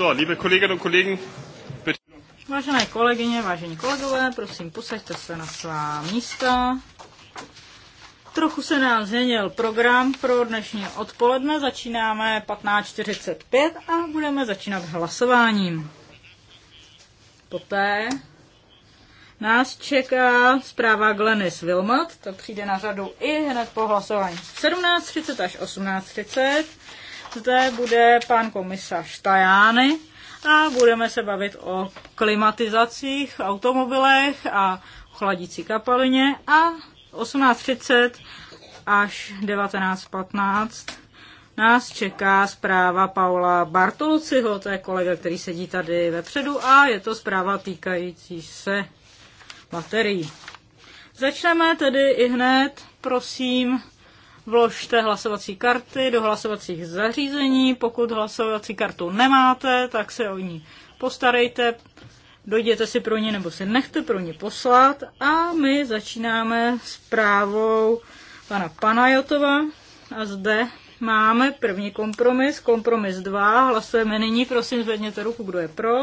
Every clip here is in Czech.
So, liebe Kolleginnen und Kollegen, bitte. Vážené kolegyně, vážení kolegové, prosím, posaďte se na svá místa. Trochu se nám změnil program pro dnešní odpoledne. Začínáme 15.45 a budeme začínat hlasováním. Poté nás čeká zpráva Glenis Wilmot, to přijde na řadu i hned po hlasování. 17.30 až 18.30 zde bude pan komisař Tajány a budeme se bavit o klimatizacích, automobilech a chladící kapalině a 18.30 až 19.15 nás čeká zpráva Paula Bartolciho, to je kolega, který sedí tady vepředu a je to zpráva týkající se baterií. Začneme tedy i hned, prosím, vložte hlasovací karty do hlasovacích zařízení. Pokud hlasovací kartu nemáte, tak se o ní postarejte, dojděte si pro ní nebo si nechte pro ní poslat. A my začínáme s právou pana Panajotova. A zde máme první kompromis, kompromis 2. Hlasujeme nyní, prosím, zvedněte ruku, kdo je pro,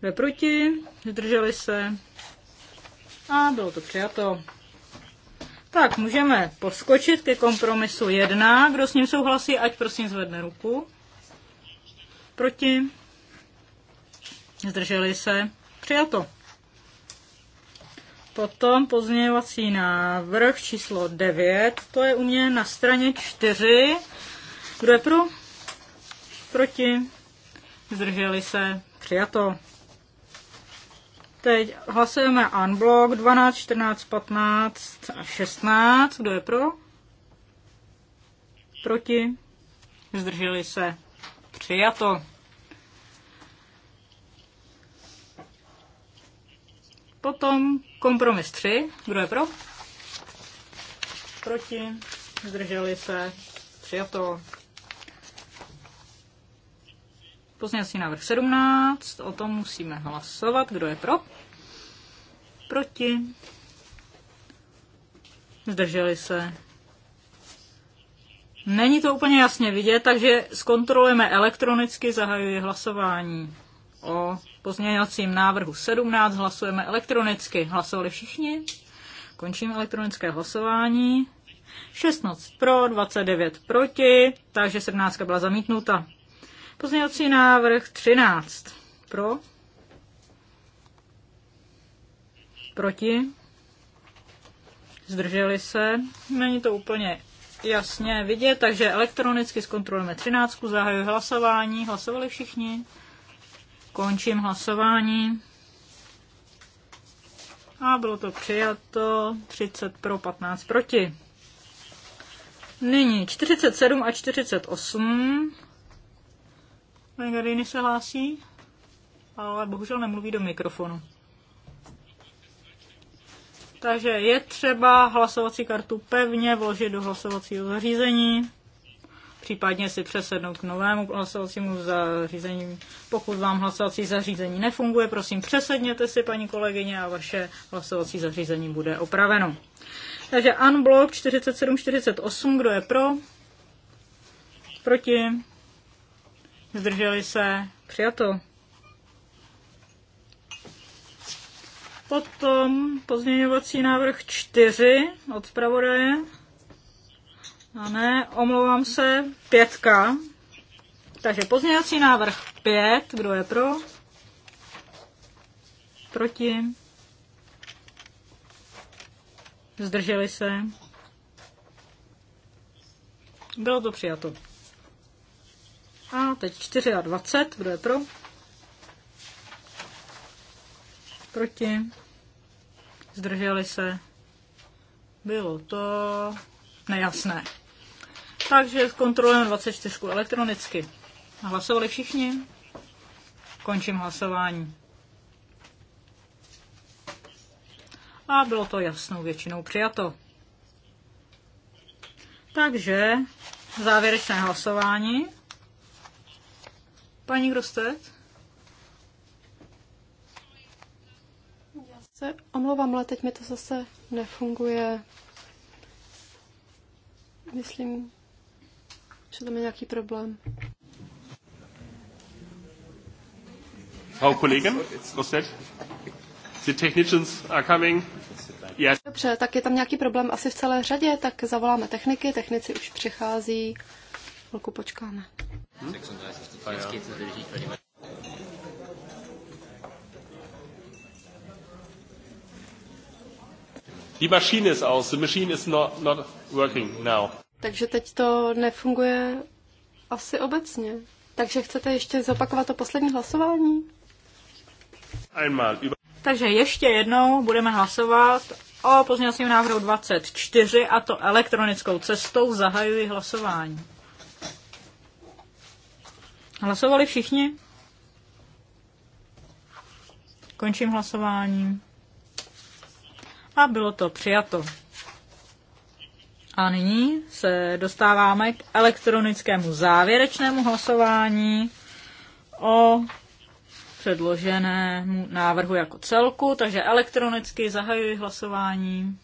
kdo je proti, zdrželi se. A bylo to přijato. Tak, můžeme poskočit ke kompromisu 1. Kdo s ním souhlasí, ať prosím zvedne ruku. Proti? Zdrželi se? to. Potom pozměňovací návrh číslo 9, to je u mě na straně 4. Kdo je pro? Proti? Zdrželi se? Přijato. Teď hlasujeme unblock 12, 14, 15 a 16. Kdo je pro? Proti? Zdrželi se. Přijato. Potom kompromis 3. Kdo je pro? Proti? Zdrželi se. Přijato. Pozměňovací návrh 17, o tom musíme hlasovat. Kdo je pro? Proti? Zdrželi se. Není to úplně jasně vidět, takže zkontrolujeme elektronicky, zahajuji hlasování. O pozměňovacím návrhu 17 hlasujeme elektronicky. Hlasovali všichni? Končím elektronické hlasování. 16 pro, 29 proti, takže 17 byla zamítnuta. Pozměňovací návrh 13. Pro? Proti? Zdrželi se? Není to úplně jasně vidět, takže elektronicky zkontrolujeme 13. Zahajuji hlasování. Hlasovali všichni? Končím hlasování. A bylo to přijato 30 pro 15 proti. Nyní 47 a 48 Megariny se hlásí, ale bohužel nemluví do mikrofonu. Takže je třeba hlasovací kartu pevně vložit do hlasovacího zařízení, případně si přesednout k novému hlasovacímu zařízení. Pokud vám hlasovací zařízení nefunguje, prosím přesedněte si, paní kolegyně, a vaše hlasovací zařízení bude opraveno. Takže unblock 4748, kdo je pro? Proti? zdrželi se, přijato. Potom pozměňovací návrh 4 od zpravodaje. A ne, omlouvám se, pětka. Takže pozměňovací návrh 5, kdo je pro? Proti? Zdrželi se? Bylo to přijato. A teď 24, kdo je pro? Proti? Zdrželi se? Bylo to nejasné. Takže zkontrolujeme 24 elektronicky. Hlasovali všichni? Končím hlasování. A bylo to jasnou většinou přijato. Takže závěrečné hlasování. Paní Grostet? Já se omlouvám, ale teď mi to zase nefunguje. Myslím, že tam je nějaký problém. Frau Kollegin, Grostet? The technicians are coming. Yes. Dobře, tak je tam nějaký problém asi v celé řadě, tak zavoláme techniky, technici už přichází. Chvilku počkáme. Hm? The machine is out. The machine is not, not working now. Takže teď to nefunguje asi obecně. Takže chcete ještě zopakovat to poslední hlasování? Einmal Takže ještě jednou budeme hlasovat o pozměňovacím návrhu 24 a to elektronickou cestou zahajuji hlasování. Hlasovali všichni? Končím hlasování. A bylo to přijato. A nyní se dostáváme k elektronickému závěrečnému hlasování o předloženému návrhu jako celku, takže elektronicky zahajuji hlasování.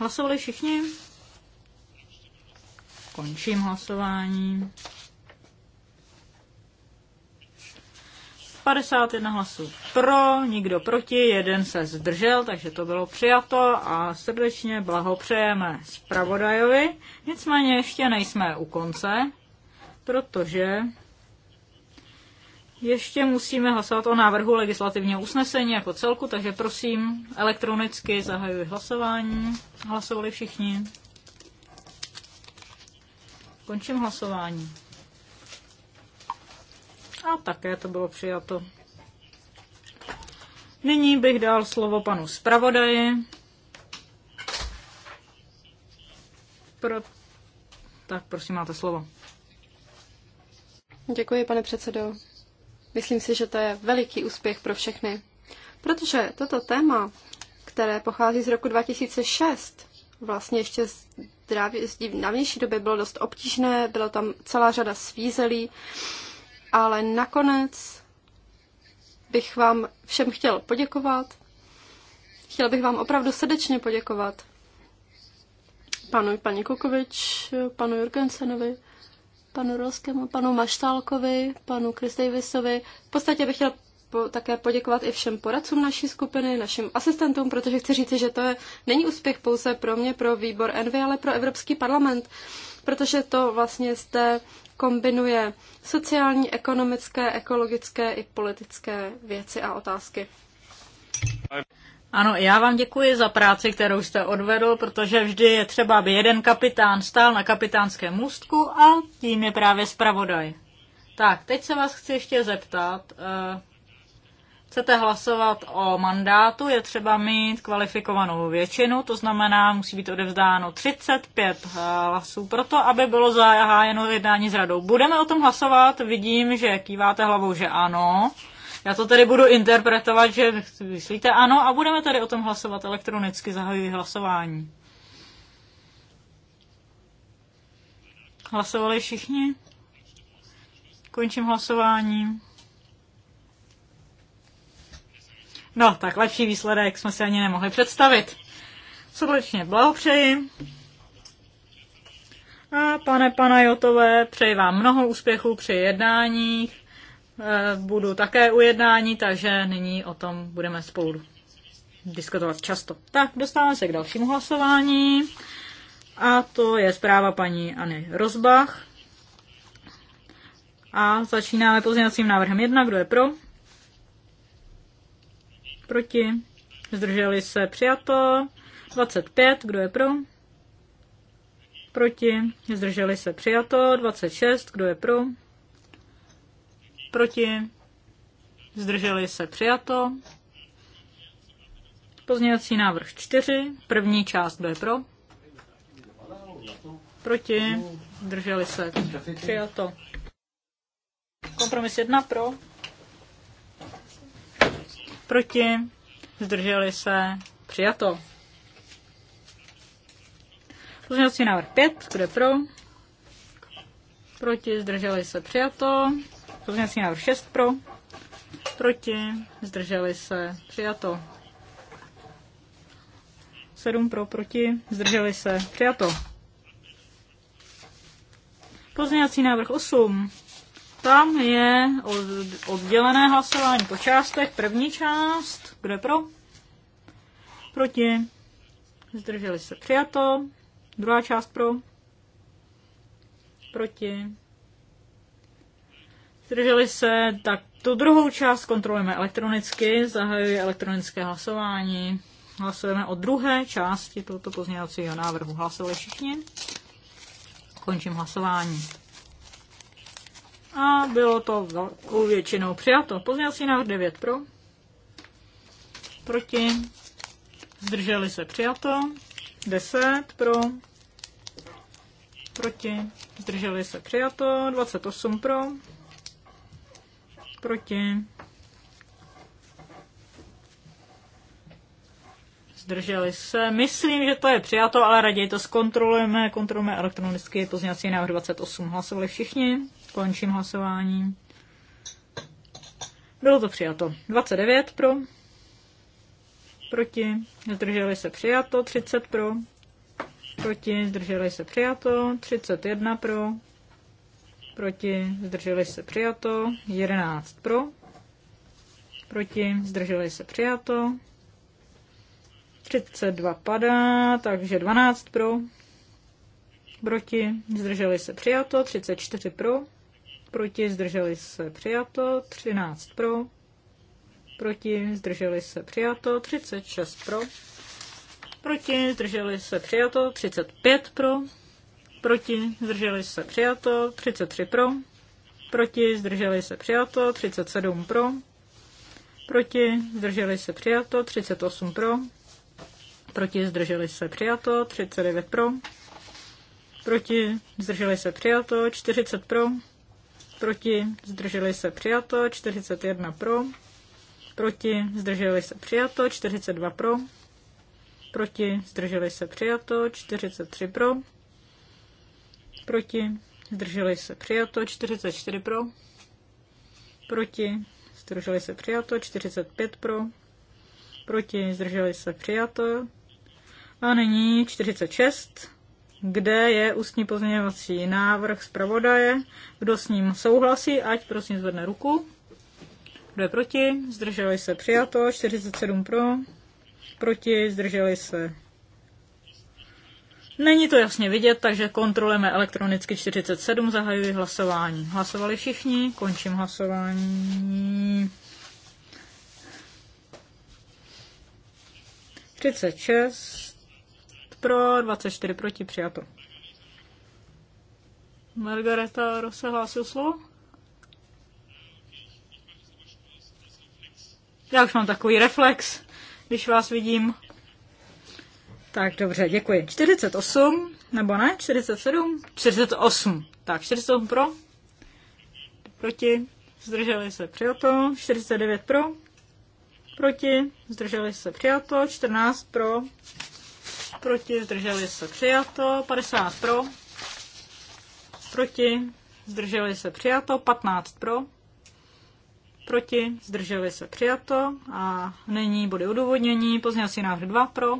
Hlasovali všichni? Končím hlasování. 51 hlasů pro, nikdo proti, jeden se zdržel, takže to bylo přijato a srdečně blahopřejeme zpravodajovi. Nicméně ještě nejsme u konce, protože ještě musíme hlasovat o návrhu legislativního usnesení jako celku, takže prosím, elektronicky zahajuji hlasování. Hlasovali všichni. Končím hlasování. A také to bylo přijato. Nyní bych dal slovo panu zpravodaji. Pro... Tak prosím, máte slovo. Děkuji, pane předsedo. Myslím si, že to je veliký úspěch pro všechny, protože toto téma, které pochází z roku 2006, vlastně ještě z dávnější doby bylo dost obtížné, bylo tam celá řada svízelí ale nakonec bych vám všem chtěl poděkovat. Chtěl bych vám opravdu srdečně poděkovat panu paní Kukovič, panu Jurgensenovi, panu Rolskému, panu Maštálkovi, panu Chris Davisovi. V podstatě bych chtěl po, také poděkovat i všem poradcům naší skupiny, našim asistentům, protože chci říct, že to je, není úspěch pouze pro mě, pro výbor Envy, ale pro Evropský parlament, protože to vlastně jste kombinuje sociální, ekonomické, ekologické i politické věci a otázky. Ano, já vám děkuji za práci, kterou jste odvedl, protože vždy je třeba, aby jeden kapitán stál na kapitánském můstku a tím je právě zpravodaj. Tak, teď se vás chci ještě zeptat. Eh, chcete hlasovat o mandátu, je třeba mít kvalifikovanou většinu, to znamená, musí být odevzdáno 35 hlasů pro to, aby bylo zahájeno jednání s radou. Budeme o tom hlasovat, vidím, že kýváte hlavou, že ano. Já to tedy budu interpretovat, že myslíte ano a budeme tady o tom hlasovat elektronicky, zahajuji hlasování. Hlasovali všichni? Končím hlasování. No, tak lepší výsledek jsme si ani nemohli představit. Srdečně blahopřeji. A pane Panajotové, přeji vám mnoho úspěchů při jednáních. E, budu také u jednání, takže nyní o tom budeme spolu diskutovat často. Tak, dostáváme se k dalšímu hlasování. A to je zpráva paní Anny Rozbach. A začínáme pozměňovacím návrhem 1. Kdo je pro? Proti? Zdrželi se přijato. 25. Kdo je pro? Proti? Zdrželi se přijato. 26. Kdo je pro? Proti? Zdrželi se přijato. Pozměňovací návrh 4. První část. Kdo je pro? Proti? Zdrželi se přijato. Kompromis 1 pro Proti? Zdrželi se? Přijato. Pozměňovací návrh 5, kde pro? Proti? Zdrželi se? Přijato. Pozměňovací návrh 6 pro? Proti? Zdrželi se? Přijato. 7 pro, proti, zdrželi se, přijato. Pozměňovací návrh 8 tam je oddělené hlasování po částech. První část, kdo je pro? Proti. Zdrželi se přijato. Druhá část pro. Proti. Zdrželi se, tak tu druhou část kontrolujeme elektronicky, zahajuji elektronické hlasování. Hlasujeme o druhé části tohoto pozměňovacího návrhu. Hlasovali všichni. Končím hlasování a bylo to velkou většinou přijato. Pozměňovací návrh 9 pro, proti, zdrželi se přijato, 10 pro, proti, zdrželi se přijato, 28 pro, proti, zdrželi se. Myslím, že to je přijato, ale raději to zkontrolujeme. Kontrolujeme elektronicky pozněvací návrh 28. Hlasovali všichni. Končím hlasování. Bylo to přijato. 29 pro, proti, zdrželi se přijato, 30 pro, proti, zdrželi se přijato, 31 pro, proti, zdrželi se přijato, 11 pro, proti, zdrželi se přijato, 32 padá, takže 12 pro, proti, zdrželi se přijato, 34 pro, proti, zdrželi se přijato, 13 pro, proti, zdrželi se přijato, 36 pro, proti, zdrželi se přijato, 35 pro, proti, zdrželi se přijato, 33 pro, proti, zdrželi se přijato, 37 pro, proti, zdrželi se přijato, 38 pro, proti, zdrželi se přijato, 39 pro, proti, zdrželi se přijato, 40 pro, proti, zdrželi se přijato, 41 pro, proti, zdrželi se přijato, 42 pro, proti, zdrželi se přijato, 43 pro, proti, zdrželi se přijato, 44 pro, proti, zdrželi se přijato, 45 pro, proti, zdrželi se přijato, a nyní 46 kde je ústní pozměňovací návrh zpravodaje. Kdo s ním souhlasí, ať prosím zvedne ruku. Kdo je proti? Zdrželi se přijato. 47 pro. Proti? Zdrželi se. Není to jasně vidět, takže kontrolujeme elektronicky 47. Zahajuji hlasování. Hlasovali všichni. Končím hlasování. 36 pro, 24 proti, přijato. Margareta Rose hlásil slovo? Já už mám takový reflex, když vás vidím. Tak dobře, děkuji. 48, nebo ne? 47? 48. Tak, 48 pro. Proti. Zdrželi se přijato. 49 pro. Proti. Zdrželi se přijato. 14 pro proti, zdrželi se přijato, 50 pro, proti, zdrželi se přijato, 15 pro, proti, zdrželi se přijato a nyní bude odůvodnění, si návrh 2 pro,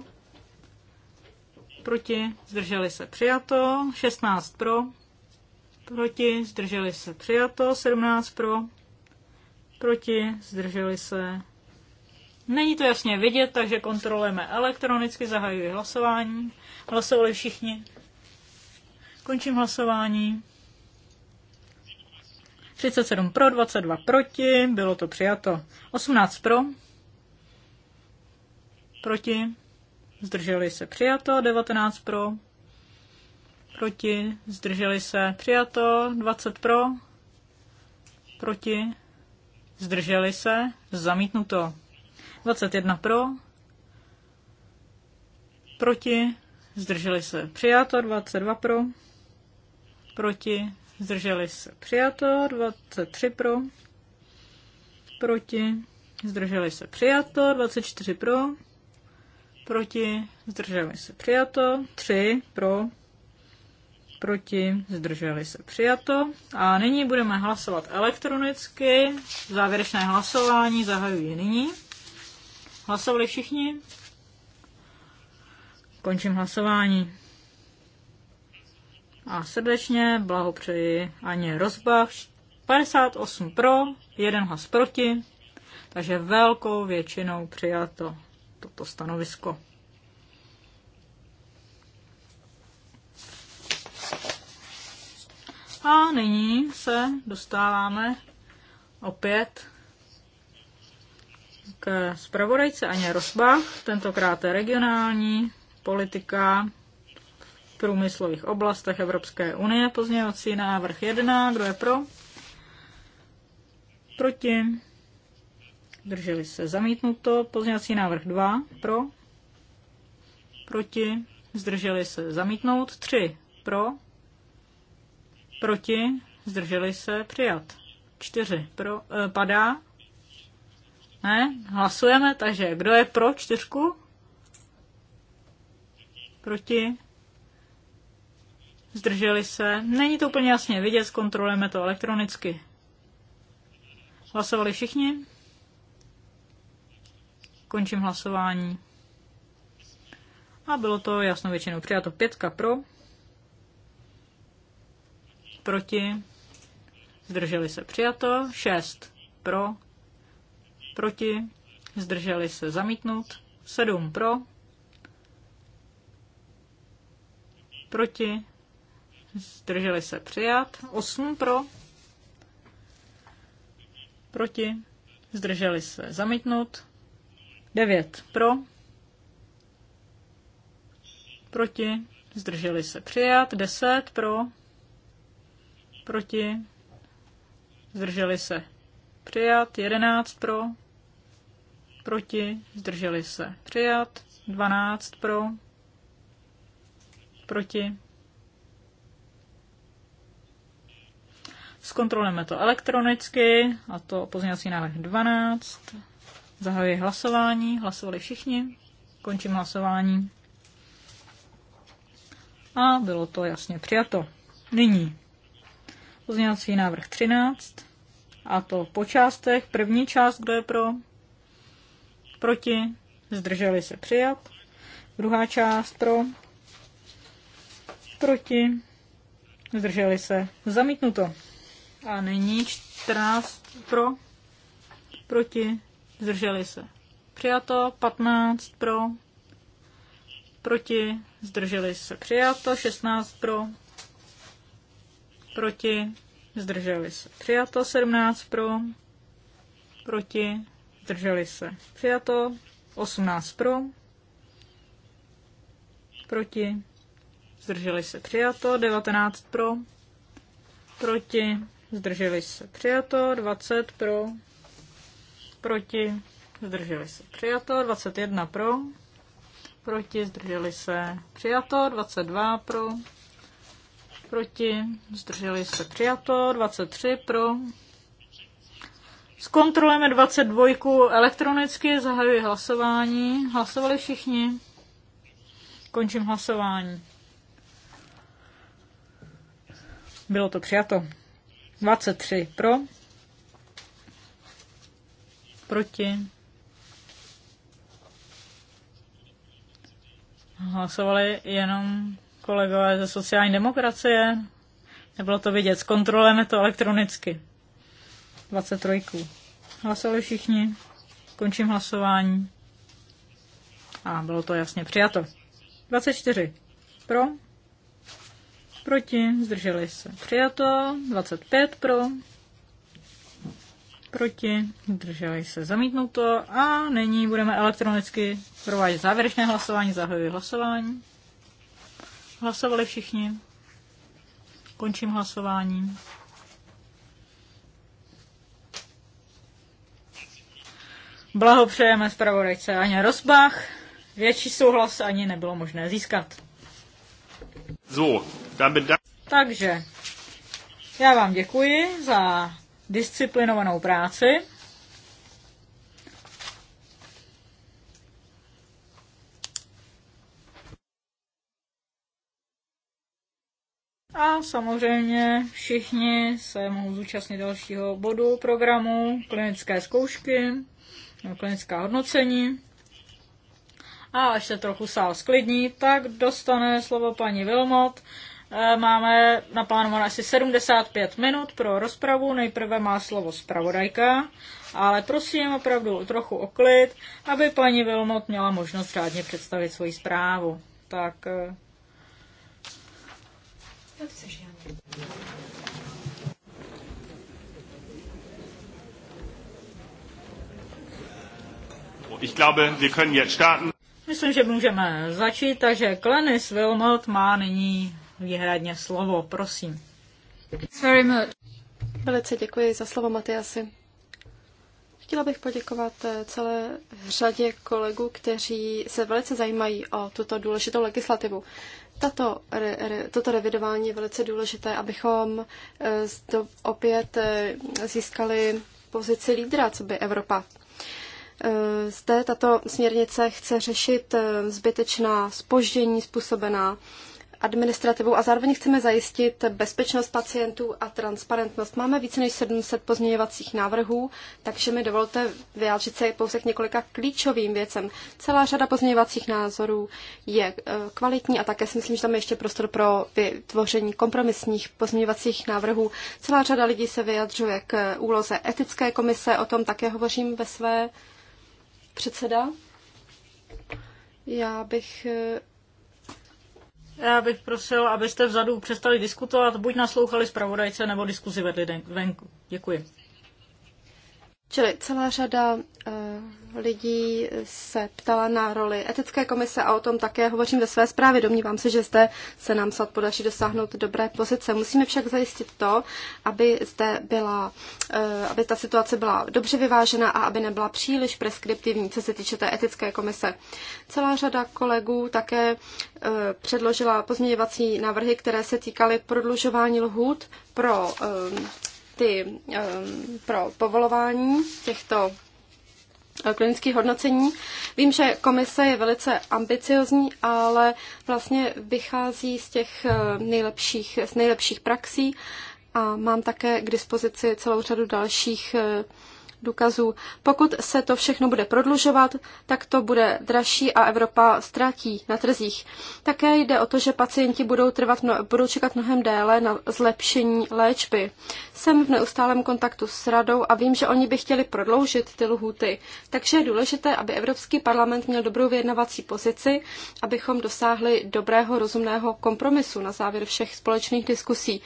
proti, zdrželi se přijato, 16 pro, proti, zdrželi se přijato, 17 pro, proti, zdrželi se Není to jasně vidět, takže kontrolujeme elektronicky, zahajuji hlasování. Hlasovali všichni. Končím hlasování. 37 pro, 22 proti, bylo to přijato. 18 pro, proti, zdrželi se přijato, 19 pro, proti, zdrželi se přijato, 20 pro, proti, zdrželi se, zamítnuto. 21 pro, proti, zdrželi se přijato, 22 pro, proti, zdrželi se přijato, 23 pro, proti, zdrželi se přijato, 24 pro, proti, zdrželi se přijato, 3 pro, proti, zdrželi se přijato. A nyní budeme hlasovat elektronicky. Závěrečné hlasování zahajuji nyní. Hlasovali všichni? Končím hlasování. A srdečně blahopřeji Aně Rozbach. 58 pro, 1 hlas proti, takže velkou většinou přijato toto stanovisko. A nyní se dostáváme opět k zpravodajce Aně Rosbach, tentokrát je regionální politika v průmyslových oblastech Evropské unie. Pozměňovací návrh 1, kdo je pro? Proti? Drželi se zamítnuto. Pozměňovací návrh 2, pro? Proti? Zdrželi se zamítnout. 3, pro? Proti? Zdrželi se přijat. 4, pro? Eh, padá. Ne? Hlasujeme, takže kdo je pro čtyřku? Proti? Zdrželi se? Není to úplně jasně vidět, zkontrolujeme to elektronicky. Hlasovali všichni? Končím hlasování. A bylo to jasno většinou. Přijato pětka pro. Proti. Zdrželi se přijato. Šest pro proti, zdrželi se zamítnout, 7 pro, proti, zdrželi se přijat, 8 pro, proti, zdrželi se zamítnout, 9 pro, proti, zdrželi se přijat, 10 pro, proti, zdrželi se přijat, 11 pro, proti, zdrželi se přijat, 12 pro, proti. Zkontrolujeme to elektronicky, a to pozměňovací návrh 12. Zahajuji hlasování, hlasovali všichni, končím hlasování. A bylo to jasně přijato. Nyní pozměňovací návrh 13, a to po částech. První část, kdo je pro, proti, zdrželi se přijat. Druhá část pro, proti, zdrželi se zamítnuto. A nyní 14 pro, proti, zdrželi se přijato, 15 pro, proti, zdrželi se přijato, 16 pro, proti, zdrželi se přijato, 17 pro, proti, Zdrželi se. Přijato. 18 pro. Proti. Zdrželi se. Přijato. 19 pro. Proti. Zdrželi se. Přijato. 20 pro. Proti. Zdrželi se. Přijato. 21 pro. Proti. Zdrželi se. Přijato. 22 pro. Proti. Zdrželi se. Přijato. 23 pro Zkontrolujeme 22 elektronicky, zahajuji hlasování. Hlasovali všichni? Končím hlasování. Bylo to přijato. 23 pro. Proti. Hlasovali jenom kolegové ze sociální demokracie. Nebylo to vidět. Zkontrolujeme to elektronicky. 23. Hlasovali všichni. Končím hlasování. A bylo to jasně přijato. 24. Pro. Proti. Zdrželi se. Přijato. 25. Pro. Proti. Zdrželi se. Zamítnuto. A nyní budeme elektronicky provádět závěrečné hlasování. Zahajuji hlasování. Hlasovali všichni. Končím hlasování. Blahopřejeme zpravodajce Aně Rozbach. Větší souhlas ani nebylo možné získat. So, damit da- Takže já vám děkuji za disciplinovanou práci. A samozřejmě všichni se mohou zúčastnit dalšího bodu programu klinické zkoušky klinická hodnocení. A až se trochu sál sklidní, tak dostane slovo paní Vilmot. Eh, máme na plánu asi 75 minut pro rozpravu. Nejprve má slovo zpravodajka, ale prosím opravdu trochu o klid, aby paní Vilmot měla možnost řádně představit svoji zprávu. Tak... Eh. Jak chceš, Ich glaube, wir können jetzt starten. Myslím, že můžeme začít, takže Klenis Wilmot má nyní výhradně slovo, prosím. Very much. Velice děkuji za slovo, Matyasi. Chtěla bych poděkovat eh, celé řadě kolegů, kteří se velice zajímají o tuto důležitou legislativu. Tato, re, re, toto revidování je velice důležité, abychom e, opět e, získali pozici lídra, co by Evropa Eh, zde tato směrnice chce řešit eh, zbytečná spoždění způsobená administrativou a zároveň chceme zajistit bezpečnost pacientů a transparentnost. Máme více než 700 pozměňovacích návrhů, takže mi dovolte vyjádřit se pouze k několika klíčovým věcem. Celá řada pozměňovacích názorů je eh, kvalitní a také si myslím, že tam je ještě prostor pro vytvoření kompromisních pozměňovacích návrhů. Celá řada lidí se vyjadřuje k úloze etické komise, o tom také hovořím ve své Předseda, já bych já bych prosil, abyste vzadu přestali diskutovat, buď naslouchali zpravodajce, nebo diskuzi vedli venku. Děkuji. Čili celá řada eh, lidí se ptala na roli etické komise a o tom také hovořím ve své zprávě. Domnívám se, že zde se nám snad podaří dosáhnout dobré pozice. Musíme však zajistit to, aby zde byla, eh, aby ta situace byla dobře vyvážena a aby nebyla příliš preskriptivní, co se týče té etické komise. Celá řada kolegů také eh, předložila pozměňovací návrhy, které se týkaly prodlužování lhůt pro ty ehm, pro povolování těchto eh, klinických hodnocení. Vím, že komise je velice ambiciozní, ale vlastně vychází z těch eh, nejlepších, z nejlepších praxí a mám také k dispozici celou řadu dalších eh, důkazů. Pokud se to všechno bude prodlužovat, tak to bude dražší a Evropa ztratí na trzích. Také jde o to, že pacienti budou, trvat, budou čekat mnohem déle na zlepšení léčby. Jsem v neustálém kontaktu s radou a vím, že oni by chtěli prodloužit ty lhuty. Takže je důležité, aby Evropský parlament měl dobrou vyjednavací pozici, abychom dosáhli dobrého, rozumného kompromisu na závěr všech společných diskusí.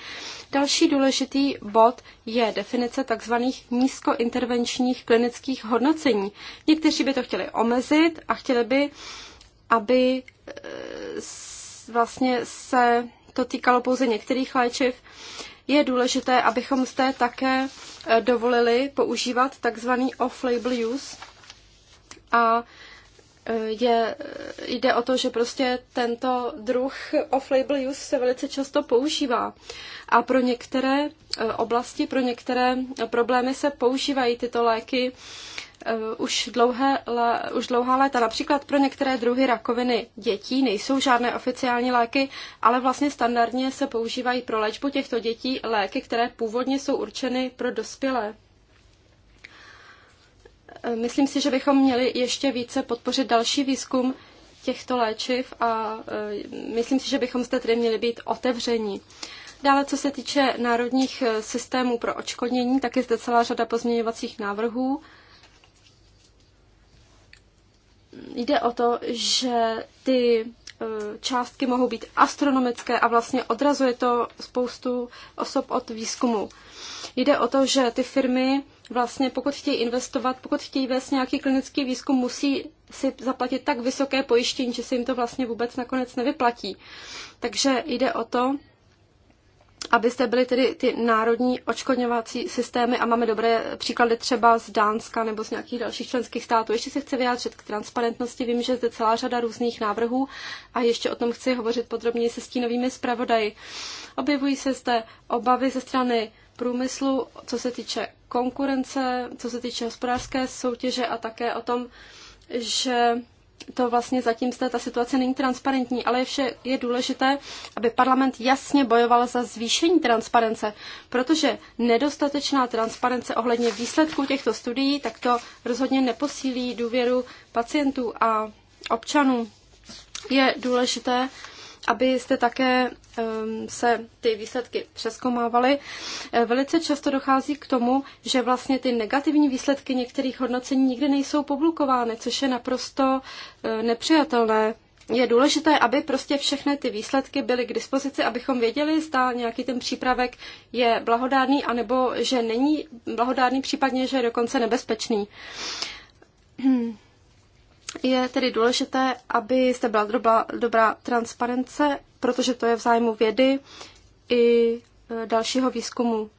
Další důležitý bod je definice tzv. nízkointervenčních klinických hodnocení. Někteří by to chtěli omezit a chtěli by, aby e, vlastně se to týkalo pouze některých léčiv. Je důležité, abychom zde také e, dovolili používat tzv. off-label use a je, jde o to, že prostě tento druh off-label use se velice často používá a pro některé e, oblasti, pro některé problémy se používají tyto léky e, už, dlouhé, už dlouhá léta. Například pro některé druhy rakoviny dětí nejsou žádné oficiální léky, ale vlastně standardně se používají pro léčbu těchto dětí léky, které původně jsou určeny pro dospělé. Myslím si, že bychom měli ještě více podpořit další výzkum těchto léčiv a e, myslím si, že bychom zde tedy měli být otevření. Dále, co se týče národních e, systémů pro očkodnění, tak je zde celá řada pozměňovacích návrhů. Jde o to, že ty e, částky mohou být astronomické a vlastně odrazuje to spoustu osob od výzkumu. Jde o to, že ty firmy vlastně pokud chtějí investovat, pokud chtějí vést nějaký klinický výzkum, musí si zaplatit tak vysoké pojištění, že se jim to vlastně vůbec nakonec nevyplatí. Takže jde o to, abyste byli tedy ty národní očkodňovací systémy a máme dobré příklady třeba z Dánska nebo z nějakých dalších členských států. Ještě se chci vyjádřit k transparentnosti. Vím, že zde celá řada různých návrhů a ještě o tom chci hovořit podrobněji se stínovými zpravodaji. Objevují se zde obavy ze strany průmyslu, co se týče konkurence, co se týče hospodářské soutěže a také o tom, že to vlastně zatím z ta situace není transparentní, ale je, vše, je důležité, aby parlament jasně bojoval za zvýšení transparence, protože nedostatečná transparence ohledně výsledků těchto studií tak to rozhodně neposílí důvěru pacientů a občanů. Je důležité, abyste také ehm, se ty výsledky přeskomávaly. Eh, velice často dochází k tomu, že vlastně ty negativní výsledky některých hodnocení nikdy nejsou publikovány, což je naprosto eh, nepřijatelné. Je důležité, aby prostě všechny ty výsledky byly k dispozici, abychom věděli, zda nějaký ten přípravek je blahodárný, anebo že není blahodárný, případně, že je dokonce nebezpečný. je tedy důležité, aby zde byla dobra, dobrá transparence, protože to je v zájmu vědy i e, dalšího výzkumu.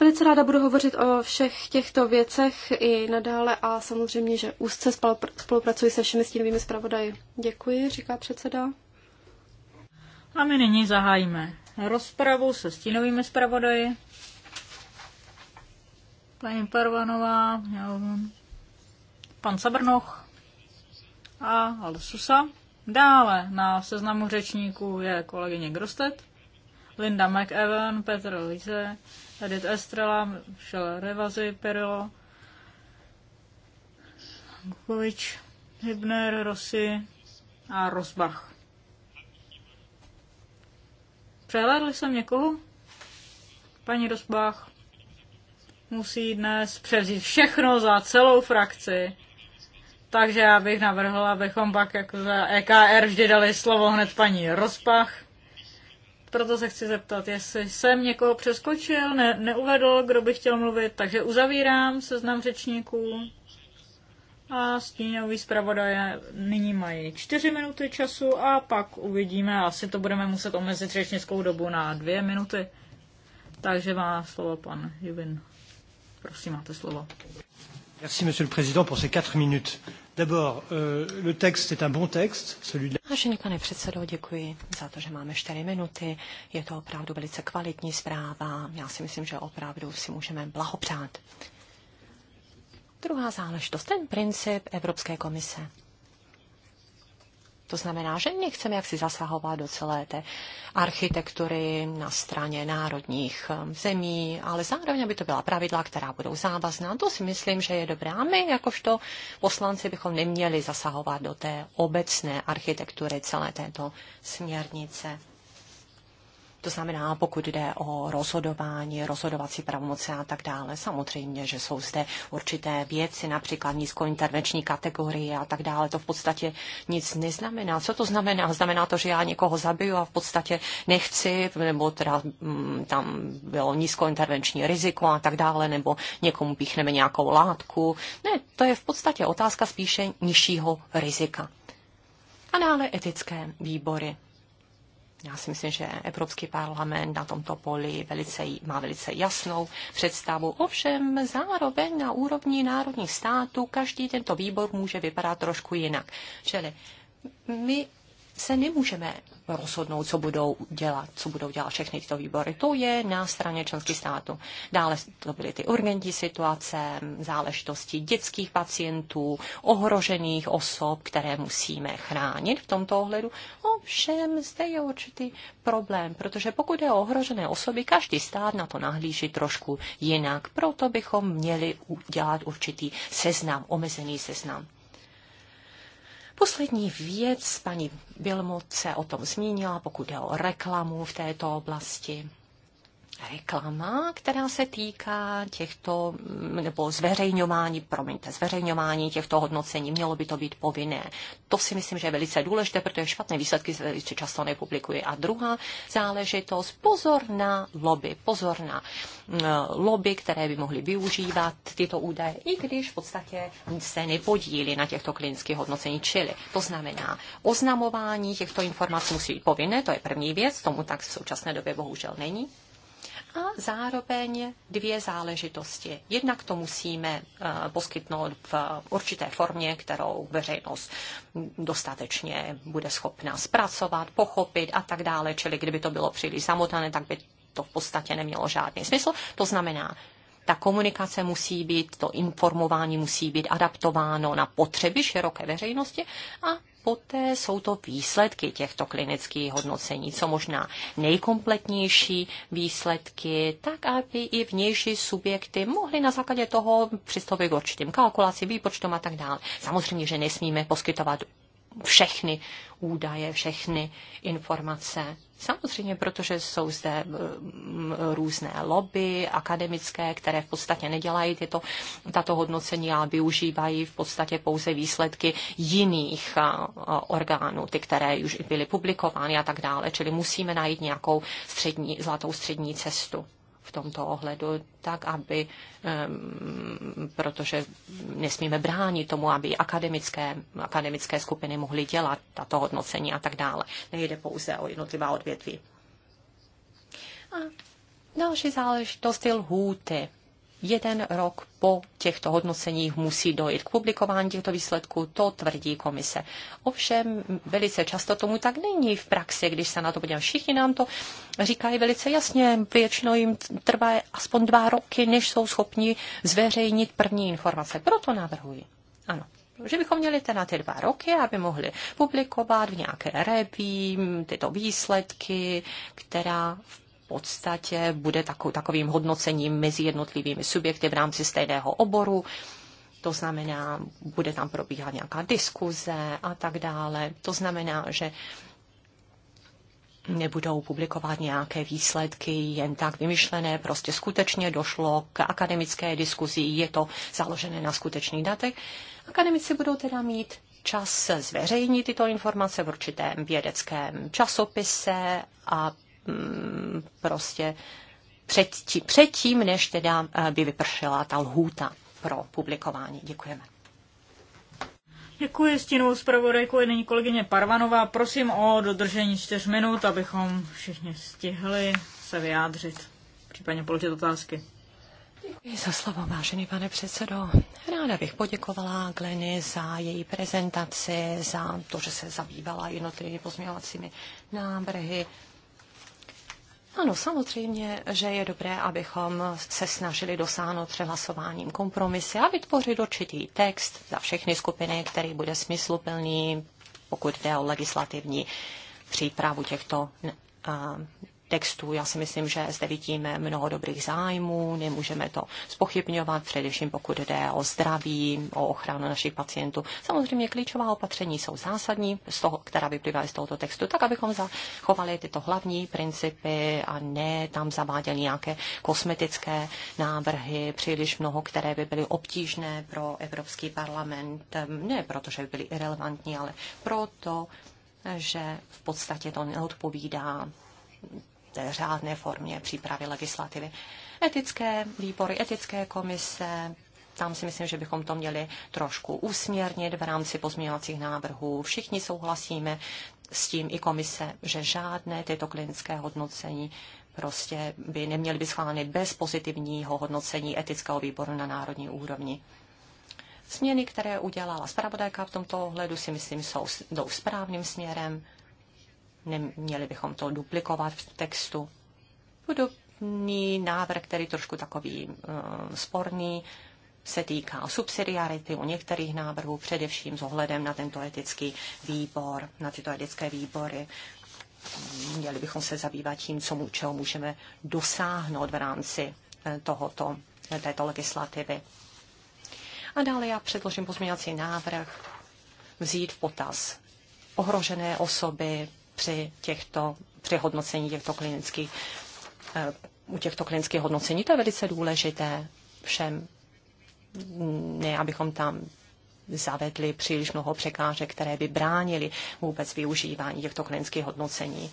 Velice ráda budu hovořit o všech těchto věcech i nadále a samozřejmě, že úzce spolupracuji se všemi stínovými zpravodaji. Děkuji, říká předseda. A my nyní zahájíme rozpravu se stínovými zpravodaji. Paní Parvanová, já pan Sabrnoch a Alsusa. Dále na seznamu řečníků je kolegyně Grostet, Linda McEwan, Petr Lise, Edith Estrela, Šel Revazy, Perilo, Gukovič, Hibner, Rossi a Rosbach. Přehlédl jsem někoho? Paní Rosbach musí dnes převzít všechno za celou frakci takže já bych navrhla, abychom pak jako za EKR vždy dali slovo hned paní Rozpach. Proto se chci zeptat, jestli jsem někoho přeskočil, ne, neuvedl, kdo by chtěl mluvit, takže uzavírám seznam řečníků. A stíňový zpravodaje nyní mají čtyři minuty času a pak uvidíme, asi to budeme muset omezit řečnickou dobu na dvě minuty. Takže má slovo pan Jubin. Prosím, máte slovo. Merci, Monsieur le Président, pour ces quatre minutes. D'abord, euh, le texte est un bon texte, celui de... Vážený pane předsedo, děkuji za to, že máme čtyři minuty. Je to opravdu velice kvalitní zpráva. Já si myslím, že opravdu si můžeme blahopřát. Druhá záležitost, ten princip Evropské komise. To znamená, že nechceme jaksi zasahovat do celé té architektury na straně národních um, zemí, ale zároveň, aby to byla pravidla, která budou závazná. To si myslím, že je dobré. A my, jakožto poslanci, bychom neměli zasahovat do té obecné architektury celé této směrnice. To znamená, pokud jde o rozhodování, rozhodovací pravomoce a tak dále. Samozřejmě, že jsou zde určité věci, například nízkointervenční kategorie a tak dále. To v podstatě nic neznamená. Co to znamená? Znamená to, že já někoho zabiju a v podstatě nechci, nebo teda mm, tam bylo nízkointervenční riziko a tak dále, nebo někomu píchneme nějakou látku. Ne, to je v podstatě otázka spíše nižšího rizika. A dále etické výbory. Já si myslím, že Evropský parlament na tomto poli velice, má velice jasnou představu. Ovšem zároveň na úrovni národních států každý tento výbor může vypadat trošku jinak. Čili my se nemůžeme rozhodnout, co budou dělat, co budou dělat všechny tyto výbory. To je na straně členských států. Dále to byly ty urgentní situace, záležitosti dětských pacientů, ohrožených osob, které musíme chránit v tomto ohledu. Ovšem zde je určitý problém, protože pokud je o ohrožené osoby, každý stát na to nahlíží trošku jinak. Proto bychom měli udělat určitý seznam, omezený seznam. Poslední věc, paní Vilmut se o tom zmínila, pokud jde o reklamu v této oblasti reklama, která se týká těchto, nebo zveřejňování, promiňte, zveřejňování těchto hodnocení, mělo by to být povinné. To si myslím, že je velice důležité, protože špatné výsledky se velice často nepublikuje. A druhá záležitost, pozor na lobby, pozor na lobby, které by mohly využívat tyto údaje, i když v podstatě se nepodílí na těchto klinických hodnocení. Čili to znamená, oznamování těchto informací musí být povinné, to je první věc, tomu tak v současné době bohužel není. A zároveň dvě záležitosti. Jednak to musíme eh, poskytnout v určité formě, kterou veřejnost dostatečně bude schopna zpracovat, pochopit a tak dále. Čili kdyby to bylo příliš zamotané, tak by to v podstatě nemělo žádný smysl. To znamená, ta komunikace musí být, to informování musí být adaptováno na potřeby široké veřejnosti a poté jsou to výsledky těchto klinických hodnocení, co možná nejkompletnější výsledky, tak aby i vnější subjekty mohly na základě toho přistoupit k určitým kalkulacím, výpočtům a tak dále. Samozřejmě, že nesmíme poskytovat všechny údaje, všechny informace Samozřejmě, protože jsou zde různé lobby akademické, které v podstatě nedělají tyto, tato hodnocení, ale využívají v podstatě pouze výsledky jiných orgánů, ty, které už byly publikovány a tak dále. Čili musíme najít nějakou střední, zlatou střední cestu v tomto ohledu, tak aby, protože nesmíme bránit tomu, aby akademické, akademické skupiny mohly dělat tato hodnocení a tak dále. Nejde pouze o jednotlivá odvětví. A další záležitost je lhůty jeden rok po těchto hodnoceních musí dojít k publikování těchto výsledků, to tvrdí komise. Ovšem velice často tomu tak není v praxi, když se na to podíváme. Všichni nám to říkají velice jasně, většinou jim trvá aspoň dva roky, než jsou schopni zveřejnit první informace. Proto navrhuji. Ano že bychom měli teda ty dva roky, aby mohli publikovat v nějaké revím tyto výsledky, která v podstatě bude takovým hodnocením mezi jednotlivými subjekty v rámci stejného oboru. To znamená, bude tam probíhat nějaká diskuze a tak dále. To znamená, že nebudou publikovat nějaké výsledky jen tak vymyšlené, prostě skutečně došlo k akademické diskuzi, je to založené na skutečných datech. Akademici budou teda mít čas zveřejnit tyto informace v určitém vědeckém časopise a Mm, prostě před, či předtím, než teda eh, by vypršela ta lhůta pro publikování. Děkujeme. Děkuji stínovou zpravodajku, nyní kolegyně Parvanová. Prosím o dodržení čtyř minut, abychom všichni stihli se vyjádřit, případně položit otázky. Děkuji za slovo, vážený pane předsedo. Ráda bych poděkovala Gleny za její prezentaci, za to, že se zabývala jednotlivými pozměňovacími návrhy. Ano, samozřejmě, že je dobré, abychom se snažili dosáhnout přehlasováním kompromisy a vytvořit určitý text za všechny skupiny, který bude smysluplný, pokud jde o legislativní přípravu těchto eh, textu. Já si myslím, že zde vidíme mnoho dobrých zájmů, nemůžeme to spochybňovat, především pokud jde o zdraví, o ochranu našich pacientů. Samozřejmě klíčová opatření jsou zásadní, z toho, která vyplývají z tohoto textu, tak abychom zachovali tyto hlavní principy a ne tam zaváděli nějaké kosmetické návrhy, příliš mnoho, které by byly obtížné pro Evropský parlament, ne protože by byly irrelevantní, ale proto, že v podstatě to neodpovídá té řádné formě přípravy legislativy. Etické výbory, etické komise, tam si myslím, že bychom to měli trošku usměrnit v rámci pozměňovacích návrhů. Všichni souhlasíme s tím i komise, že žádné tyto klinické hodnocení prostě by neměly být schváleny bez pozitivního hodnocení etického výboru na národní úrovni. Změny, které udělala zpravodajka v tomto ohledu, si myslím, jsou, jdou správným směrem. Neměli bychom to duplikovat v textu. Podobný návrh, který trošku takový uh, sporný, se týká subsidiarity u některých návrhů, především s ohledem na tento etický výbor, na tyto etické výbory. Měli bychom se zabývat tím, co, mu, čeho můžeme dosáhnout v rámci eh, tohoto, této legislativy. A dále já předložím pozměňovací návrh vzít v potaz ohrožené osoby, při těchto při hodnocení těchto klinických, eh, u těchto klinických hodnocení. To je velice důležité všem, ne abychom tam zavedli příliš mnoho překážek, které by bránily vůbec využívání těchto klinických hodnocení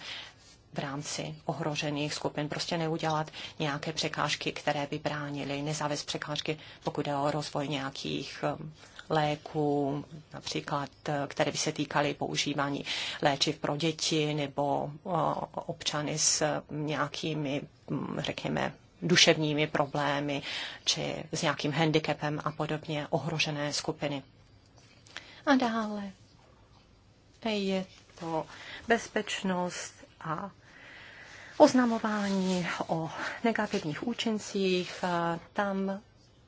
v rámci ohrožených skupin. Prostě neudělat nějaké překážky, které by bránily, nezavést překážky, pokud jde o rozvoj nějakých um, léků, například, které by se týkaly používání léčiv pro děti nebo občany s nějakými, řekněme, duševními problémy či s nějakým handicapem a podobně ohrožené skupiny. A dále je to bezpečnost a oznamování o negativních účincích. Tam,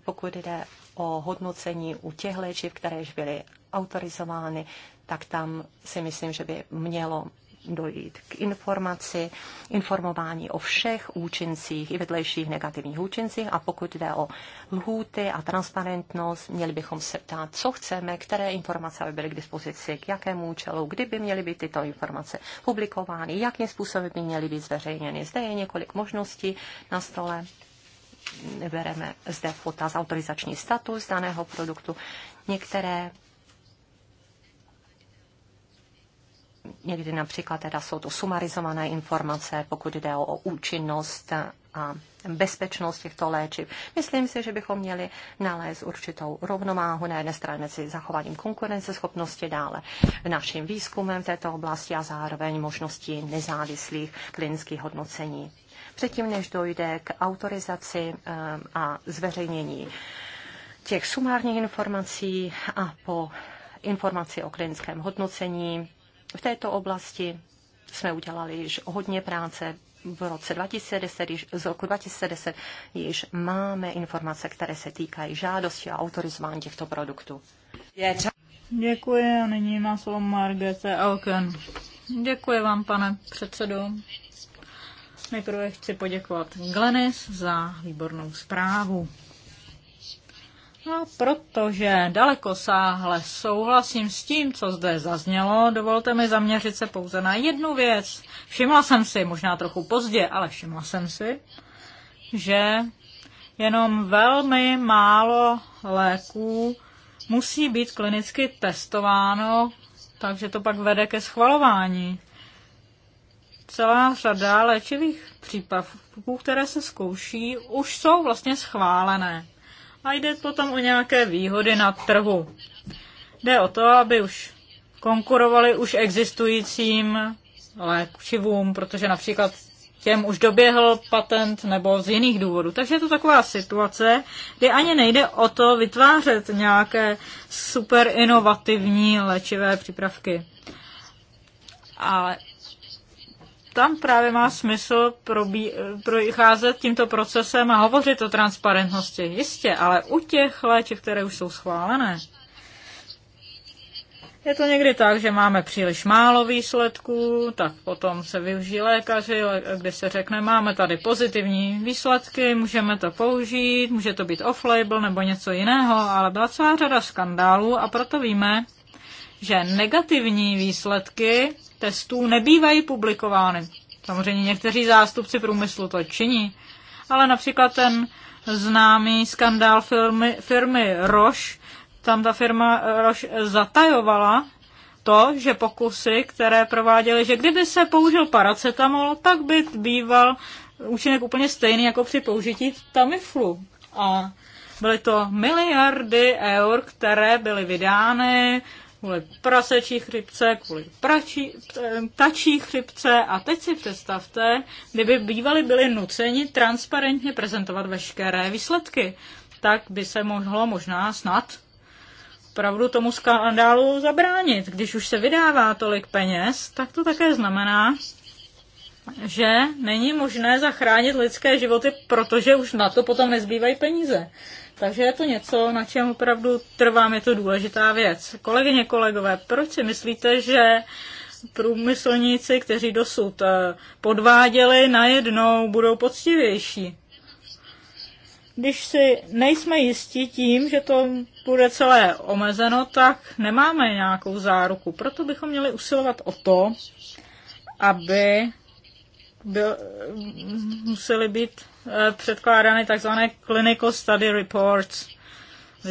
pokud jde o hodnocení u těch léčiv, které již byly autorizovány, tak tam si myslím, že by mělo dojít k informaci, informování o všech účincích i vedlejších negativních účincích a pokud jde o lhůty a transparentnost, měli bychom se ptát, co chceme, které informace by byly k dispozici, k jakému účelu, kdyby měly být tyto informace publikovány, jakým způsobem by měly být zveřejněny. Zde je několik možností na stole bereme zde v potaz autorizační status daného produktu. Některé někdy například teda jsou to sumarizované informace, pokud jde o účinnost a bezpečnost těchto léčiv. Myslím si, že bychom měli nalézt určitou rovnováhu na jedné straně mezi zachováním konkurenceschopnosti, dále naším výzkumem v této oblasti a zároveň možností nezávislých klinických hodnocení předtím, než dojde k autorizaci eh, a zveřejnění těch sumárních informací a po informaci o klinickém hodnocení. V této oblasti jsme udělali již hodně práce. V roce 2010, již, z roku 2010 již máme informace, které se týkají žádosti a autorizování těchto produktů. Děkuji a nyní má slovo Margrethe Elken. Děkuji vám, pane předsedo. Nejprve chci poděkovat Glenis za výbornou zprávu. No, protože daleko sáhle souhlasím s tím, co zde zaznělo, dovolte mi zaměřit se pouze na jednu věc. Všimla jsem si, možná trochu pozdě, ale všimla jsem si, že jenom velmi málo léků musí být klinicky testováno, takže to pak vede ke schvalování celá řada léčivých přípravků, které se zkouší, už jsou vlastně schválené. A jde potom o nějaké výhody na trhu. Jde o to, aby už konkurovali už existujícím léčivům, protože například těm už doběhl patent nebo z jiných důvodů. Takže je to taková situace, kdy ani nejde o to vytvářet nějaké super inovativní léčivé přípravky. Ale tam právě má smysl probí, procházet tímto procesem a hovořit o transparentnosti. Jistě, ale u těch léčiv, které už jsou schválené, je to někdy tak, že máme příliš málo výsledků, tak potom se využijí lékaři, kdy se řekne, máme tady pozitivní výsledky, můžeme to použít, může to být off-label nebo něco jiného, ale byla celá řada skandálů a proto víme, že negativní výsledky testů nebývají publikovány. Samozřejmě někteří zástupci průmyslu to činí, ale například ten známý skandál firmy, firmy Roche, tam ta firma Roche zatajovala to, že pokusy, které prováděly, že kdyby se použil paracetamol, tak by býval účinek úplně stejný jako při použití Tamiflu. A byly to miliardy eur, které byly vydány kvůli prasečí chřipce, kvůli pračí, ptačí chřipce a teď si představte, kdyby bývali byli nuceni transparentně prezentovat veškeré výsledky, tak by se mohlo možná snad opravdu tomu skandálu zabránit. Když už se vydává tolik peněz, tak to také znamená, že není možné zachránit lidské životy, protože už na to potom nezbývají peníze. Takže je to něco, na čem opravdu trvám, je to důležitá věc. Kolegyně, kolegové, proč si myslíte, že průmyslníci, kteří dosud eh, podváděli, najednou budou poctivější? Když si nejsme jistí tím, že to bude celé omezeno, tak nemáme nějakou záruku. Proto bychom měli usilovat o to, aby byl, museli být Eh, předkládány tzv. clinical study reports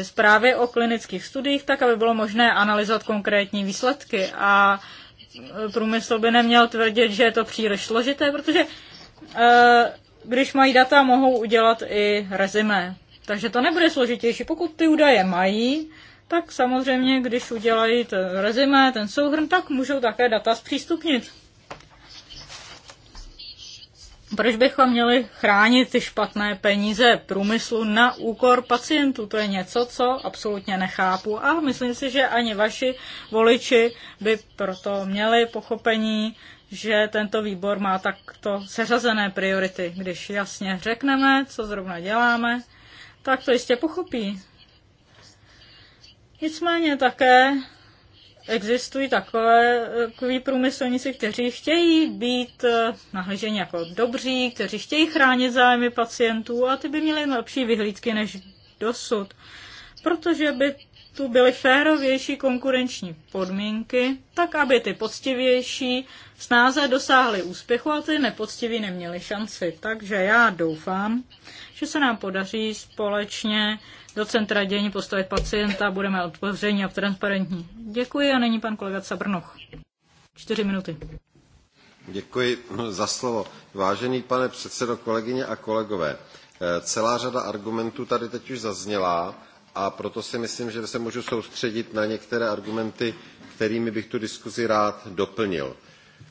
zprávy o klinických studiích, tak aby bylo možné analyzovat konkrétní výsledky. A eh, průmysl by neměl tvrdit, že je to příliš složité, protože eh, když mají data, mohou udělat i rezime. Takže to nebude složitější. Pokud ty údaje mají, tak samozřejmě, když udělají to rezime, ten souhrn, tak můžou také data zpřístupnit. Proč bychom měli chránit ty špatné peníze průmyslu na úkor pacientů? To je něco, co absolutně nechápu a myslím si, že ani vaši voliči by proto měli pochopení, že tento výbor má takto seřazené priority. Když jasně řekneme, co zrovna děláme, tak to jistě pochopí. Nicméně také existují takové, takový průmyslníci, kteří chtějí být eh, nahlíženi jako dobří, kteří chtějí chránit zájmy pacientů a ty by měly lepší vyhlídky než dosud, protože by tu byly férovější konkurenční podmínky, tak aby ty poctivější snáze dosáhly úspěchu a ty nepoctiví neměli šanci. Takže já doufám, že se nám podaří společně do centra dění postavit pacienta, budeme otevření a transparentní. Děkuji a není pan kolega Cabrnoch. Čtyři minuty. Děkuji za slovo. Vážený pane předsedo, kolegyně a kolegové, eh, celá řada argumentů tady teď už zazněla a proto si myslím, že se můžu soustředit na některé argumenty, kterými bych tu diskuzi rád doplnil.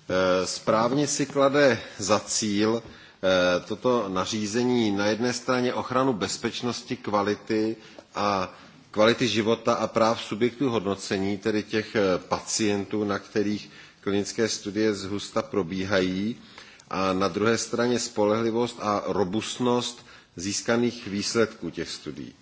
Eh, správně si klade za cíl Eh, toto nařízení na jedné straně ochranu bezpečnosti, kvality a kvality života a práv subjektů hodnocení, tedy těch eh, pacientů, na kterých klinické studie zhusta probíhají, a na druhé straně spolehlivost a robustnost získaných výsledků těch studií.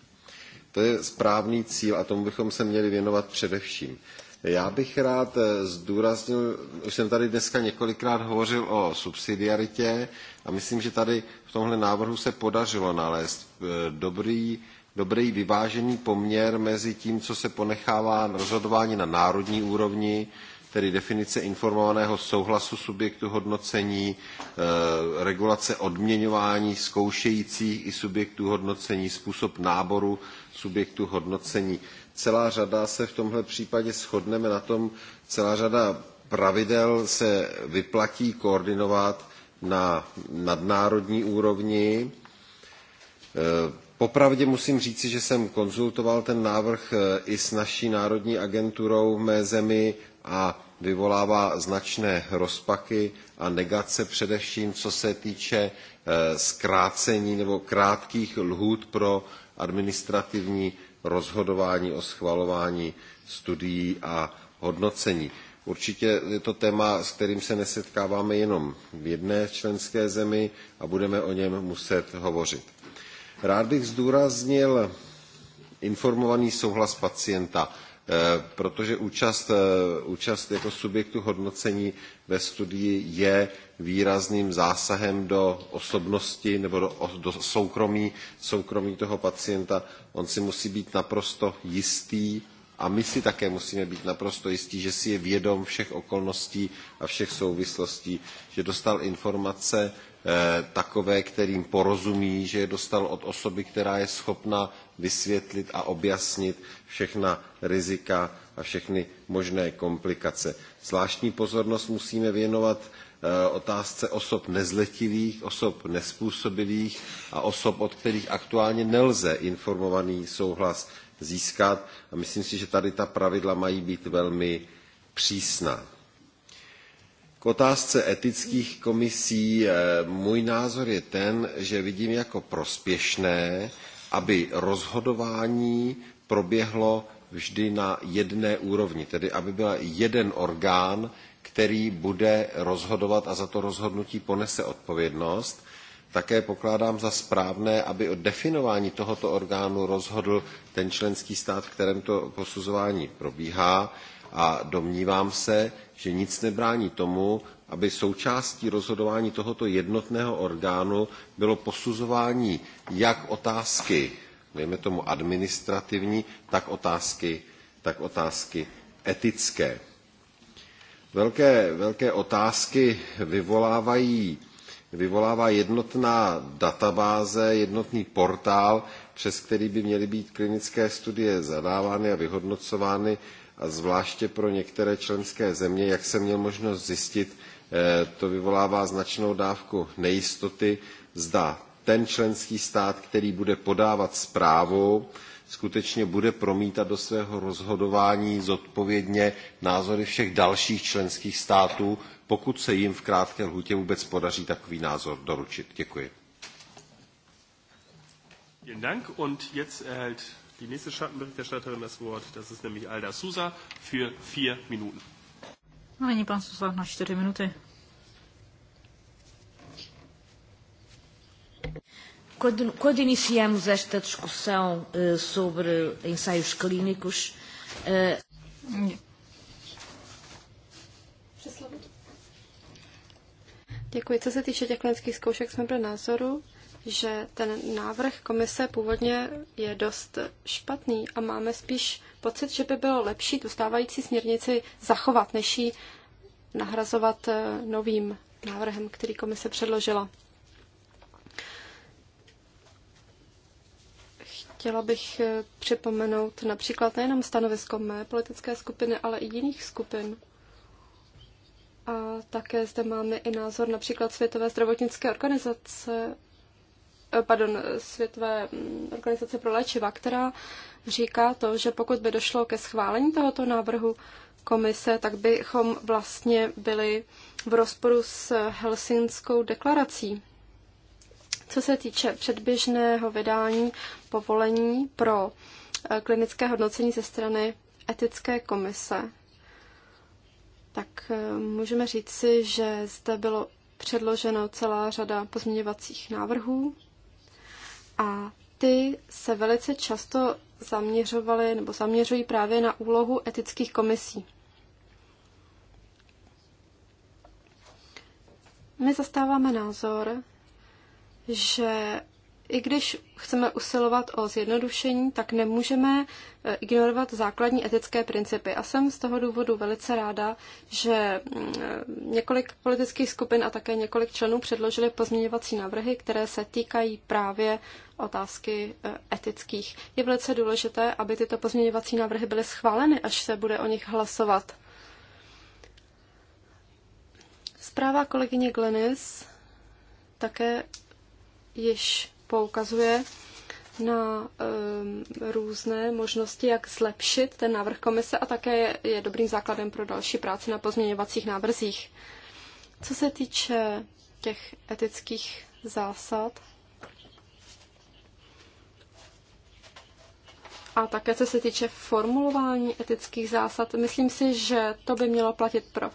To je správný cíl a tomu bychom se měli věnovat především. Já bych rád eh, zdůraznil, už jsem tady dneska několikrát hovořil o subsidiaritě a myslím, že tady v tomhle návrhu se podařilo nalézt eh, dobrý, dobrý vyvážený poměr mezi tím, co se ponechává rozhodování na národní úrovni, tedy definice informovaného souhlasu subjektu hodnocení, eh, regulace odměňování zkoušejících i subjektů hodnocení, způsob náboru subjektů hodnocení celá řada se v tomhle případě shodneme na tom, celá řada pravidel se vyplatí koordinovat na nadnárodní úrovni. E, popravdě musím říci, že jsem konzultoval ten návrh e, i s naší národní agenturou v mé zemi a vyvolává značné rozpaky a negace především, co se týče e, zkrácení nebo krátkých lhůt pro administrativní rozhodování o schvalování studií a hodnocení. Určitě je to téma, s kterým se nesetkáváme jenom v jedné členské zemi a budeme o něm muset hovořit. Rád bych zdůraznil informovaný souhlas pacienta Eh, protože účast, eh, účast jako subjektu hodnocení ve studii je výrazným zásahem do osobnosti nebo do, do soukromí, soukromí toho pacienta. On si musí být naprosto jistý, a my si také musíme být naprosto jistí, že si je vědom všech okolností a všech souvislostí, že dostal informace eh, takové, kterým porozumí, že je dostal od osoby, která je schopna vysvětlit a objasnit všechna rizika a všechny možné komplikace. Zvláštní pozornost musíme věnovat eh, otázce osob nezletilých, osob nespůsobilých a osob, od kterých aktuálně nelze informovaný souhlas získat. A myslím si, že tady ta pravidla mají být velmi přísná. K otázce etických komisí eh, můj názor je ten, že vidím jako prospěšné, aby rozhodování proběhlo vždy na jedné úrovni, tedy aby byl jeden orgán, který bude rozhodovat a za to rozhodnutí ponese odpovědnost. Také pokládám za správné, aby o definování tohoto orgánu rozhodl ten členský stát, v kterém to posuzování probíhá. A domnívám se, že nic nebrání tomu, aby součástí rozhodování tohoto jednotného orgánu bylo posuzování jak otázky, dejme tomu administrativní, tak otázky, tak otázky etické. Velké, velké otázky vyvolávají, vyvolává jednotná databáze, jednotný portál, přes který by měly být klinické studie zadávány a vyhodnocovány a zvláště pro některé členské země, jak jsem měl možnost zjistit, Eh, to vyvolává značnou dávku nejistoty, zda ten členský stát, který bude podávat zprávu, skutečně bude promítat do svého rozhodování zodpovědně názory všech dalších členských států, pokud se jim v krátké lhůtě vůbec podaří takový názor doručit. Děkuji. Vielen Dank. Und jetzt erhält die nächste Schattenberichterstatterin das Wort. Das ist nämlich Alda Sousa für vier Minuten. A no, nyní pan Suslav na čtyři minuty. Quando, quando iniciamos esta discussão uh, sobre ensaios clínicos, uh... Děkuji. Co se týče těch klinických zkoušek, jsme byli názoru, že ten návrh komise původně je dost špatný a máme spíš pocit, že by bylo lepší tu stávající směrnici zachovat, než ji nahrazovat eh, novým návrhem, který komise předložila. Chtěla bych eh, připomenout například nejenom stanovisko mé politické skupiny, ale i jiných skupin. A také zde máme i názor například Světové zdravotnické organizace Eh, pardon, Světové mm, organizace pro léčiva, která říká to, že pokud by došlo ke schválení tohoto návrhu komise, tak bychom vlastně byli v rozporu s Helsinskou deklarací. Co se týče předběžného vydání povolení pro eh, klinické hodnocení ze strany etické komise, tak eh, můžeme říci, že zde bylo předloženo celá řada pozměňovacích návrhů. A ty se velice často zaměřovaly nebo zaměřují právě na úlohu etických komisí. My zastáváme názor, že i když chceme usilovat o zjednodušení, tak nemůžeme eh, ignorovat základní etické principy. A jsem z toho důvodu velice ráda, že mm, eh, několik politických skupin a také několik členů předložili pozměňovací návrhy, které se týkají právě otázky eh, etických. Je velice důležité, aby tyto pozměňovací návrhy byly schváleny, až se bude o nich hlasovat. Zpráva kolegyně Glenis také již poukazuje na um, různé možnosti, jak zlepšit ten návrh komise a také je, je dobrým základem pro další práci na pozměňovacích návrzích. Co se týče těch etických zásad a také co se týče formulování etických zásad, myslím si, že to by mělo platit pro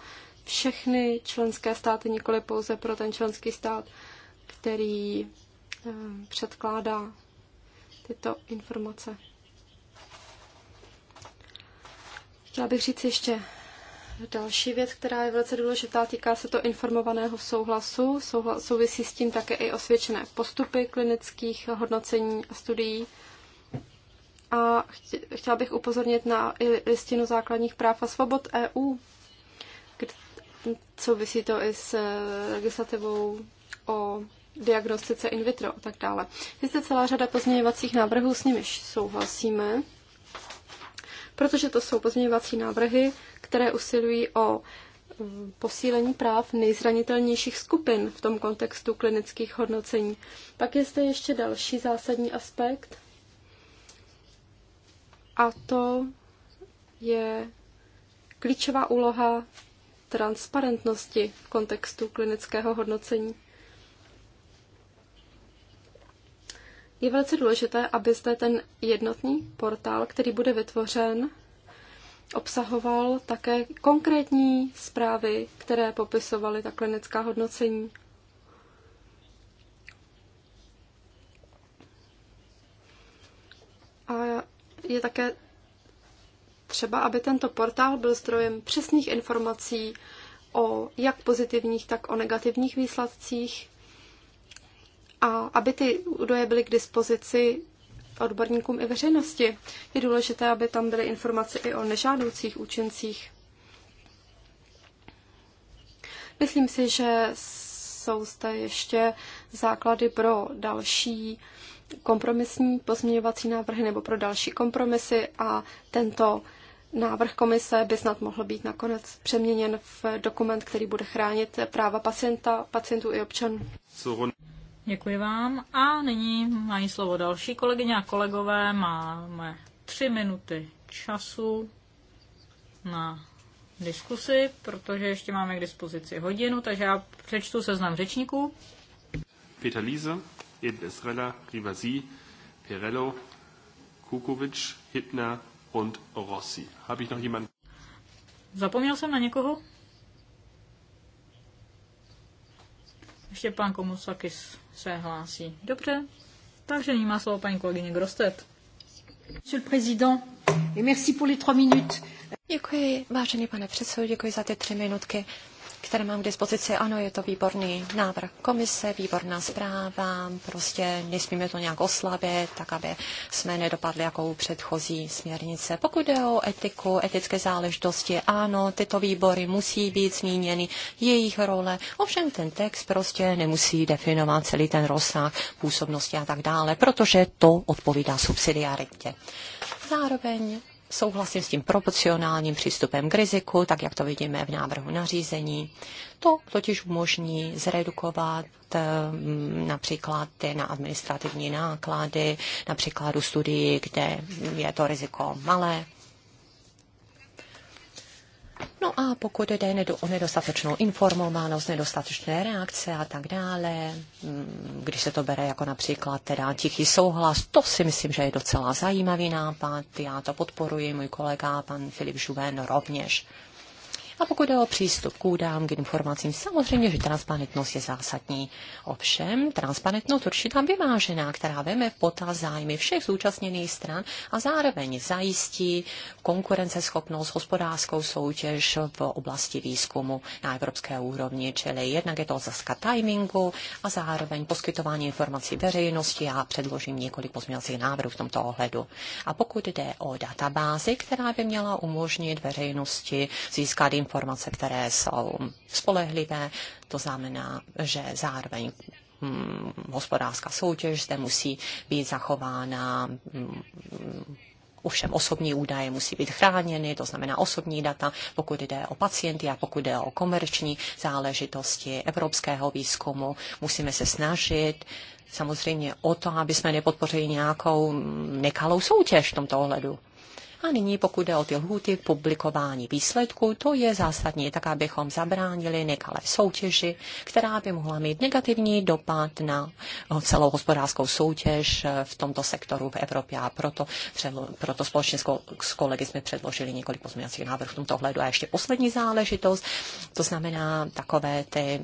všechny členské státy, nikoli pouze pro ten členský stát, který Eh, předkládá tyto informace. Chtěla bych říct ještě další věc, která je velice důležitá, týká se to informovaného souhlasu. Souhla, souvisí s tím také i osvědčené postupy klinických hodnocení a studií. A chtěla bych upozornit na listinu základních práv a svobod EU. Souvisí to i s eh, legislativou o diagnostice in vitro a tak dále. Je zde celá řada pozměňovacích návrhů, s nimiž souhlasíme, protože to jsou pozměňovací návrhy, které usilují o mm, posílení práv nejzranitelnějších skupin v tom kontextu klinických hodnocení. Pak je zde ještě další zásadní aspekt, a to je klíčová úloha transparentnosti v kontextu klinického hodnocení. Je velice důležité, aby zde ten jednotný portál, který bude vytvořen, obsahoval také konkrétní zprávy, které popisovaly ta klinická hodnocení. A je také třeba, aby tento portál byl zdrojem přesných informací o jak pozitivních, tak o negativních výsledcích a aby ty údaje byly k dispozici odborníkům i veřejnosti. Je důležité, aby tam byly informace i o nežádoucích účincích. Myslím si, že jsou zde ještě základy pro další kompromisní pozměňovací návrhy nebo pro další kompromisy a tento návrh komise by snad mohl být nakonec přeměněn v dokument, který bude chránit práva pacienta, pacientů i občanů. Děkuji vám. A nyní mají slovo další kolegyně a kolegové. Máme tři minuty času na diskusi, protože ještě máme k dispozici hodinu, takže já přečtu seznam řečníků. Peter Liese, Ed Esrella, Rivasi, Pirello, Kukovic, Hitner und Rossi. Habe ich noch jemand? Zapomněl jsem na někoho? Ještě pan Komusakis se hlásí. Dobře, takže nyní má slovo paní kolegyně Grostet. Monsieur le Président, et merci pour les trois minutes. Děkuji, vážený pane předsedo, děkuji za ty tři minutky které mám k dispozici. Ano, je to výborný návrh komise, výborná zpráva, prostě nesmíme to nějak oslabit, tak aby jsme nedopadli jako u předchozí směrnice. Pokud jde o etiku, etické záležitosti, ano, tyto výbory musí být zmíněny, jejich role, ovšem ten text prostě nemusí definovat celý ten rozsah působnosti a tak dále, protože to odpovídá subsidiaritě. Zároveň souhlasím s tím proporcionálním přístupem k riziku, tak jak to vidíme v návrhu nařízení. To totiž umožní zredukovat eh, například ty na administrativní náklady, například u studií, kde je to riziko malé. No a pokud jde o nedostatečnou informovanost, nedostatečné reakce a tak dále, mm, když se to bere jako například teda tichý souhlas, to si myslím, že je docela zajímavý nápad. Já to podporuji, můj kolega pan Filip Žuven rovněž. A pokud jde o přístup k údám, k informacím, samozřejmě, že transparentnost je zásadní. Ovšem, transparentnost určitá vyvážená, která veme v potaz zájmy všech zúčastněných stran a zároveň zajistí konkurenceschopnost, hospodářskou soutěž v oblasti výzkumu na evropské úrovni, čili jednak je to zaska timingu a zároveň poskytování informací veřejnosti. Já předložím několik pozměňovacích návrhů v tomto ohledu. A pokud jde o databázi, která by měla umožnit veřejnosti získat informace, informace, které jsou spolehlivé, to znamená, že zároveň hm, hospodářská soutěž zde musí být zachována hm, Ovšem osobní údaje musí být chráněny, to znamená osobní data, pokud jde o pacienty a pokud jde o komerční záležitosti evropského výzkumu. Musíme se snažit samozřejmě o to, aby jsme nepodpořili nějakou nekalou soutěž v tomto ohledu. A nyní, pokud jde o ty lhuty publikování výsledků, to je zásadní, tak abychom zabránili nekalé soutěži, která by mohla mít negativní dopad na celou hospodářskou soutěž v tomto sektoru v Evropě. A proto, proto společně s kolegy jsme předložili několik pozměňovacích návrhů v tomto ohledu. A ještě poslední záležitost, to znamená takové ty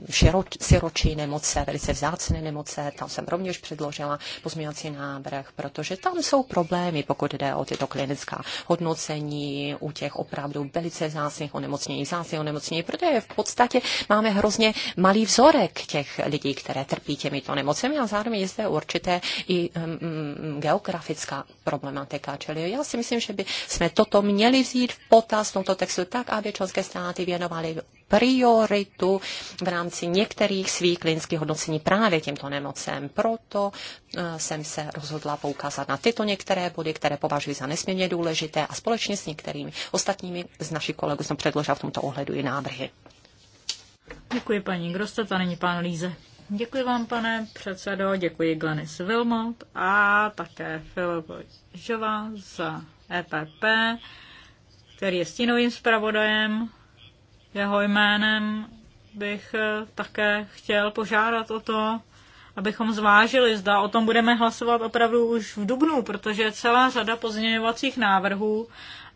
siročí nemoce, velice vzácné nemoce, tam jsem rovněž předložila pozměňovací návrh, protože tam jsou problémy, pokud jde o tyto klinická hodnocení u těch opravdu velice zásných onemocnění, zásných onemocnění, protože v podstatě máme hrozně malý vzorek těch lidí, které trpí těmito nemocemi a zároveň je zde určité i um, geografická problematika. Čili já si myslím, že by jsme toto měli vzít v potaz v tomto textu tak, aby členské státy věnovaly prioritu v rámci některých svých klinických hodnocení právě těmto nemocem. Proto eh, jsem se rozhodla poukázat na tyto některé body, které považuji za nesmírně důležité a společně s některými ostatními z našich kolegů jsem předložila v tomto ohledu i návrhy. Děkuji paní Grostet a nyní pán Líze. Děkuji vám, pane předsedo, děkuji Glenis Wilmot a také Filip Žova za EPP, který je stínovým zpravodajem jeho jménem bych eh, také chtěl požádat o to, abychom zvážili, zda o tom budeme hlasovat opravdu už v Dubnu, protože je celá řada pozměňovacích návrhů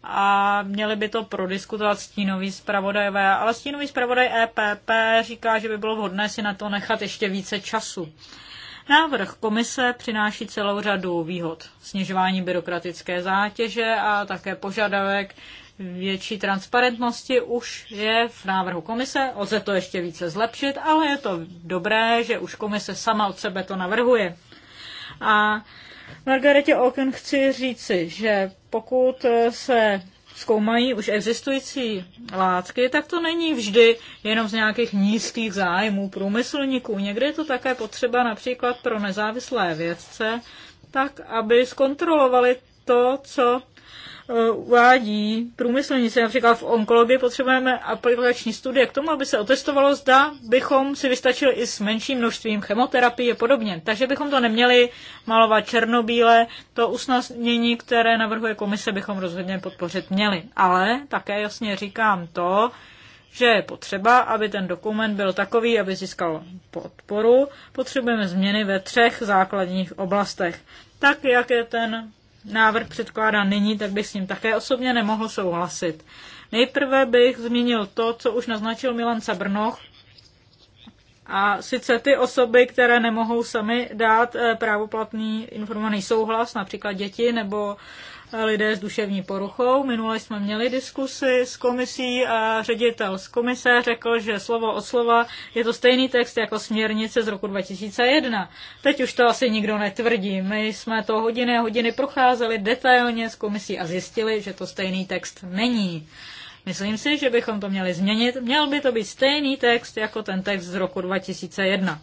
a měli by to prodiskutovat stínový zpravodajové. Ale stínový zpravodaj EPP říká, že by bylo vhodné si na to nechat ještě více času. Návrh komise přináší celou řadu výhod. Snižování byrokratické zátěže a také požadavek větší transparentnosti už je v návrhu komise. Lze to ještě více zlepšit, ale je to dobré, že už komise sama od sebe to navrhuje. A Margaretě Oken chci říci, že pokud se zkoumají už existující látky, tak to není vždy jenom z nějakých nízkých zájmů průmyslníků. Někdy je to také potřeba například pro nezávislé vědce, tak aby zkontrolovali to, co Eh, uvádí průmyslníci. Například v onkologii potřebujeme aplikační studie k tomu, aby se otestovalo, zda bychom si vystačili i s menším množstvím chemoterapie a podobně. Takže bychom to neměli malovat černobíle. To usnadnění, které navrhuje komise, bychom rozhodně podpořit měli. Ale také jasně říkám to, že je potřeba, aby ten dokument byl takový, aby získal podporu. Potřebujeme změny ve třech základních oblastech. Tak, jak je ten návrh předkládán nyní, tak bych s ním také osobně nemohl souhlasit. Nejprve bych zmínil to, co už naznačil Milan Sabrnoch, a sice ty osoby, které nemohou sami dát eh, právoplatný informovaný souhlas, například děti nebo lidé s duševní poruchou. Minule jsme měli diskusy s komisí a ředitel z komise řekl, že slovo od slova je to stejný text jako směrnice z roku 2001. Teď už to asi nikdo netvrdí. My jsme to hodiny a hodiny procházeli detailně s komisí a zjistili, že to stejný text není. Myslím si, že bychom to měli změnit. Měl by to být stejný text jako ten text z roku 2001.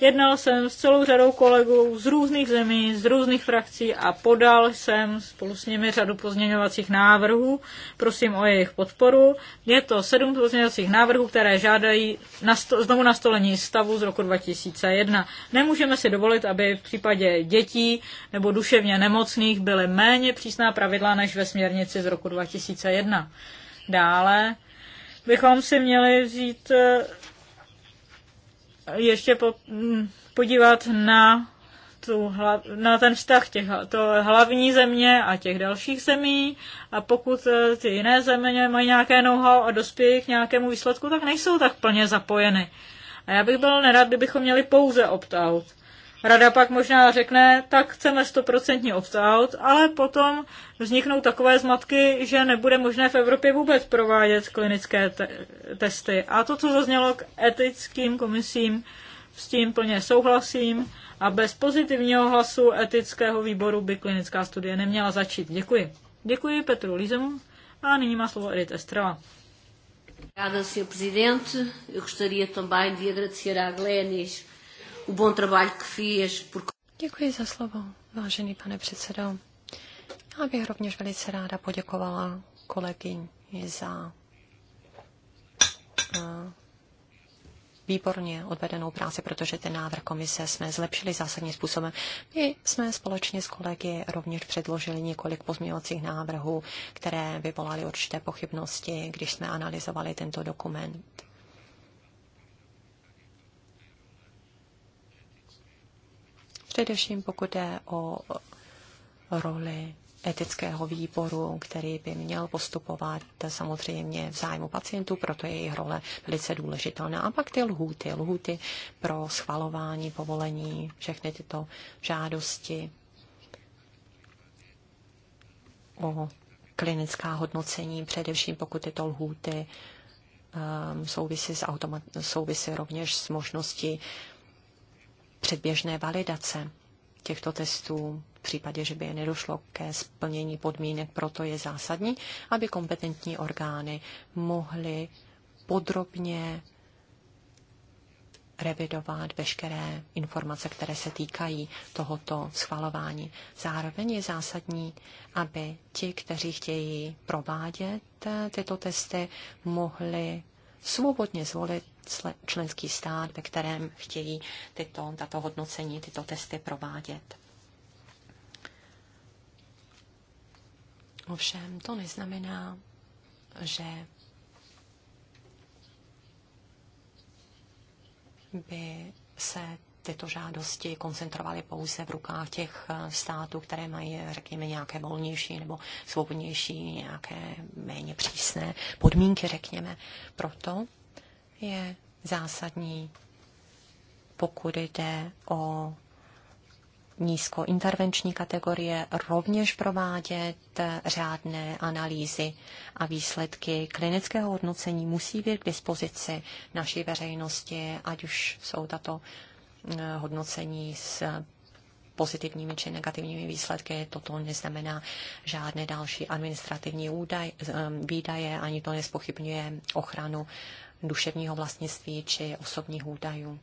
Jednal jsem s celou řadou kolegů z různých zemí, z různých frakcí a podal jsem spolu s nimi řadu pozměňovacích návrhů. Prosím o jejich podporu. Je to sedm pozměňovacích návrhů, které žádají nasto- znovu nastolení stavu z roku 2001. Nemůžeme si dovolit, aby v případě dětí nebo duševně nemocných byly méně přísná pravidla než ve směrnici z roku 2001. Dále bychom si měli vzít eh, ještě po, mm, podívat na, tu, na ten vztah těch to hlavní země a těch dalších zemí a pokud eh, ty jiné země mají nějaké know-how a dospějí k nějakému výsledku, tak nejsou tak plně zapojeny. A já bych byl nerad, kdybychom měli pouze opt-out. Rada pak možná řekne, tak chceme 100% opt-out, ale potom vzniknou takové zmatky, že nebude možné v Evropě vůbec provádět klinické te- testy. A to, co zaznělo k etickým komisím, s tím plně souhlasím a bez pozitivního hlasu etického výboru by klinická studie neměla začít. Děkuji. Děkuji Petru Lízemu a nyní má slovo Edith Estrela. Obrigada, Sr. Presidente. Eu gostaria também de agradecer à Glenis o bom trabalho que fez. Porque... Děkuji za slovo, vážený pane předsedo. Já bych rovněž velice ráda poděkovala kolegyň za eh, výborně odvedenou práci, protože ten návrh komise jsme zlepšili zásadním způsobem. My jsme společně s kolegy rovněž předložili několik pozměňovacích návrhů, které vyvolaly určité pochybnosti, když jsme analyzovali tento dokument. Především pokud jde o roli etického výboru, který by měl postupovat samozřejmě v zájmu pacientů, proto je jejich role velice důležitá. No A pak ty lhůty, lhůty pro schvalování, povolení, všechny tyto žádosti o klinická hodnocení, především pokud tyto lhůty um, souvisí, s automat- souvisí rovněž s možností předběžné validace těchto testů v případě, že by je nedošlo ke splnění podmínek. Proto je zásadní, aby kompetentní orgány mohly podrobně revidovat veškeré informace, které se týkají tohoto schvalování. Zároveň je zásadní, aby ti, kteří chtějí provádět eh, tyto testy, mohli svobodně zvolit členský stát, ve kterém chtějí tyto, tato hodnocení, tyto testy provádět. Ovšem, to neznamená, že by se tyto žádosti koncentrovaly pouze v rukách těch eh, států, které mají, eh, řekněme, nějaké volnější nebo svobodnější, nějaké méně přísné podmínky, řekněme. Proto je zásadní, pokud jde o nízkointervenční kategorie, rovněž provádět řádné analýzy a výsledky klinického hodnocení musí být k dispozici naší veřejnosti, ať už jsou tato eh, hodnocení s pozitivními či negativními výsledky. Toto neznamená žádné další administrativní údaj, eh, výdaje, ani to nespochybňuje ochranu duševního vlastnictví či osobních údajů.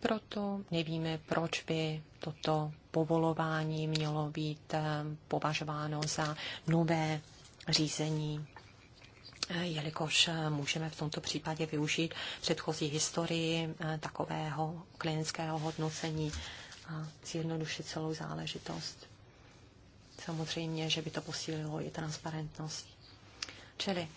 Proto nevíme, proč by toto povolování mělo být eh, považováno za nové řízení eh, jelikož eh, můžeme v tomto případě využít předchozí historii takového klinického hodnocení a zjednodušit celou záležitost samozřejmě, že by to posílilo i transparentnost. Čili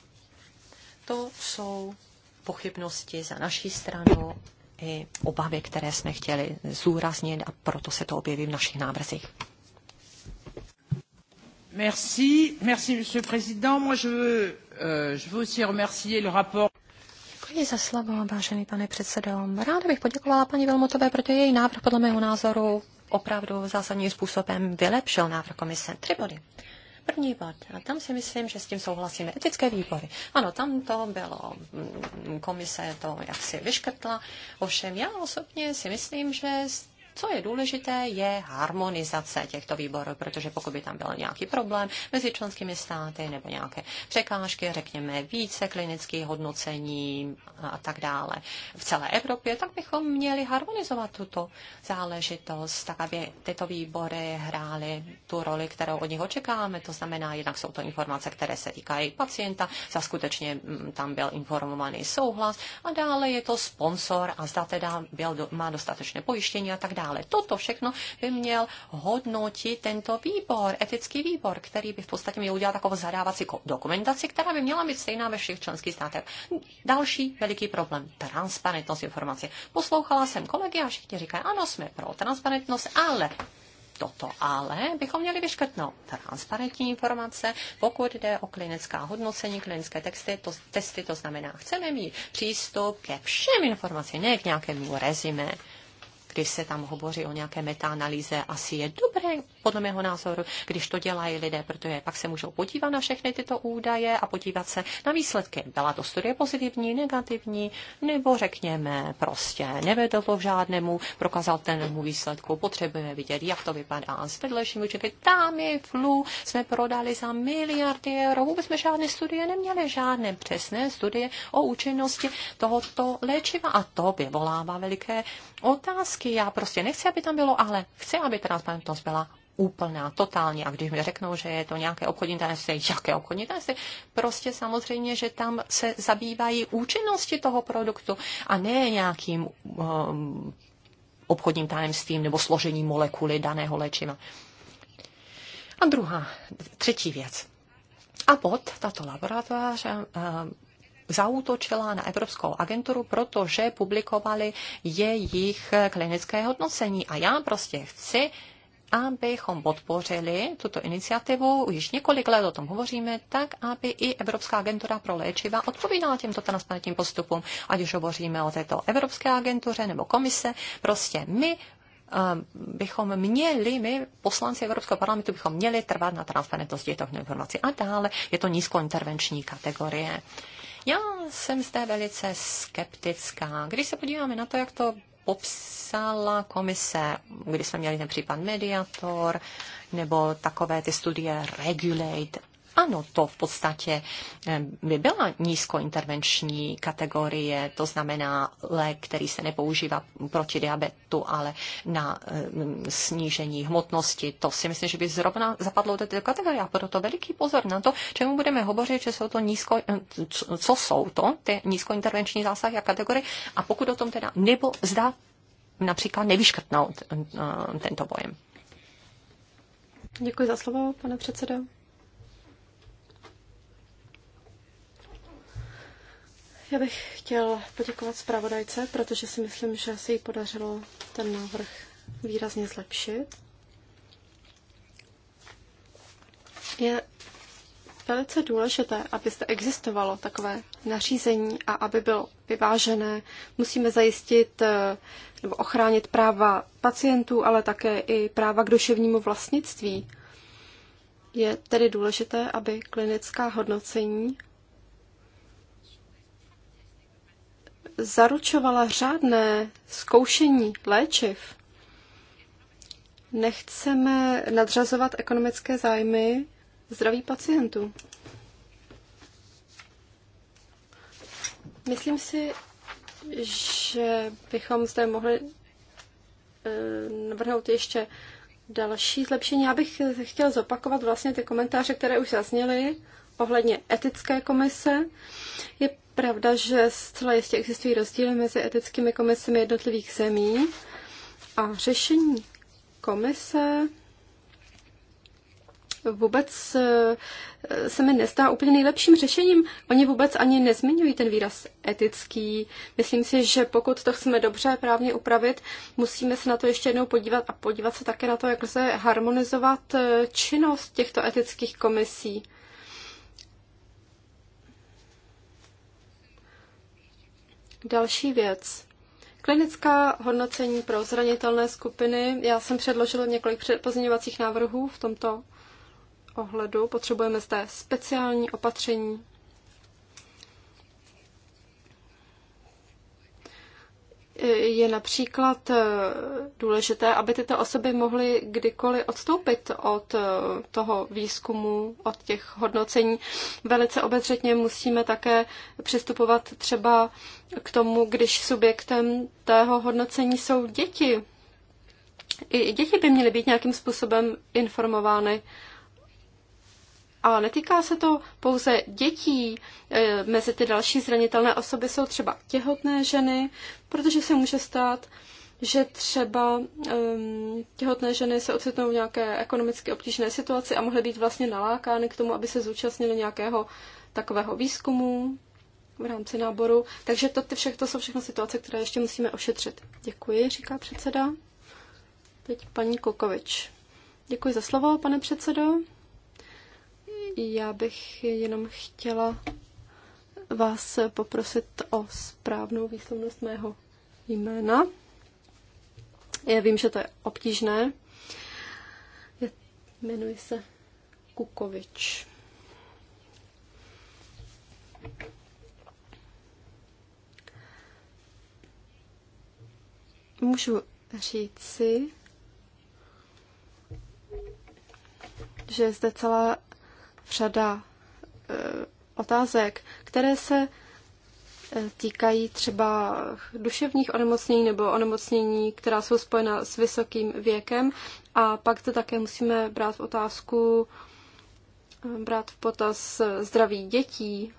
to jsou pochybnosti za naší stranu i obavy, které jsme chtěli zúraznit a proto se to objeví v našich návrzích. Merci, merci, monsieur le président. Moi, je veux, euh, je veux aussi remercier le rapport. Děkuji za slovo, vážený pane předsedo. Ráda bych poděkovala paní Velmotové, protože její návrh podle mého názoru opravdu zásadním způsobem vylepšil návrh komise. Tři body. První bod, a tam si myslím, že s tím souhlasíme, etické výbory. Ano, tam to bylo, mm, komise to jaksi vyškrtla, ovšem já osobně si myslím, že s co je důležité, je harmonizace těchto výborů, protože pokud by tam byl nějaký problém mezi členskými státy nebo nějaké překážky, řekněme více klinických hodnocení a tak dále v celé Evropě, tak bychom měli harmonizovat tuto záležitost, tak aby tyto výbory hrály tu roli, kterou od nich očekáváme. To znamená, jednak jsou to informace, které se týkají pacienta, za skutečně mm, tam byl informovaný souhlas a dále je to sponsor a zda teda byl, má dostatečné pojištění a tak dále dále. Toto všechno by měl hodnotit tento výbor, etický výbor, který by v podstatě měl udělat takovou zadávací dokumentaci, která by měla být stejná ve všech členských státech. Další veliký problém, transparentnost informace. Poslouchala jsem kolegy a všichni říkají, ano, jsme pro transparentnost, ale toto ale bychom měli vyškrtnout. Transparentní informace, pokud jde o klinická hodnocení, klinické texty, to, testy, to znamená, chceme mít přístup ke všem informacím, ne k nějakému rezime když se tam hovoří o nějaké metaanalýze, asi je dobré, podle mého názoru, když to dělají lidé, protože pak se můžou podívat na všechny tyto údaje a podívat se na výsledky. Byla to studie pozitivní, negativní, nebo řekněme prostě nevedlo to žádnému prokazatelnému výsledku. Potřebujeme vidět, jak to vypadá a s vedlejším účinky. Tam je flu, jsme prodali za miliardy euro, vůbec jsme žádné studie neměli, žádné přesné studie o účinnosti tohoto léčiva a to vyvolává veliké otázky otázky. Já prostě nechci, aby tam bylo, ale chci, aby transparentnost byla úplná, totální. A když mi řeknou, že je to nějaké obchodní tajemství, jaké obchodní tajemství, prostě samozřejmě, že tam se zabývají účinnosti toho produktu a ne nějakým um, obchodním tajemstvím nebo složením molekuly daného léčiva. A druhá, třetí věc. A pod tato laboratoř um, zautočila na Evropskou agenturu, protože publikovali jejich klinické hodnocení. A já prostě chci, abychom podpořili tuto iniciativu, již několik let o tom hovoříme, tak, aby i Evropská agentura pro léčiva odpovídala těmto transparentním postupům, ať už hovoříme o této Evropské agentuře nebo komise. Prostě my eh, bychom měli, my poslanci Evropského parlamentu bychom měli trvat na transparentnosti těchto informací. A dále je to nízkointervenční kategorie. Já jsem zde velice skeptická. Když se podíváme na to, jak to popsala komise, kdy jsme měli ten případ Mediator, nebo takové ty studie Regulate ano, to v podstatě eh, by byla nízkointervenční kategorie, to znamená lék, který se nepoužívá proti diabetu, ale na eh, snížení hmotnosti. To si myslím, že by zrovna zapadlo do této kategorie a proto veliký pozor na to, čemu budeme hovořit, že jsou to nízko, eh, co jsou to, ty nízkointervenční zásahy a kategorie a pokud o tom teda, nebo zda například nevyškrtnout tento bojem. Děkuji za slovo, pane předsedo. Já bych chtěl poděkovat zpravodajce, protože si myslím, že se jí podařilo ten návrh výrazně zlepšit. Je velice důležité, aby zde existovalo takové nařízení a aby bylo vyvážené. Musíme zajistit eh, nebo ochránit práva pacientů, ale také i práva k duševnímu vlastnictví. Je tedy důležité, aby klinická hodnocení zaručovala řádné zkoušení léčiv, nechceme nadřazovat ekonomické zájmy zdraví pacientů. Myslím si, že bychom zde mohli eh, navrhnout ještě další zlepšení. Já bych chtěl zopakovat vlastně ty komentáře, které už zazněly ohledně etické komise. Je pravda, že zcela jistě existují rozdíly mezi etickými komisemi jednotlivých zemí a řešení komise vůbec eh, se mi nezdá úplně nejlepším řešením. Oni vůbec ani nezmiňují ten výraz etický. Myslím si, že pokud to chceme dobře právně upravit, musíme se na to ještě jednou podívat a podívat se také na to, jak lze harmonizovat eh, činnost těchto etických komisí. Další věc. Klinická hodnocení pro zranitelné skupiny. Já jsem předložila několik pozměňovacích návrhů v tomto ohledu. Potřebujeme zde speciální opatření je například eh, důležité, aby tyto osoby mohly kdykoliv odstoupit od eh, toho výzkumu, od těch hodnocení. Velice obezřetně musíme také přistupovat třeba k tomu, když subjektem tého hodnocení jsou děti. I děti by měly být nějakým způsobem informovány. Uh, a netýká se to pouze dětí, e, mezi ty další zranitelné osoby jsou třeba těhotné ženy, protože se může stát, že třeba um, těhotné ženy se ocitnou v nějaké ekonomicky obtížné situaci a mohly být vlastně nalákány k tomu, aby se zúčastnily nějakého takového výzkumu v rámci náboru. Takže to, ty všech, to jsou všechno situace, které ještě musíme ošetřit. Děkuji, říká předseda. Teď paní Kokovič. Děkuji za slovo, pane předsedo. Já bych jenom chtěla vás poprosit o správnou výslovnost mého jména. Já vím, že to je obtížné. Jmenuji se Kukovič. Můžu říci, že je zde celá řada e, otázek, které se e, týkají třeba duševních onemocnění nebo onemocnění, která jsou spojena s vysokým věkem. A pak to také musíme brát v otázku, e, brát v potaz zdraví dětí.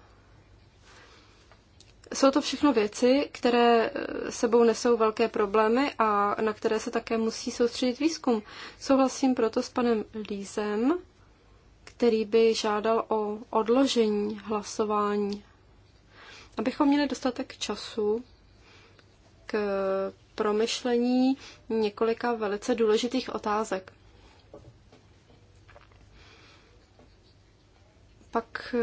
Jsou to všechno věci, které sebou nesou velké problémy a na které se také musí soustředit výzkum. Souhlasím proto s panem Lízem, který by žádal o odložení hlasování. Abychom měli dostatek času k promyšlení několika velice důležitých otázek. Pak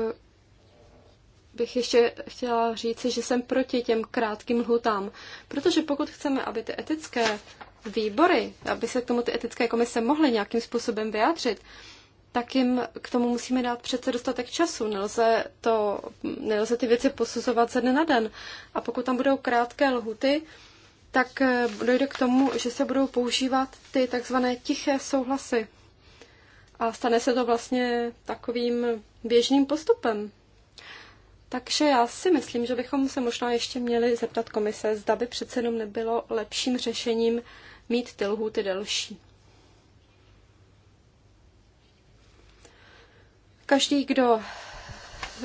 bych ještě chtěla říci, že jsem proti těm krátkým lhutám, protože pokud chceme, aby ty etické výbory, aby se k tomu ty etické komise mohly nějakým způsobem vyjádřit, tak jim k tomu musíme dát přece dostatek času. Nelze, to, nelze ty věci posuzovat ze dne na den. A pokud tam budou krátké lhuty, tak eh, dojde k tomu, že se budou používat ty takzvané tiché souhlasy. A stane se to vlastně takovým běžným postupem. Takže já si myslím, že bychom se možná ještě měli zeptat komise, zda by přece jenom nebylo lepším řešením mít ty lhuty delší. Každý, kdo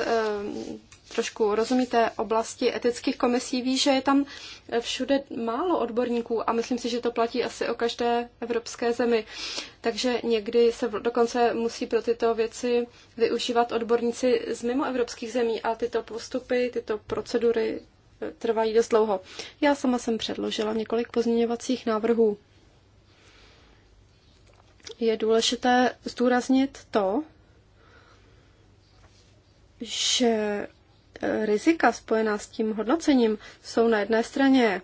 ehm, trošku rozumíte oblasti etických komisí, ví, že je tam všude málo odborníků a myslím si, že to platí asi o každé evropské zemi. Takže někdy se dokonce musí pro tyto věci využívat odborníci z mimo evropských zemí a tyto postupy, tyto procedury eh, trvají dost dlouho. Já sama jsem předložila několik pozměňovacích návrhů. Je důležité zdůraznit to, že e, rizika spojená s tím hodnocením jsou na jedné straně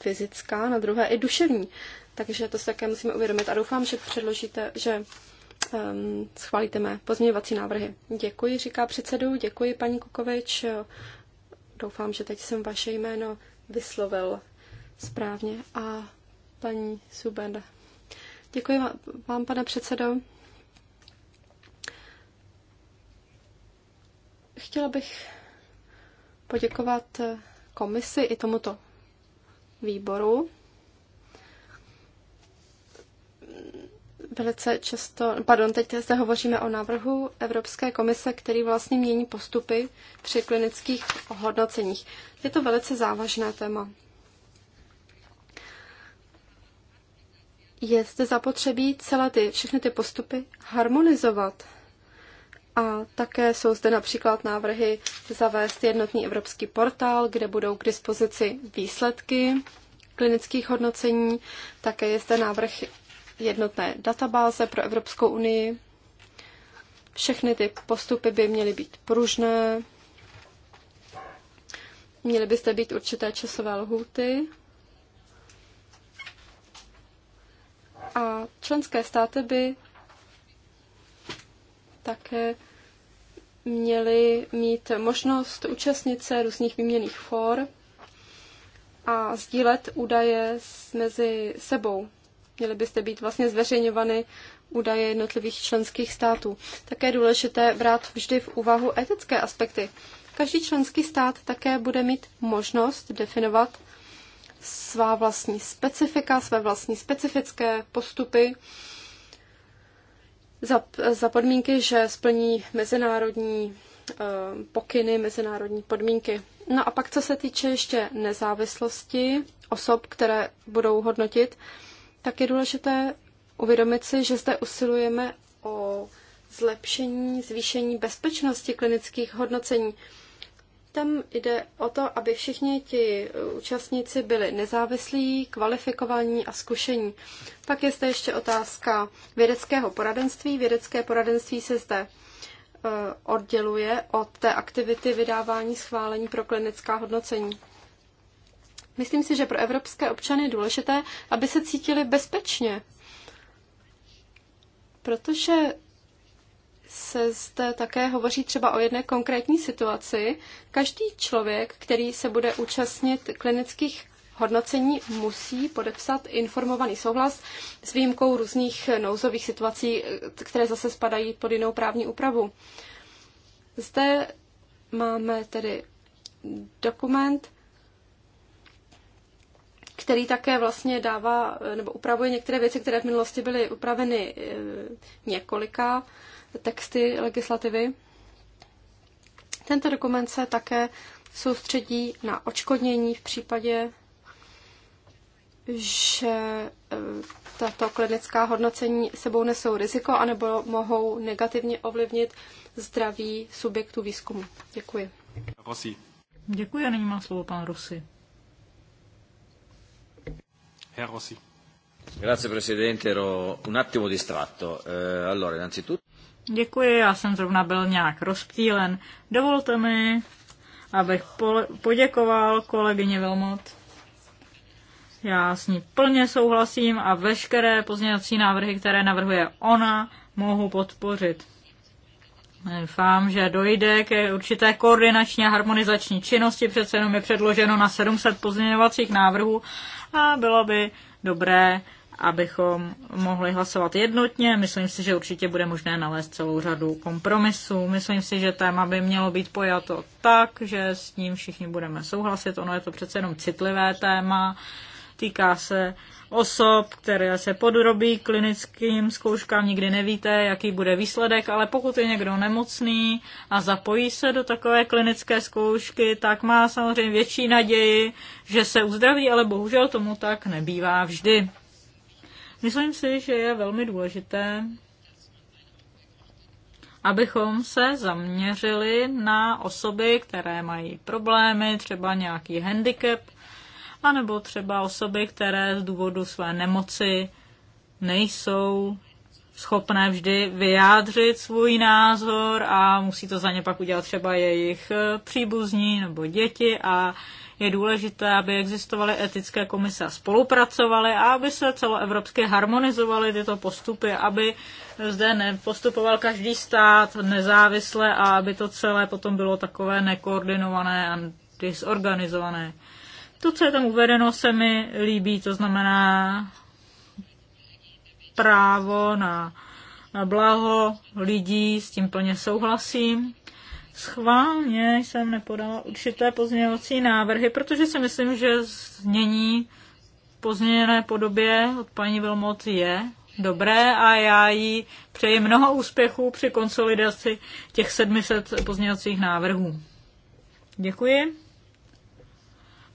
fyzická, na druhé i duševní. Takže to se také musíme uvědomit a doufám, že předložíte, že um, schválíte mé pozměňovací návrhy. Děkuji, říká předsedu, děkuji paní Kukovič. Doufám, že teď jsem vaše jméno vyslovil správně. A paní Subenda. Děkuji vám, pane předsedo. Chtěla bych poděkovat komisi i tomuto výboru. Velice často, pardon, teď zde hovoříme o návrhu Evropské komise, který vlastně mění postupy při klinických hodnoceních. Je to velice závažné téma. Je zde zapotřebí celé ty, všechny ty postupy harmonizovat a také jsou zde například návrhy zavést jednotný evropský portál, kde budou k dispozici výsledky klinických hodnocení. Také je zde návrh jednotné databáze pro Evropskou unii. Všechny ty postupy by měly být pružné. Měly by zde být určité časové lhůty. A členské státy by také měli mít možnost účastnit se různých výměných for a sdílet údaje mezi sebou. Měly byste být vlastně zveřejňovány údaje jednotlivých členských států. Také je důležité brát vždy v úvahu etické aspekty. Každý členský stát také bude mít možnost definovat svá vlastní specifika, své vlastní specifické postupy, za, za podmínky, že splní mezinárodní eh, pokyny, mezinárodní podmínky. No a pak, co se týče ještě nezávislosti osob, které budou hodnotit, tak je důležité uvědomit si, že zde usilujeme o zlepšení, zvýšení bezpečnosti klinických hodnocení. Tam jde o to, aby všichni ti eh, účastníci byli nezávislí, kvalifikovaní a zkušení. Pak je zde ještě otázka vědeckého poradenství. Vědecké poradenství se zde eh, odděluje od té aktivity vydávání schválení pro klinická hodnocení. Myslím si, že pro evropské občany je důležité, aby se cítili bezpečně, protože se zde také hovoří třeba o jedné konkrétní situaci. Každý člověk, který se bude účastnit klinických hodnocení, musí podepsat informovaný souhlas s výjimkou různých nouzových situací, které zase spadají pod jinou právní úpravu. Zde máme tedy dokument, který také vlastně dává nebo upravuje některé věci, které v minulosti byly upraveny eh, několika texty legislativy. Tento dokument se také soustředí na očkodnění v případě, že eh, tato klinická hodnocení sebou nesou riziko anebo mohou negativně ovlivnit zdraví subjektů výzkumu. Děkuji. Rossi. Děkuji a nyní má slovo pan Rossi. Herr Rossi. Grazie Presidente, ero un attimo distratto. Eh, allora, innanzitutto... Děkuji, já jsem zrovna byl nějak rozptýlen. Dovolte mi, abych poděkoval kolegyně Vilmot. Já s ní plně souhlasím a veškeré pozměňovací návrhy, které navrhuje ona, mohu podpořit. Doufám, že dojde k určité koordinační a harmonizační činnosti, přece jenom je předloženo na 700 pozměňovacích návrhů a bylo by dobré abychom mohli hlasovat jednotně. Myslím si, že určitě bude možné nalézt celou řadu kompromisů. Myslím si, že téma by mělo být pojato tak, že s ním všichni budeme souhlasit. Ono je to přece jenom citlivé téma. Týká se osob, které se podrobí klinickým zkouškám, nikdy nevíte, jaký bude výsledek, ale pokud je někdo nemocný a zapojí se do takové klinické zkoušky, tak má samozřejmě větší naději, že se uzdraví, ale bohužel tomu tak nebývá vždy. Myslím si, že je velmi důležité, abychom se zaměřili na osoby, které mají problémy, třeba nějaký handicap, anebo třeba osoby, které z důvodu své nemoci nejsou schopné vždy vyjádřit svůj názor a musí to za ně pak udělat třeba jejich příbuzní nebo děti a je důležité, aby existovaly etické komise a spolupracovaly a aby se celoevropsky harmonizovaly tyto postupy, aby zde nepostupoval každý stát nezávisle a aby to celé potom bylo takové nekoordinované a disorganizované. To, co je tam uvedeno, se mi líbí, to znamená právo na blaho lidí, s tím plně souhlasím schválně jsem nepodala určité pozměňovací návrhy, protože si myslím, že znění pozměněné podobě od paní Vilmot je dobré a já jí přeji mnoho úspěchů při konsolidaci těch 700 pozměňovacích návrhů. Děkuji.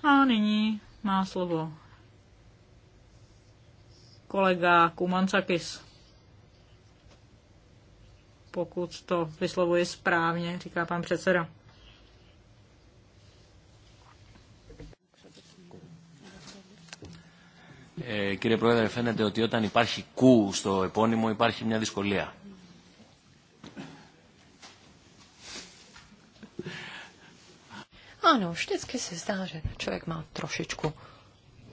A nyní má slovo kolega Kumancakis pokud to vyslovuji správně, říká pan předseda. Ε, eh, κύριε Πρόεδρε, že ότι όταν υπάρχει κου στο επώνυμο υπάρχει μια δυσκολία. Ano, vždycky se zdá, že člověk má trošičku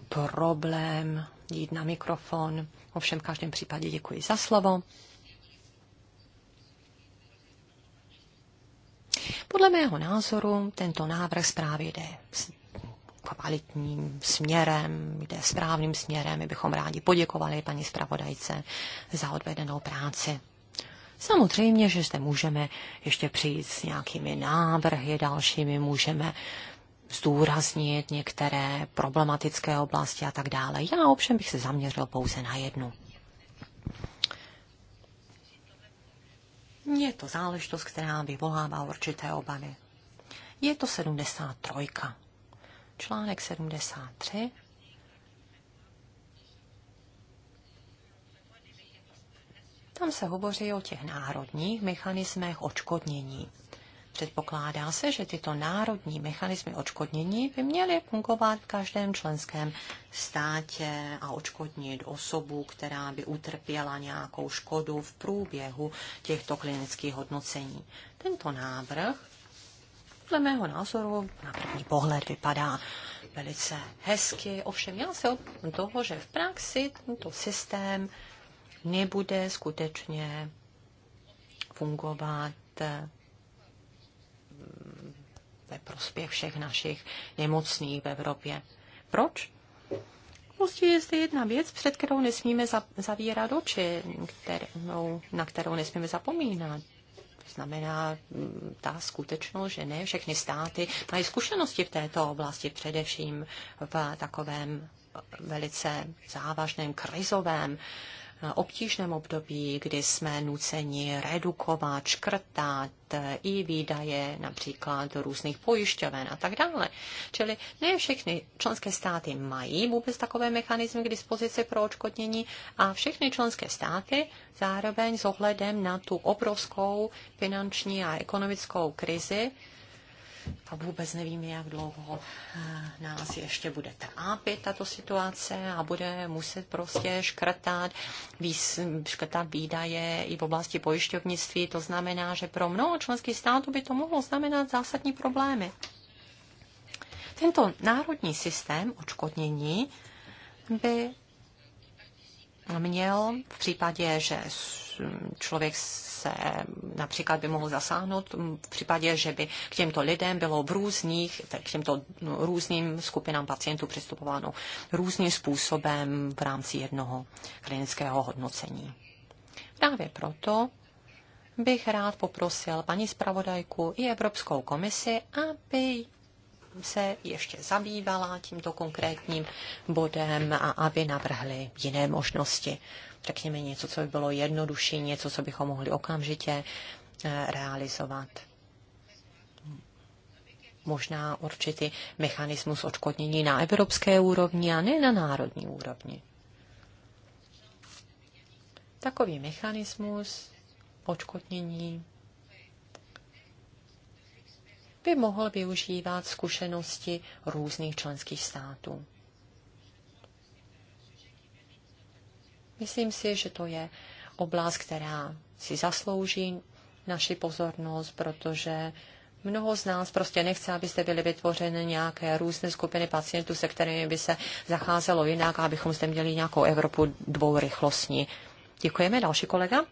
problém jít na mikrofon. Ovšem v každém případě děkuji za slovo. Podle mého názoru tento návrh zprávy jde kvalitním směrem, jde správným směrem. My bychom rádi poděkovali paní zpravodajce za odvedenou práci. Samozřejmě, že zde můžeme ještě přijít s nějakými návrhy dalšími, můžeme zdůraznit některé problematické oblasti a tak dále. Já ovšem bych se zaměřil pouze na jednu je to záležitost, která vyvolává určité obavy. Je to 73. Článek 73. Tam se hovoří o těch národních mechanismech očkodnění. Předpokládá se, že tyto národní mechanismy odškodnění by měly fungovat v každém členském státě a odškodnit osobu, která by utrpěla nějakou škodu v průběhu těchto klinických hodnocení. Tento návrh podle mého názoru na první pohled vypadá velice hezky. Ovšem já se od toho, že v praxi tento systém nebude skutečně fungovat ve prospěch všech našich nemocných v Evropě. Proč? Prostě je zde jedna věc, před kterou nesmíme zavírat oči, kterou, na kterou nesmíme zapomínat znamená mm, ta skutečnost, že ne všechny státy mají zkušenosti v této oblasti, především v takovém velice závažném krizovém obtížném období, kdy jsme nuceni redukovat, škrtat i výdaje například do různých pojišťoven a tak dále. Čili ne všechny členské státy mají vůbec takové mechanizmy k dispozici pro očkodnění a všechny členské státy zároveň s ohledem na tu obrovskou finanční a ekonomickou krizi a vůbec nevím, jak dlouho eh, nás ještě bude trápit tato situace a bude muset prostě škrtat, škrtat výdaje i v oblasti pojišťovnictví. To znamená, že pro mnoho členských států by to mohlo znamenat zásadní problémy. Tento národní systém očkodnění by měl v případě, že člověk se například by mohl zasáhnout v případě, že by k těmto lidem bylo v různých, k těmto no, různým skupinám pacientů přistupováno různým způsobem v rámci jednoho klinického hodnocení. Právě proto bych rád poprosil paní zpravodajku i Evropskou komisi, aby se ještě zabývala tímto konkrétním bodem a aby navrhli jiné možnosti řekněme, něco, co by bylo jednodušší, něco, co bychom mohli okamžitě eh, realizovat. Možná určitý mechanismus odškodnění na evropské úrovni a ne na národní úrovni. Takový mechanismus odškodnění by mohl využívat zkušenosti různých členských států. Myslím si, že to je oblast, která si zaslouží naši pozornost, protože Mnoho z nás prostě nechce, abyste byly vytvořeny nějaké různé skupiny pacientů, se kterými by se zacházelo jinak, abychom zde měli nějakou Evropu dvourychlostní. Děkujeme. Další kolega?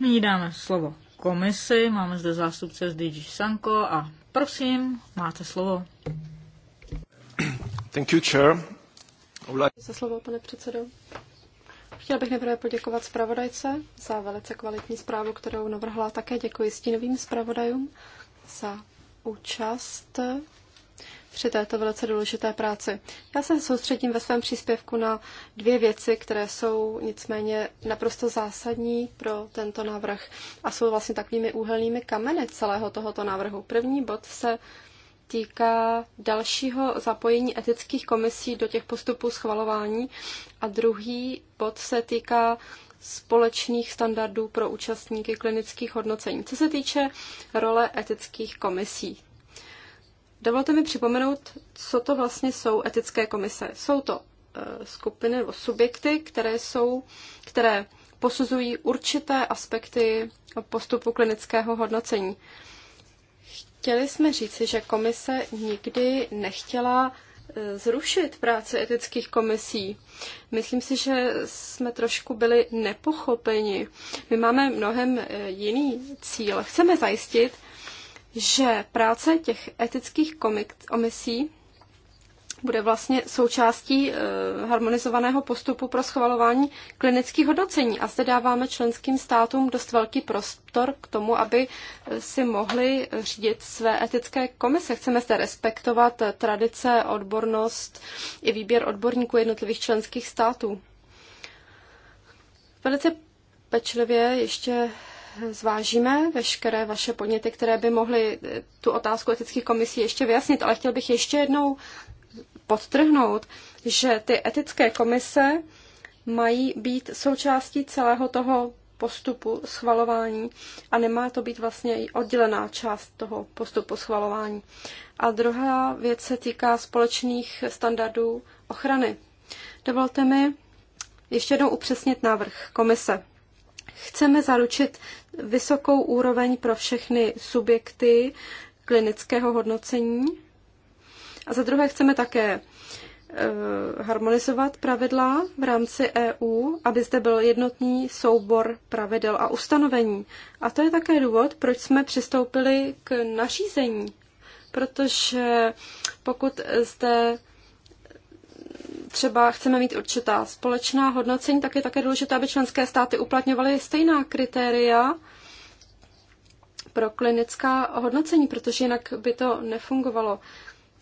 Nyní dáme slovo komisi. Máme zde zástupce z DG Sanko a prosím, máte slovo. Thank you, chair. Za slovo, pane předsedo. Chtěl bych nejprve poděkovat zpravodajce za velice kvalitní zprávu, kterou navrhla. Také děkuji stínovým zpravodajům za účast při této velice důležité práci. Já se soustředím ve svém příspěvku na dvě věci, které jsou nicméně naprosto zásadní pro tento návrh a jsou vlastně takovými úhelnými kameny celého tohoto návrhu. První bod se týká dalšího zapojení etických komisí do těch postupů schvalování a druhý bod se týká společných standardů pro účastníky klinických hodnocení, co se týče role etických komisí. Dovolte mi připomenout, co to vlastně jsou etické komise. Jsou to eh, skupiny nebo subjekty, které, jsou, které posuzují určité aspekty postupu klinického hodnocení. Chtěli jsme říci, že komise nikdy nechtěla e, zrušit práci etických komisí. Myslím si, že jsme trošku byli nepochopeni. My máme mnohem e, jiný cíl. Chceme zajistit, že práce těch etických komisí bude vlastně součástí eh, harmonizovaného postupu pro schvalování klinických hodnocení. A zde dáváme členským státům dost velký prostor k tomu, aby eh, si mohli řídit své etické komise. Chceme zde respektovat eh, tradice, odbornost i výběr odborníků jednotlivých členských států. Velice pečlivě ještě zvážíme veškeré vaše podněty, které by mohly tu otázku etických komisí ještě vyjasnit, ale chtěl bych ještě jednou podtrhnout, že ty etické komise mají být součástí celého toho postupu schvalování a nemá to být vlastně i oddělená část toho postupu schvalování. A druhá věc se týká společných standardů ochrany. Dovolte mi ještě jednou upřesnit návrh komise. Chceme zaručit vysokou úroveň pro všechny subjekty klinického hodnocení a za druhé chceme také eh, harmonizovat pravidla v rámci EU, aby zde byl jednotný soubor pravidel a ustanovení. A to je také důvod, proč jsme přistoupili k nařízení. Protože pokud zde třeba chceme mít určitá společná hodnocení, tak je také důležité, aby členské státy uplatňovaly stejná kritéria pro klinická hodnocení, protože jinak by to nefungovalo.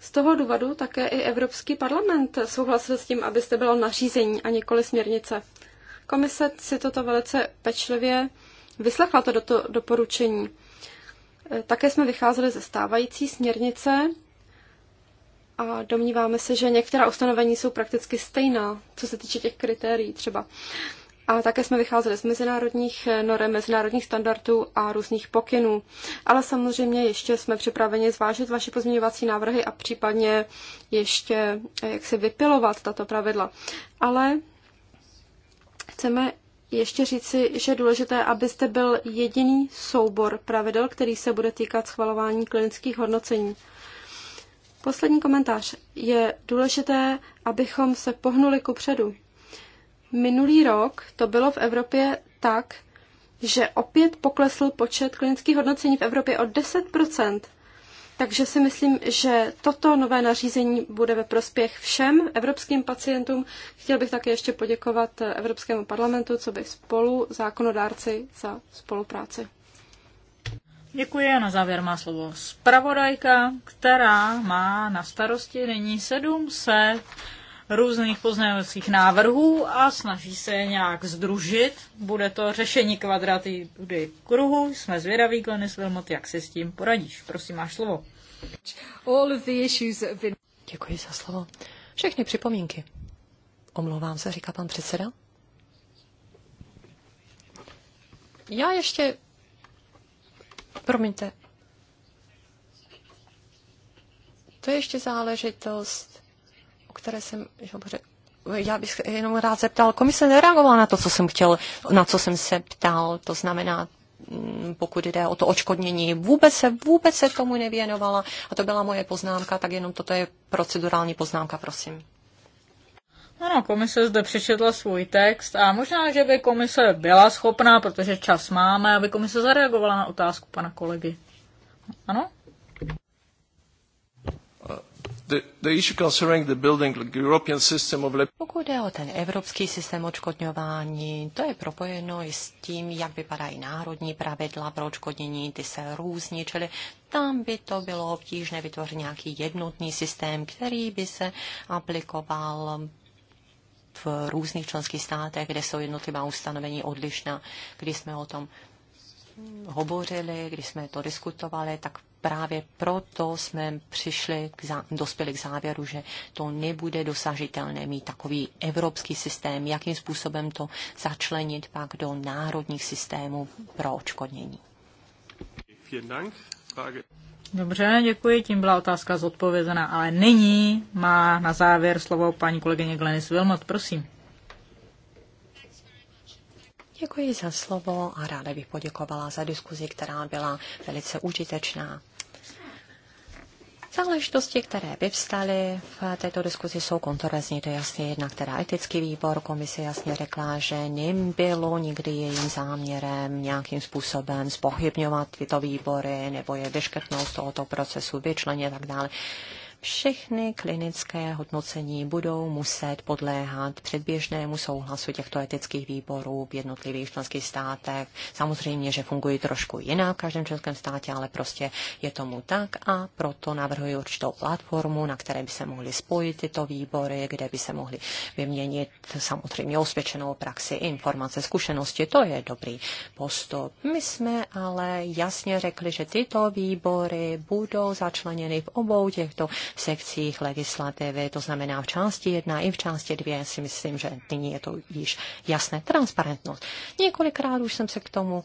Z toho důvodu také i Evropský parlament souhlasil s tím, abyste bylo nařízení a nikoli směrnice. Komise si toto velice pečlivě vyslechla to, do to doporučení. E, také jsme vycházeli ze stávající směrnice a domníváme se, že některá ustanovení jsou prakticky stejná, co se týče těch kritérií třeba. A také jsme vycházeli z mezinárodních norem, mezinárodních standardů a různých pokynů. Ale samozřejmě ještě jsme připraveni zvážit vaše pozměňovací návrhy a případně ještě jak si vypilovat tato pravidla. Ale chceme ještě říci, že je důležité, abyste byl jediný soubor pravidel, který se bude týkat schvalování klinických hodnocení. Poslední komentář. Je důležité, abychom se pohnuli ku předu. Minulý rok to bylo v Evropě tak, že opět poklesl počet klinických hodnocení v Evropě o 10 takže si myslím, že toto nové nařízení bude ve prospěch všem evropským pacientům. Chtěl bych také ještě poděkovat Evropskému parlamentu, co by spolu zákonodárci za spolupráci. Děkuji a na závěr má slovo zpravodajka, která má na starosti nyní 700 různých poznávacích návrhů a snaží se je nějak združit. Bude to řešení kvadratury kruhu. Jsme zvědaví, Glenis Wilmot, jak si s tím poradíš. Prosím, máš slovo. All of the issues have been... Děkuji za slovo. Všechny připomínky. Omlouvám se, říká pan předseda. Já ještě... Promiňte. To je ještě záležitost které jsem že já bych jenom rád zeptal, komise nereagovala na to, co jsem chtěl, na co jsem se ptal, to znamená, mm, pokud jde o to očkodnění, vůbec se, vůbec se tomu nevěnovala a to byla moje poznámka, tak jenom toto je procedurální poznámka, prosím. Ano, komise zde přečetla svůj text a možná, že by komise byla schopná, protože čas máme, aby komise zareagovala na otázku pana kolegy. Ano? Pokud jde o ten evropský systém očkodňování, to je propojeno i s tím, jak vypadají národní pravidla pro očkodnění, ty se různí, čili tam by to bylo obtížné vytvořit nějaký jednotný systém, který by se aplikoval v různých členských státech, kde jsou jednotlivá ustanovení odlišná. Když jsme o tom hovořili, když jsme to diskutovali, tak právě proto jsme přišli, k zá, dospěli k závěru, že to nebude dosažitelné mít takový evropský systém, jakým způsobem to začlenit pak do národních systémů pro očkodnění. Dobře, děkuji, tím byla otázka zodpovězená, ale nyní má na závěr slovo paní kolegyně Glenis Wilmot, prosím. Děkuji za slovo a ráda bych poděkovala za diskuzi, která byla velice užitečná. Záležitosti, které vyvstaly v této diskuzi, jsou kontroverzní. To je jasně jedna, která etický výbor komise jasně řekla, že bylo nikdy jejím záměrem nějakým způsobem zpochybňovat tyto výbory nebo je vyškrtnout z tohoto procesu, vyčlenit a tak dále všechny klinické hodnocení budou muset podléhat předběžnému souhlasu těchto etických výborů v jednotlivých členských státech. Samozřejmě, že fungují trošku jinak v každém členském státě, ale prostě je tomu tak a proto navrhuji určitou platformu, na které by se mohly spojit tyto výbory, kde by se mohly vyměnit samozřejmě osvědčenou praxi, informace, zkušenosti. To je dobrý postup. My jsme ale jasně řekli, že tyto výbory budou začleněny v obou těchto sekcích legislativy, to znamená v části 1 i v části 2 si myslím, že nyní je to již jasné. Transparentnost. Několikrát už jsem se k tomu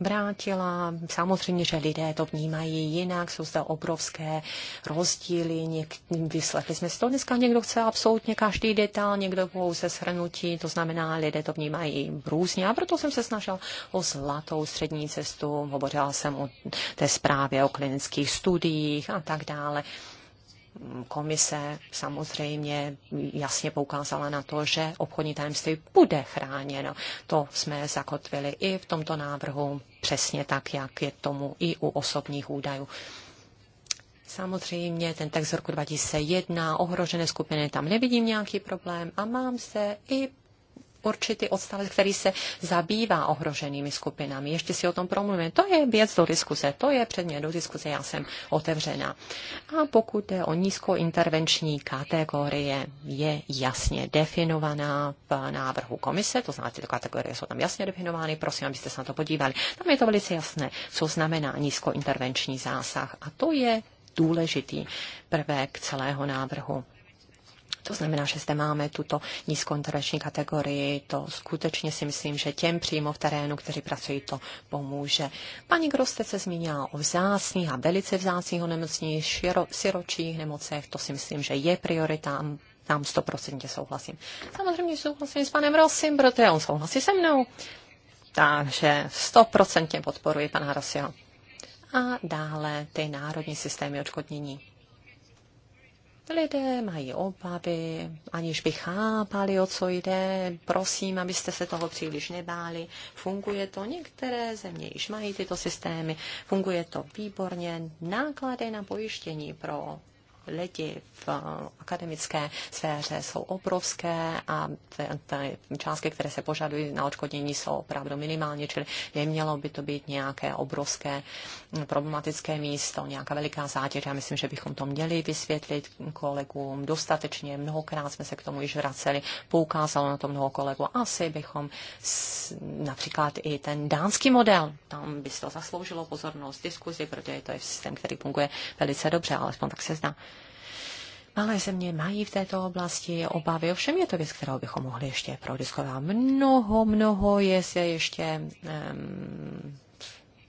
vrátila. Samozřejmě, že lidé to vnímají jinak, jsou zde obrovské rozdíly. Něk- vyslechli jsme si to dneska, někdo chce absolutně každý detail, někdo pouze shrnutí, to znamená, lidé to vnímají různě a proto jsem se snažila o zlatou střední cestu, hovořila jsem o té zprávě o klinických studiích a tak dále komise samozřejmě jasně poukázala na to, že obchodní tajemství bude chráněno. To jsme zakotvili i v tomto návrhu, přesně tak, jak je tomu i u osobních údajů. Samozřejmě ten text z roku 2001, ohrožené skupiny, tam nevidím nějaký problém a mám se i určitý odstavec, který se zabývá ohroženými skupinami. Ještě si o tom promluvím. To je věc do diskuse, to je předmět do diskuze, já jsem otevřená. A pokud je o nízkointervenční kategorie, je jasně definovaná v návrhu komise, to znamená, tyto kategorie jsou tam jasně definovány, prosím, abyste se na to podívali. Tam je to velice jasné, co znamená nízkointervenční zásah. A to je důležitý prvek celého návrhu. To znamená, že zde máme tuto nízkointervenční kategorii. To skutečně si myslím, že těm přímo v terénu, kteří pracují, to pomůže. Paní Groste se zmínila o vzácných a velice vzácných onemocněních, siročích nemocech. To si myslím, že je priorita tam stoprocentně souhlasím. Samozřejmě souhlasím s panem Rosim, protože on souhlasí se mnou. Takže stoprocentně podporuji pana Rosio. A dále ty národní systémy odškodnění. Lidé mají obavy, aniž by chápali, o co jde. Prosím, abyste se toho příliš nebáli. Funguje to. Některé země již mají tyto systémy. Funguje to výborně. Náklady na pojištění pro lidi v akademické sféře jsou obrovské a ty částky, které se požadují na odškodnění, jsou opravdu minimální, čili nemělo by to být nějaké obrovské mm, problematické místo, nějaká veliká zátěž. Já myslím, že bychom to měli vysvětlit kolegům dostatečně. Mnohokrát jsme se k tomu již vraceli, poukázalo na to mnoho kolegů. Asi bychom s, například i ten dánský model, tam by se to zasloužilo pozornost, diskuzi, protože to je systém, který funguje velice dobře, alespoň tak se zdá. Malé země mají v této oblasti obavy, ovšem je to věc, kterou bychom mohli ještě prodiskovat. Mnoho, mnoho je se ještě um,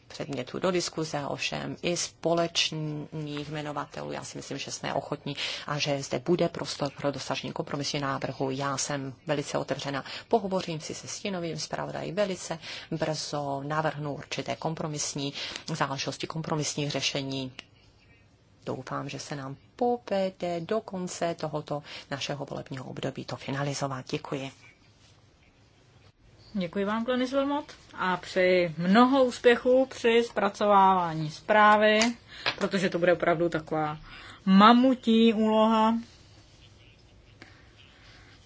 předmětů do diskuze, ovšem i společných jmenovatelů. Já si myslím, že jsme ochotní a že zde bude prostor pro dosažení kompromisní návrhu. Já jsem velice otevřena. Pohovořím si se stínovým zpravodají velice brzo, navrhnu určité kompromisní záležitosti, kompromisní řešení doufám, že se nám povede do konce tohoto našeho volebního období to finalizovat. Děkuji. Děkuji vám, Glenis Wilmot, a přeji mnoho úspěchů při zpracovávání zprávy, protože to bude opravdu taková mamutí úloha.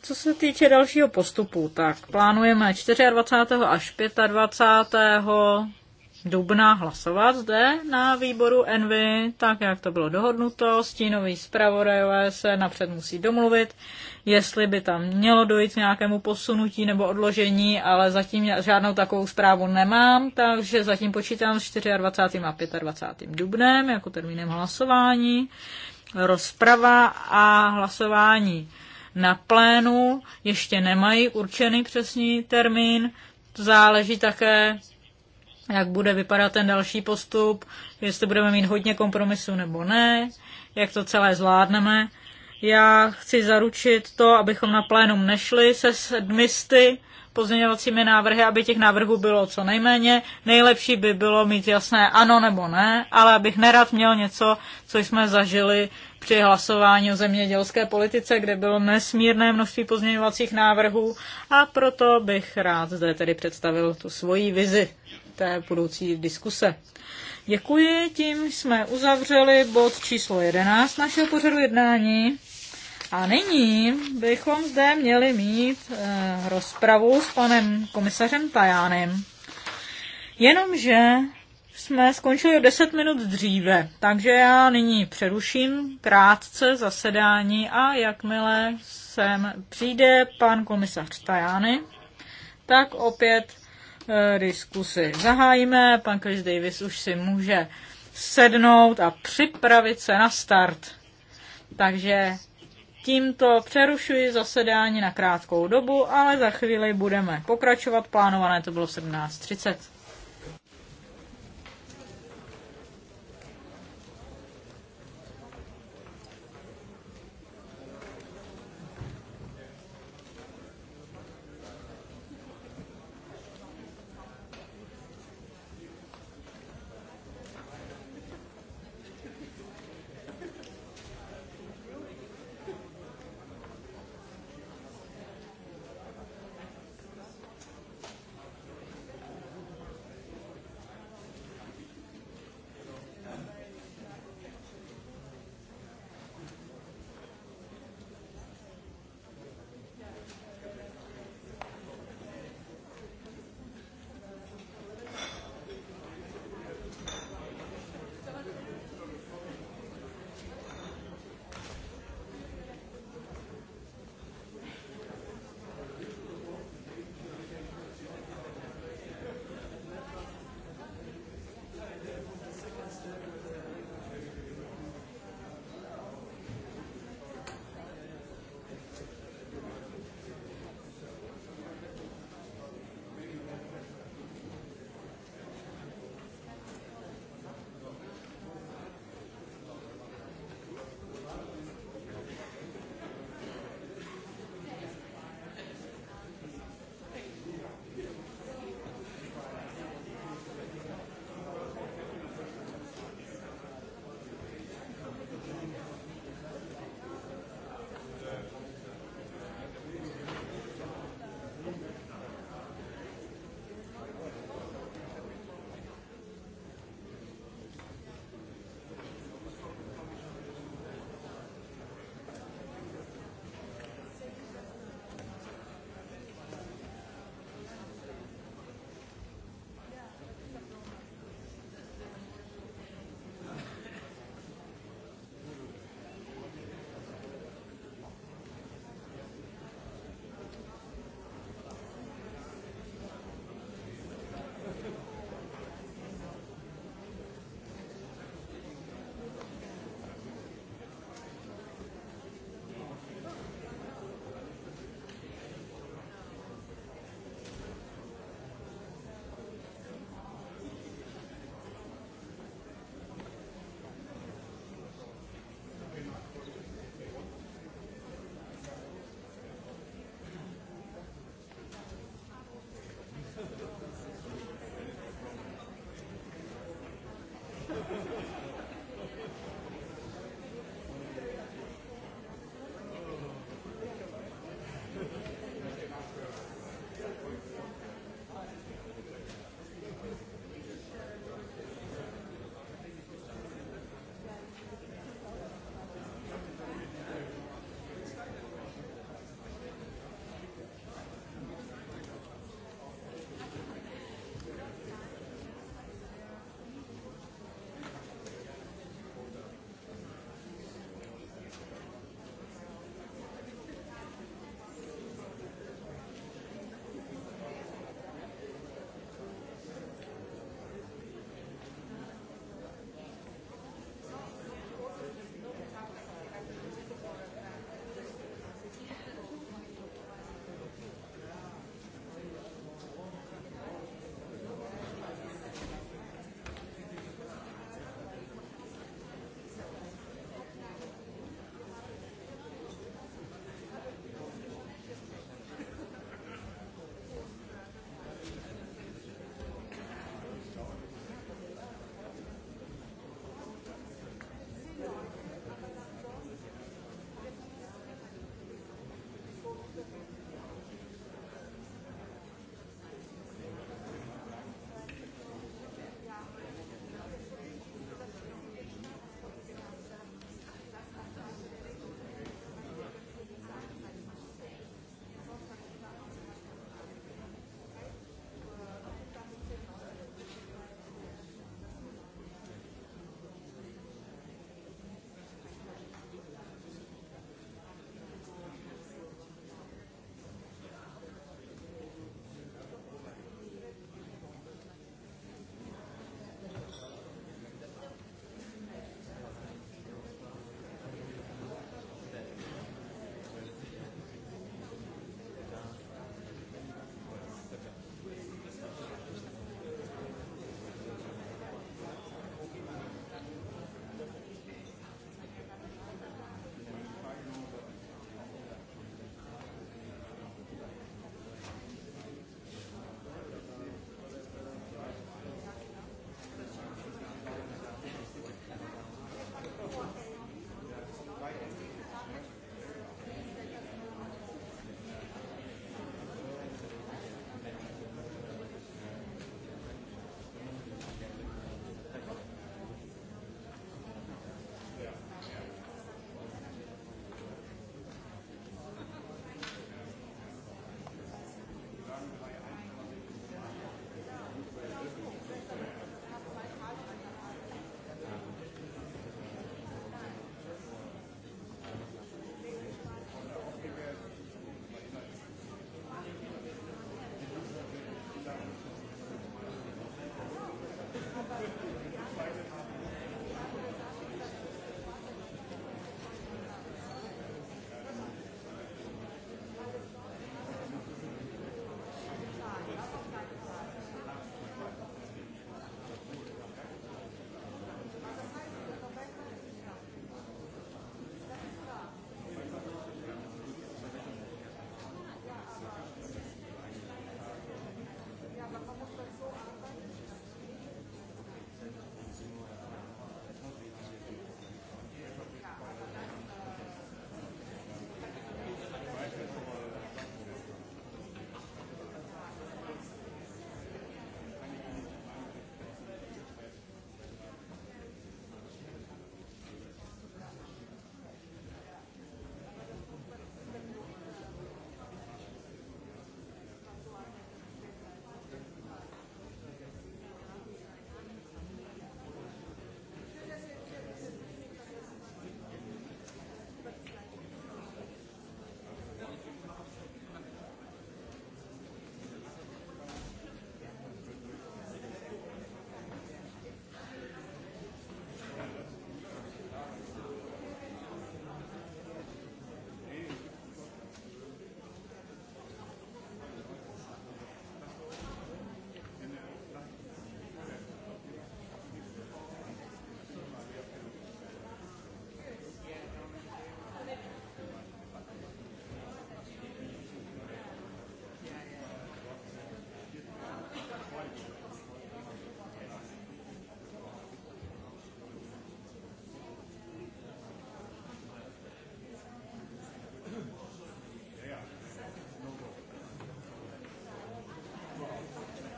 Co se týče dalšího postupu, tak plánujeme 24. až 25 dubna hlasovat zde na výboru Envy, tak jak to bylo dohodnuto. Stínový zpravodajové se napřed musí domluvit, jestli by tam mělo dojít k nějakému posunutí nebo odložení, ale zatím žádnou takovou zprávu nemám, takže zatím počítám s 24. a 25. dubnem jako termínem hlasování. Rozprava a hlasování na plénu ještě nemají určený přesný termín, záleží také jak bude vypadat ten další postup, jestli budeme mít hodně kompromisů nebo ne, jak to celé zvládneme. Já chci zaručit to, abychom na plénum nešli se sedmisty pozměňovacími návrhy, aby těch návrhů bylo co nejméně. Nejlepší by bylo mít jasné ano nebo ne, ale abych nerad měl něco, co jsme zažili při hlasování o zemědělské politice, kde bylo nesmírné množství pozměňovacích návrhů a proto bych rád zde tedy představil tu svoji vizi té budoucí diskuse. Děkuji, tím jsme uzavřeli bod číslo 11 našeho pořadu jednání. A nyní bychom zde měli mít e, rozpravu s panem komisařem Tajánem. Jenomže jsme skončili o 10 minut dříve, takže já nyní přeruším krátce zasedání a jakmile sem přijde pan komisař Tajány, tak opět Eh, diskusi zahájíme. Pan Chris Davis už si může sednout a připravit se na start. Takže tímto přerušuji zasedání na krátkou dobu, ale za chvíli budeme pokračovat. Plánované to bylo 17.30.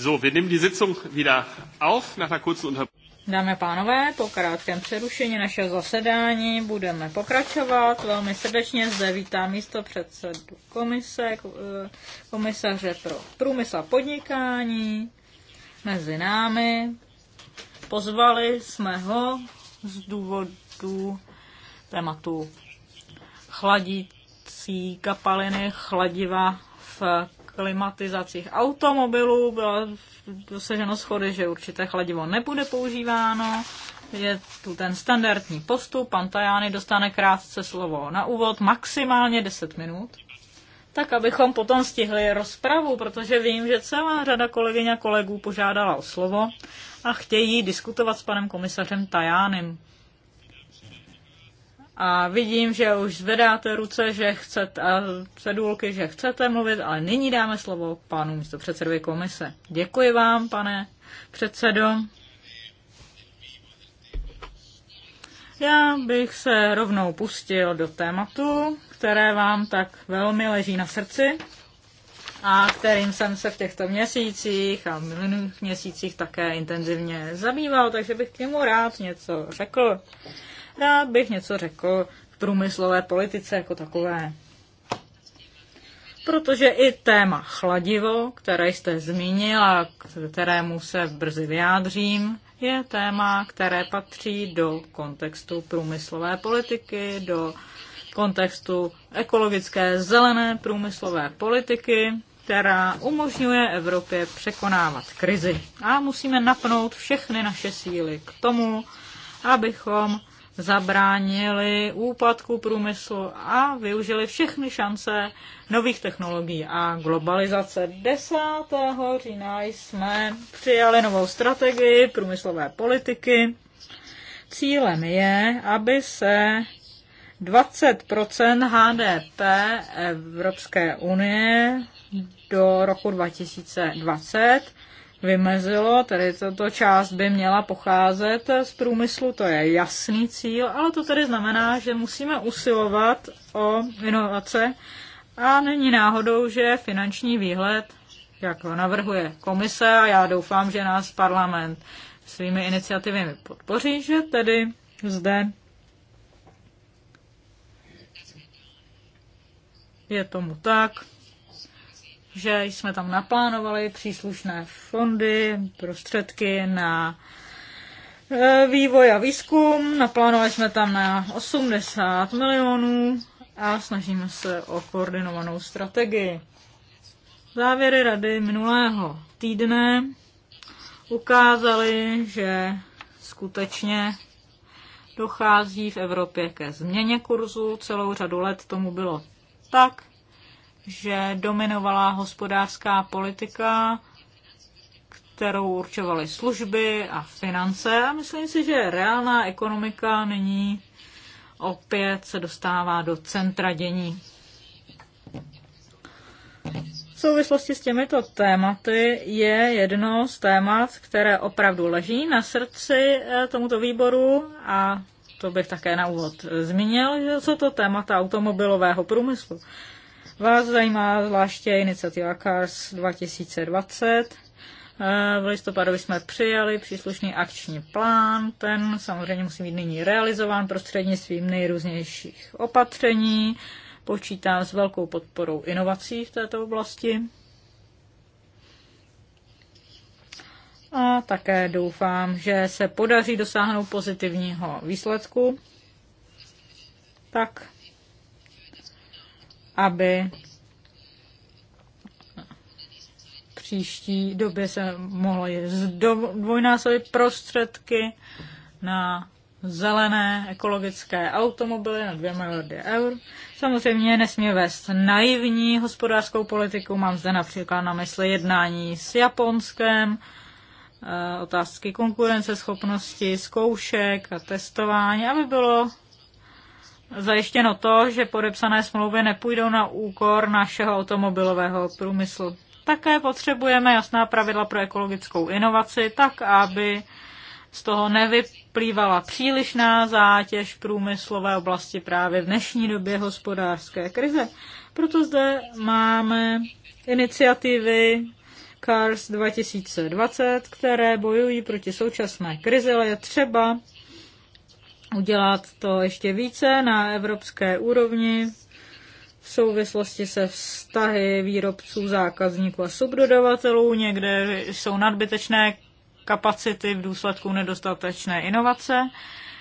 So, wir nehmen die Sitzung wieder auf nach einer kurzen Unterbrechung. Dámy a pánové, po krátkém přerušení našeho zasedání budeme pokračovat. Velmi srdečně zde vítám místo předsedu komise, eh, komisaře pro průmysl a podnikání mezi námi. Pozvali jsme ho z důvodu tématu chladící kapaliny, chladiva v klimatizacích automobilů. Byla dosaženo schody, že určité chladivo nebude používáno. Je tu ten standardní postup, pan Tajány dostane krátce slovo na úvod, maximálně 10 minut, tak abychom potom stihli rozpravu, protože vím, že celá řada kolegyň a kolegů požádala o slovo a chtějí diskutovat s panem komisařem Tajánem a vidím, že už zvedáte ruce, že chcete, a cedulky, že chcete mluvit, ale nyní dáme slovo panu předsedovi komise. Děkuji vám, pane předsedo. Já bych se rovnou pustil do tématu, které vám tak velmi leží na srdci a kterým jsem se v těchto měsících a minulých měsících také intenzivně zabýval, takže bych k němu rád něco řekl rád bych něco řekl k průmyslové politice jako takové. Protože i téma chladivo, které jste zmínil a kterému se brzy vyjádřím, je téma, které patří do kontextu průmyslové politiky, do kontextu ekologické zelené průmyslové politiky, která umožňuje Evropě překonávat krizi. A musíme napnout všechny naše síly k tomu, abychom zabránili úpadku průmyslu a využili všechny šance nových technologií a globalizace. 10. října jsme přijali novou strategii průmyslové politiky. Cílem je, aby se 20 HDP Evropské unie do roku 2020 vymezilo, tedy tato část by měla pocházet z průmyslu, to je jasný cíl, ale to tedy znamená, že musíme usilovat o inovace a není náhodou, že finanční výhled, jak ho navrhuje komise a já doufám, že nás parlament svými iniciativami podpoří, že tedy zde je tomu tak že jsme tam naplánovali příslušné fondy, prostředky na e, vývoj a výzkum. Naplánovali jsme tam na 80 milionů a snažíme se o koordinovanou strategii. Závěry rady minulého týdne ukázaly, že skutečně dochází v Evropě ke změně kurzu. Celou řadu let tomu bylo tak, že dominovala hospodářská politika, kterou určovaly služby a finance. A myslím si, že reálná ekonomika nyní opět se dostává do centra dění. V souvislosti s těmito tématy je jedno z témat, které opravdu leží na srdci eh, tomuto výboru a to bych také na úvod zmínil, že jsou to témata automobilového průmyslu. Vás zajímá zvláště iniciativa CARS 2020. Eh, v listopadu jsme přijali příslušný akční plán. Ten samozřejmě musí být nyní realizován prostřednictvím nejrůznějších opatření. Počítá s velkou podporou inovací v této oblasti. A také doufám, že se podaří dosáhnout pozitivního výsledku. Tak aby příští době se mohly zdvojnásobit prostředky na zelené ekologické automobily na 2 miliardy eur. Samozřejmě nesmí vést naivní hospodářskou politiku. Mám zde například na mysli jednání s Japonskem, eh, otázky konkurenceschopnosti, zkoušek a testování, aby bylo zajištěno to, že podepsané smlouvy nepůjdou na úkor našeho automobilového průmyslu. Také potřebujeme jasná pravidla pro ekologickou inovaci, tak aby z toho nevyplývala přílišná zátěž průmyslové oblasti právě v dnešní době hospodářské krize. Proto zde máme iniciativy CARS 2020, které bojují proti současné krizi, ale je třeba udělat to ještě více na evropské úrovni v souvislosti se vztahy výrobců, zákazníků a subdodavatelů. Někde jsou nadbytečné kapacity v důsledku nedostatečné inovace.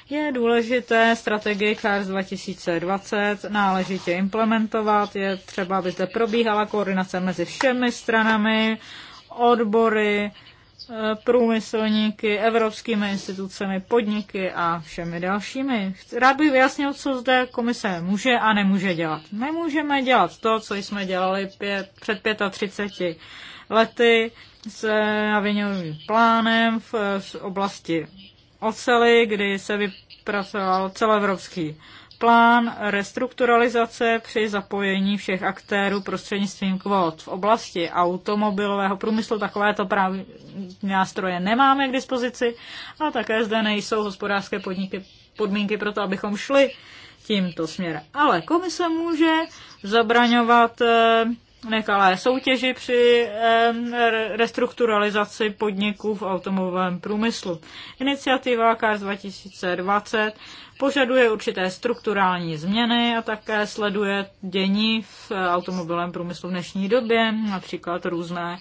Je důležité strategii CARS 2020 náležitě implementovat. Je třeba, aby zde probíhala koordinace mezi všemi stranami, odbory, Eh, průmyslníky, evropskými institucemi, podniky a všemi dalšími. Rád bych vyjasnil, co zde komise může a nemůže dělat. Nemůžeme dělat to, co jsme dělali pět, před 35 lety s navinělým eh, plánem v, v eh, oblasti ocely, kdy se vypracoval celoevropský plán restrukturalizace při zapojení všech aktérů prostřednictvím kvót. V oblasti automobilového průmyslu takovéto právě nástroje nemáme k dispozici a také zde nejsou hospodářské podniky, podmínky pro to, abychom šli tímto směrem. Ale komise může zabraňovat eh, nekalé soutěži při restrukturalizaci podniků v automobilovém průmyslu. Iniciativa CARS 2020 požaduje určité strukturální změny a také sleduje dění v automobilovém průmyslu v dnešní době, například různé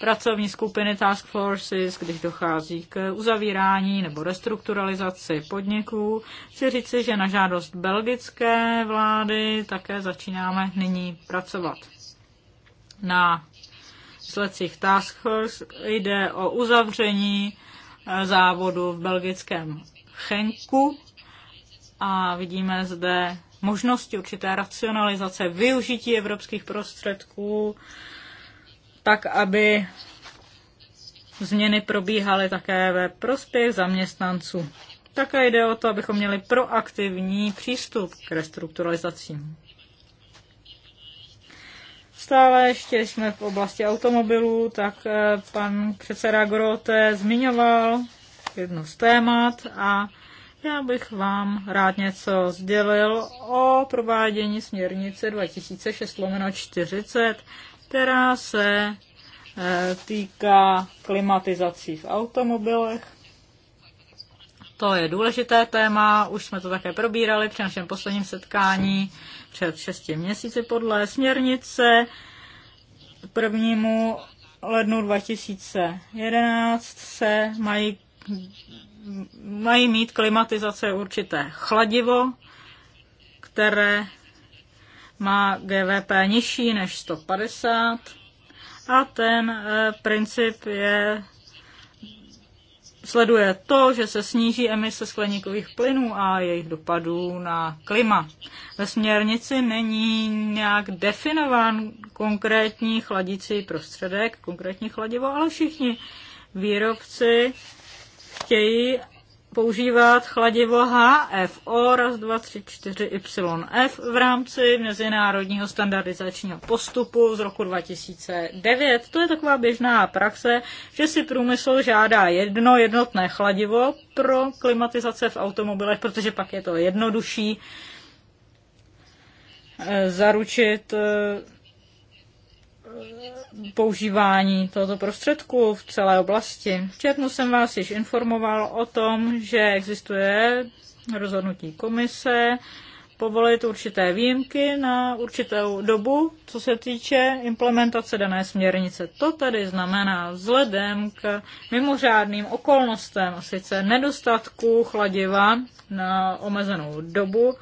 pracovní skupiny task forces, když dochází k uzavírání nebo restrukturalizaci podniků. Chci říci, že na žádost belgické vlády také začínáme nyní pracovat na výsledcích Task Force. Jde o uzavření eh, závodu v belgickém Chenku a vidíme zde možnosti určité racionalizace využití evropských prostředků, tak aby změny probíhaly také ve prospěch zaměstnanců. Také jde o to, abychom měli proaktivní přístup k restrukturalizacím. Stále ještě jsme v oblasti automobilů, tak eh, pan předseda Grote zmiňoval jedno z témat a já bych vám rád něco sdělil o provádění směrnice 2006-40, která se eh, týká klimatizací v automobilech to je důležité téma, už jsme to také probírali při našem posledním setkání před šesti měsíci podle směrnice. Prvnímu lednu 2011 se mají, mají mít klimatizace určité chladivo, které má GVP nižší než 150 a ten eh, princip je sleduje to, že se sníží emise skleníkových plynů a jejich dopadů na klima. Ve směrnici není nějak definován konkrétní chladící prostředek, konkrétní chladivo, ale všichni výrobci chtějí, používat chladivo HFO raz 2, 3, 4, YF v rámci mezinárodního standardizačního postupu z roku 2009. To je taková běžná praxe, že si průmysl žádá jedno jednotné chladivo pro klimatizace v automobilech, protože pak je to jednodušší eh, zaručit eh, používání tohoto prostředku v celé oblasti. V červnu jsem vás již informoval o tom, že existuje rozhodnutí komise povolit určité výjimky na určitou dobu, co se týče implementace dané směrnice. To tedy znamená vzhledem k mimořádným okolnostem, a sice nedostatku chladiva na omezenou dobu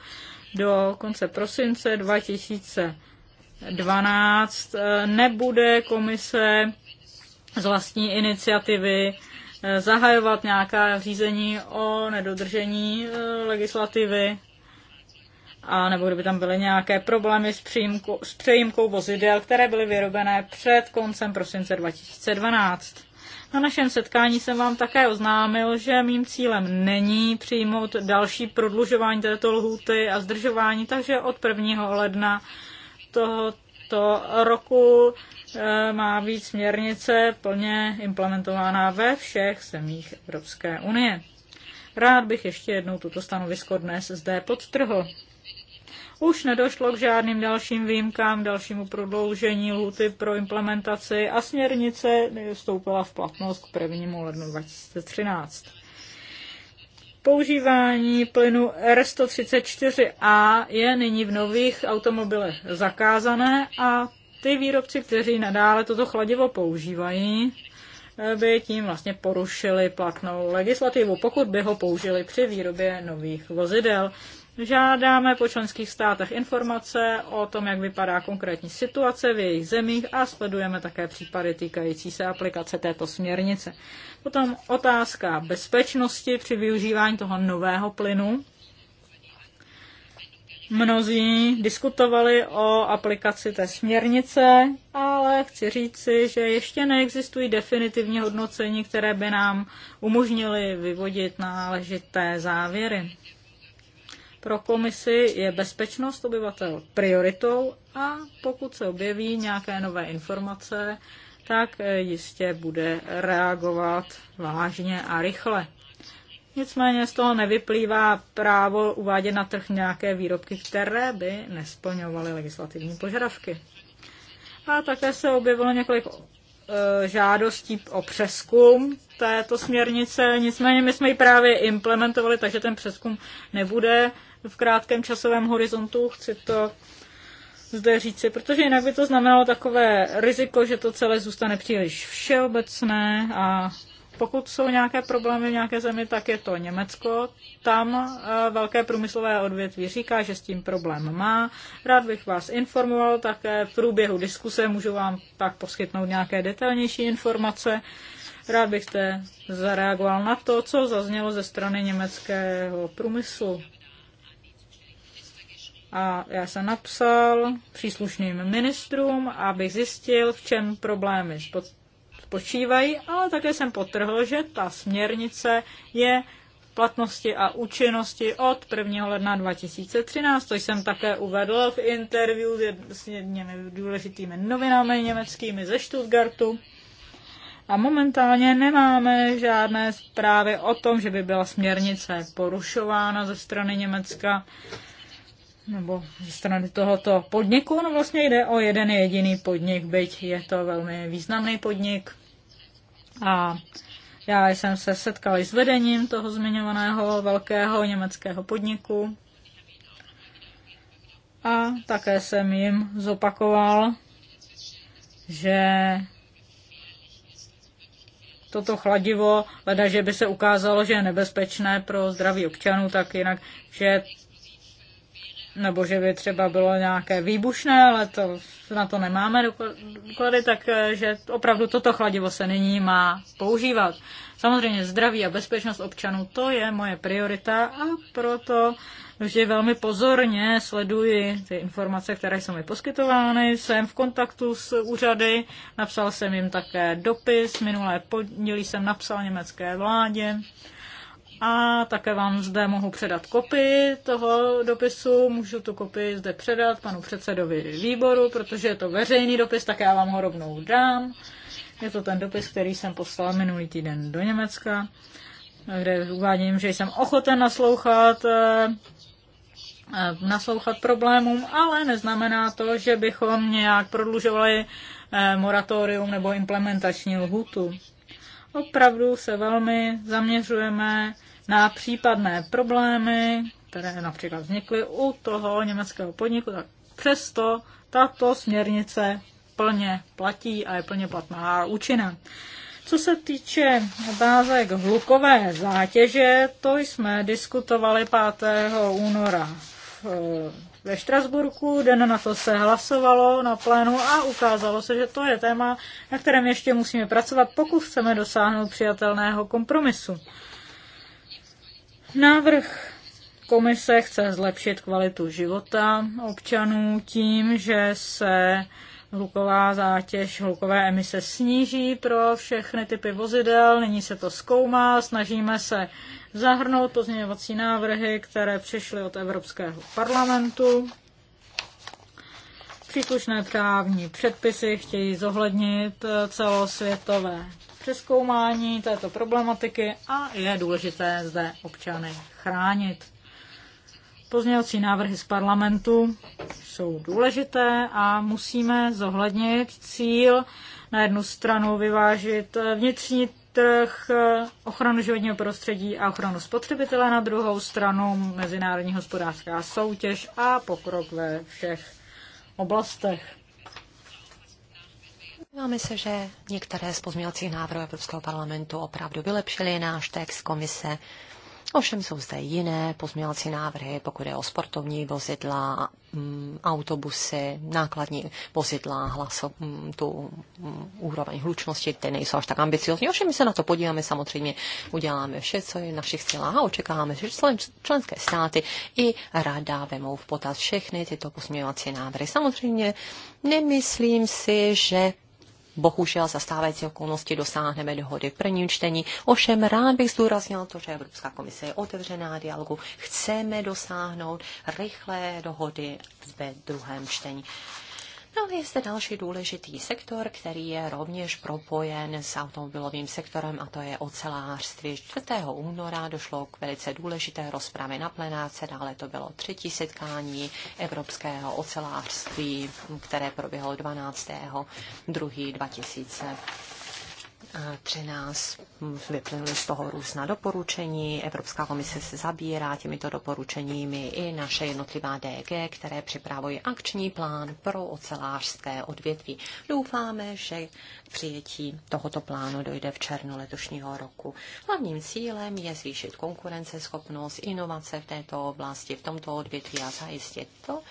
do konce prosince 2000 12 eh, nebude komise z vlastní iniciativy eh, zahajovat nějaká řízení o nedodržení eh, legislativy a nebo kdyby tam byly nějaké problémy s, přijímku, s přejímkou vozidel, které byly vyrobené před koncem prosince 2012. Na našem setkání jsem vám také oznámil, že mým cílem není přijmout další prodlužování této lhůty a zdržování, takže od 1. ledna tohoto roku eh, má být směrnice plně implementována ve všech zemích Evropské unie. Rád bych ještě jednou tuto stanovisko dnes zde podtrhl. Už nedošlo k žádným dalším výjimkám, dalšímu prodloužení lhuty pro implementaci a směrnice vstoupila v platnost k 1. lednu 2013. Používání plynu R134A je nyní v nových automobilech zakázané a ty výrobci, kteří nadále toto chladivo používají, by tím vlastně porušili platnou legislativu, pokud by ho použili při výrobě nových vozidel. Žádáme po členských státech informace o tom, jak vypadá konkrétní situace v jejich zemích a sledujeme také případy týkající se aplikace této směrnice. Potom otázka bezpečnosti při využívání toho nového plynu. Mnozí diskutovali o aplikaci té směrnice, ale chci říci, že ještě neexistují definitivní hodnocení, které by nám umožnily vyvodit náležité závěry. Pro komisi je bezpečnost obyvatel prioritou a pokud se objeví nějaké nové informace, tak eh, jistě bude reagovat vážně a rychle. Nicméně z toho nevyplývá právo uvádět na trh nějaké výrobky, které by nesplňovaly legislativní požadavky. A také se objevilo několik eh, žádostí o přeskum této směrnice, nicméně my jsme ji právě implementovali, takže ten přeskum nebude v krátkém časovém horizontu, chci to zde říci, protože jinak by to znamenalo takové riziko, že to celé zůstane příliš všeobecné a pokud jsou nějaké problémy v nějaké zemi, tak je to Německo. Tam eh, velké průmyslové odvětví říká, že s tím problém má. Rád bych vás informoval také v průběhu diskuse, můžu vám pak poskytnout nějaké detailnější informace. Rád bych zareagoval na to, co zaznělo ze strany německého průmyslu. A já jsem napsal příslušným ministrům, aby zjistil, v čem problémy spočívají, ale také jsem potrhl, že ta směrnice je v platnosti a účinnosti od 1. ledna 2013, což jsem také uvedl v interview s jednými důležitými novinami německými ze Stuttgartu. A momentálně nemáme žádné zprávy o tom, že by byla směrnice porušována ze strany Německa nebo ze strany tohoto podniku. No vlastně jde o jeden jediný podnik, byť je to velmi významný podnik. A já jsem se setkal s vedením toho zmiňovaného velkého německého podniku a také jsem jim zopakoval, že toto chladivo, leda, že by se ukázalo, že je nebezpečné pro zdraví občanů, tak jinak, že nebo že by třeba bylo nějaké výbušné, ale to, na to nemáme doklady, takže eh, opravdu toto chladivo se nyní má používat. Samozřejmě zdraví a bezpečnost občanů, to je moje priorita a proto vždy velmi pozorně sleduji ty informace, které jsou mi poskytovány. Jsem v kontaktu s úřady, napsal jsem jim také dopis, minulé pondělí jsem napsal německé vládě a také vám zde mohu předat kopii toho dopisu. Můžu tu kopii zde předat panu předsedovi výboru, protože je to veřejný dopis, tak já vám ho rovnou dám. Je to ten dopis, který jsem poslal minulý týden do Německa, kde uvádím, že jsem ochoten naslouchat eh, eh, naslouchat problémům, ale neznamená to, že bychom nějak prodlužovali eh, moratorium nebo implementační lhutu. Opravdu se velmi zaměřujeme na případné problémy, které například vznikly u toho německého podniku, tak přesto tato směrnice plně platí a je plně platná a účinná. Co se týče otázek hlukové zátěže, to jsme diskutovali 5. února eh, ve Štrasburku, den na to se hlasovalo na plénu a ukázalo se, že to je téma, na kterém ještě musíme pracovat, pokud chceme dosáhnout přijatelného kompromisu. Návrh komise chce zlepšit kvalitu života občanů tím, že se hluková zátěž, hlukové emise sníží pro všechny typy vozidel. Nyní se to zkoumá, snažíme se zahrnout pozměňovací návrhy, které přišly od Evropského parlamentu. Příslušné právní předpisy chtějí zohlednit celosvětové přeskoumání této problematiky a je důležité zde občany chránit. Pozměňovací návrhy z parlamentu jsou důležité a musíme zohlednit cíl na jednu stranu vyvážit vnitřní trh, ochranu životního prostředí a ochranu spotřebitele, na druhou stranu mezinárodní hospodářská soutěž a pokrok ve všech oblastech. Domníváme se, že některé z pozměňovacích návrhů Evropského parlamentu opravdu vylepšily náš text komise. Ovšem jsou zde jiné pozměňovací návrhy, pokud je o sportovní vozidla, mm, autobusy, nákladní vozidla, hlaso, mm, tu mm, úroveň hlučnosti, ty nejsou až tak ambiciozní. Ovšem my se na to podíváme, samozřejmě uděláme vše, co je v našich silách a očekáváme, že členské státy i rada vemou v potaz všechny tyto pozměňovací návrhy. Samozřejmě nemyslím si, že bohužel za stávající okolnosti dosáhneme dohody v prvním čtení. Ovšem rád bych zdůraznil to, že Evropská komise je otevřená dialogu. Chceme dosáhnout rychlé dohody ve druhém čtení. No je zde další důležitý sektor, který je rovněž propojen s automobilovým sektorem a to je ocelářství. 4. února došlo k velice důležité rozpravě na plenáce, dále to bylo třetí setkání evropského ocelářství, které proběhlo 12. 2. 2000 13 vyplynuly z toho různá doporučení. Evropská komise se zabírá těmito doporučeními i naše jednotlivá DG, které připravují akční plán pro ocelářské odvětví. Doufáme, že přijetí tohoto plánu dojde v červnu letošního roku. Hlavním cílem je zvýšit konkurenceschopnost, inovace v této oblasti, v tomto odvětví a zajistit to,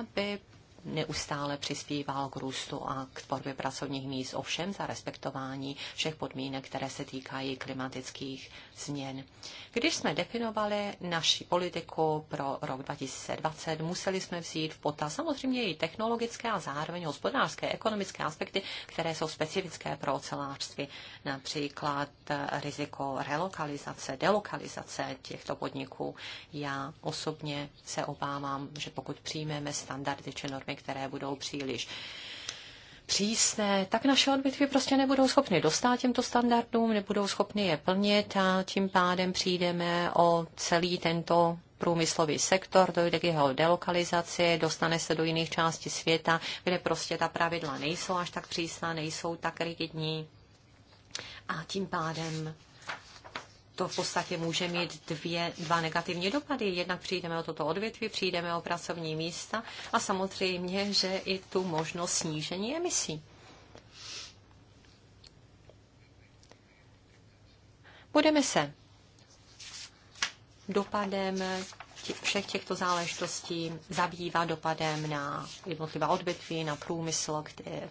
aby neustále přispíval k růstu a k tvorbě pracovních míst, ovšem za respektování všech podmínek, které se týkají klimatických změn. Když jsme definovali naši politiku pro rok 2020, museli jsme vzít v potaz samozřejmě i technologické a zároveň hospodářské, ekonomické aspekty, které jsou specifické pro ocelářství, například eh, riziko relokalizace, delokalizace těchto podniků. Já osobně se obávám, že pokud přijmeme standardy či normy, které budou příliš přísné, tak naše odvětví prostě nebudou schopny dostat těmto standardům, nebudou schopny je plnit a tím pádem přijdeme o celý tento průmyslový sektor, dojde k jeho delokalizaci, dostane se do jiných částí světa, kde prostě ta pravidla nejsou až tak přísná, nejsou tak rigidní a tím pádem to v podstatě může mít dvě, dva negativní dopady. Jednak přijdeme o toto odvětví, přijdeme o pracovní místa a samozřejmě, že i tu možnost snížení emisí. Budeme se dopadem všech těchto záležitostí zabývá dopadem na jednotlivá odvětví, na průmysl, kde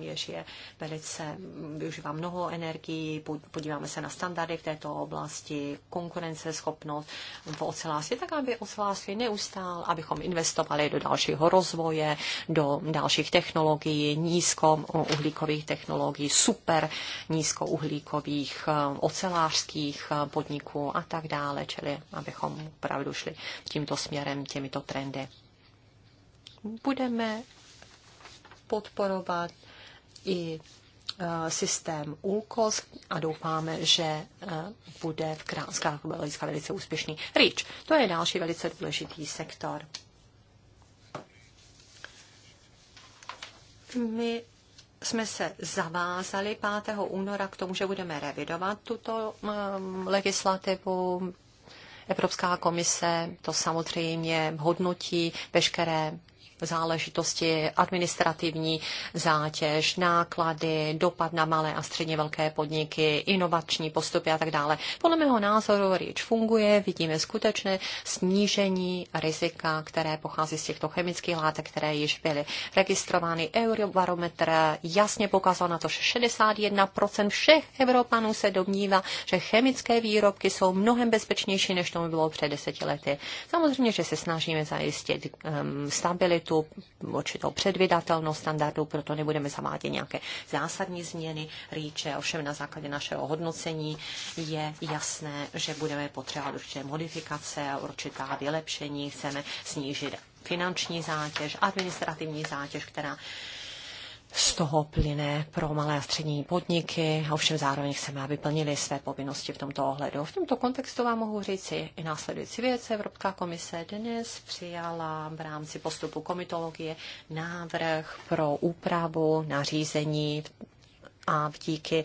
jež mm, je velice, využívá mnoho energií, podíváme se na standardy v této oblasti, konkurenceschopnost v ocelářství, tak aby ocelářství neustál, abychom investovali do dalšího rozvoje, do dalších technologií, nízkouhlíkových technologií, super nízkouhlíkových eh, ocelářských eh, podniků a tak dále, čili abychom opravdu šli tímto směrem, těmito trendy. Budeme podporovat i e, systém úkos a doufáme, že e, bude v Kránskách velice, velice úspěšný. REACH, to je další velice důležitý sektor. My jsme se zavázali 5. února k tomu, že budeme revidovat tuto e, legislativu. Evropská komise to samozřejmě hodnotí veškeré záležitosti, administrativní zátěž, náklady, dopad na malé a středně velké podniky, inovační postupy a tak dále. Podle mého názoru REACH funguje, vidíme skutečné snížení rizika, které pochází z těchto chemických látek, které již byly registrovány. Eurobarometr jasně pokazal na to, že 61% všech Evropanů se domnívá, že chemické výrobky jsou mnohem bezpečnější, než tomu bylo před deseti lety. Samozřejmě, že se snažíme zajistit um, stabilitu standardů, určitou předvydatelnost standardu, proto nebudeme zavádět nějaké zásadní změny rýče, ovšem na základě našeho hodnocení je jasné, že budeme potřebovat určité modifikace, určitá vylepšení, chceme snížit finanční zátěž, administrativní zátěž, která z toho plyne pro malé a střední podniky, a ovšem zároveň chceme, aby plnili své povinnosti v tomto ohledu. V tomto kontextu vám mohu říci i následující věc. Evropská komise dnes přijala v rámci postupu komitologie návrh pro úpravu nařízení a díky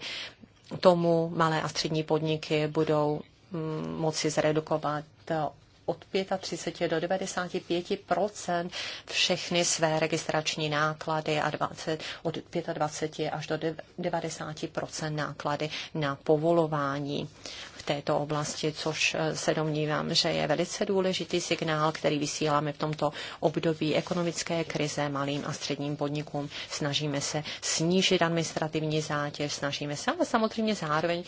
tomu malé a střední podniky budou mm, moci zredukovat od 35 do 95 všechny své registrační náklady a 20, od 25 až do 90 náklady na povolování v této oblasti, což eh, se domnívám, že je velice důležitý signál, který vysíláme v tomto období ekonomické krize malým a středním podnikům. Snažíme se snížit administrativní zátěž, snažíme se, ale samozřejmě zároveň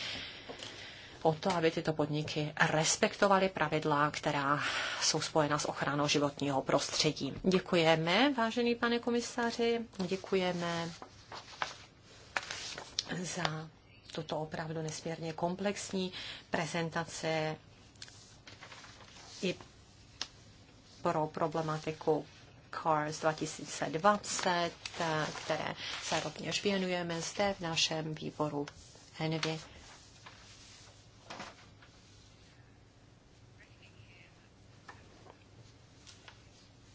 o to, aby tyto podniky respektovaly pravidla, která jsou spojena s ochranou životního prostředí. Děkujeme, vážený pane komisaři, děkujeme za tuto opravdu nesmírně komplexní prezentaci i pro problematiku CARS 2020, které se rovněž věnujeme zde v našem výboru ENVI.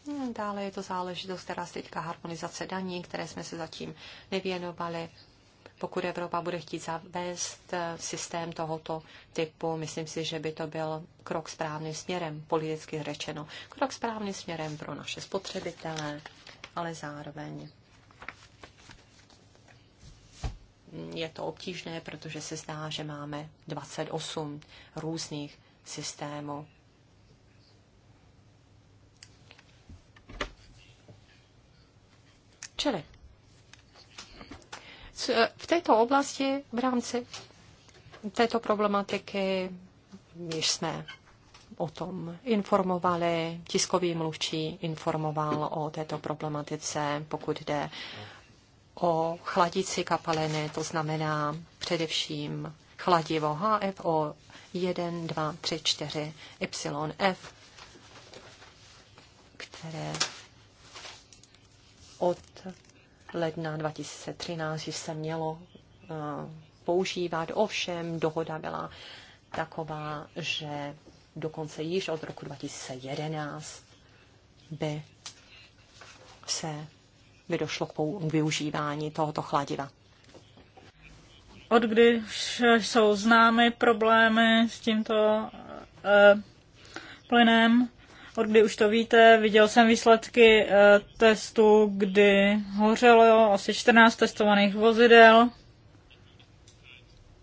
Hmm, dále je to záležitost, která se týká harmonizace daní, které jsme se zatím nevěnovali. Pokud Evropa bude chtít zavést eh, systém tohoto typu, myslím si, že by to byl krok správným směrem, politicky řečeno. Krok správným směrem pro naše spotřebitele, ale zároveň je to obtížné, protože se zdá, že máme 28 různých systémů Čili eh, v této oblasti v rámci této problematiky již jsme o tom informovali, tiskový mluvčí informoval o této problematice, pokud jde o chladící kapaliny, to znamená především chladivo HFO 1, 2, 3, 4, YF, které od ledna 2013, že se mělo eh, používat. Ovšem, dohoda byla taková, že dokonce již od roku 2011 by se by došlo k, využívání tohoto chladiva. Od kdy jsou známy problémy s tímto uh, plynem, od kdy už to víte. Viděl jsem výsledky eh, testu, kdy hořelo asi 14 testovaných vozidel.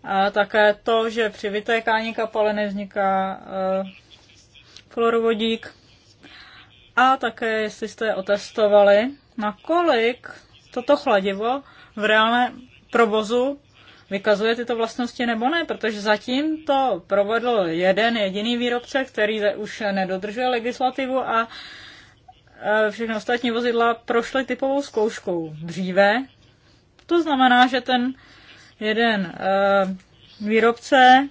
A také to, že při vytékání kapaliny vzniká eh, fluorovodík. A také, jestli jste otestovali, nakolik toto chladivo v reálném provozu vykazuje tyto vlastnosti nebo ne, protože zatím to provedl jeden jediný výrobce, který už nedodržuje legislativu a e, všechny ostatní vozidla prošly typovou zkouškou dříve. To znamená, že ten jeden e, výrobce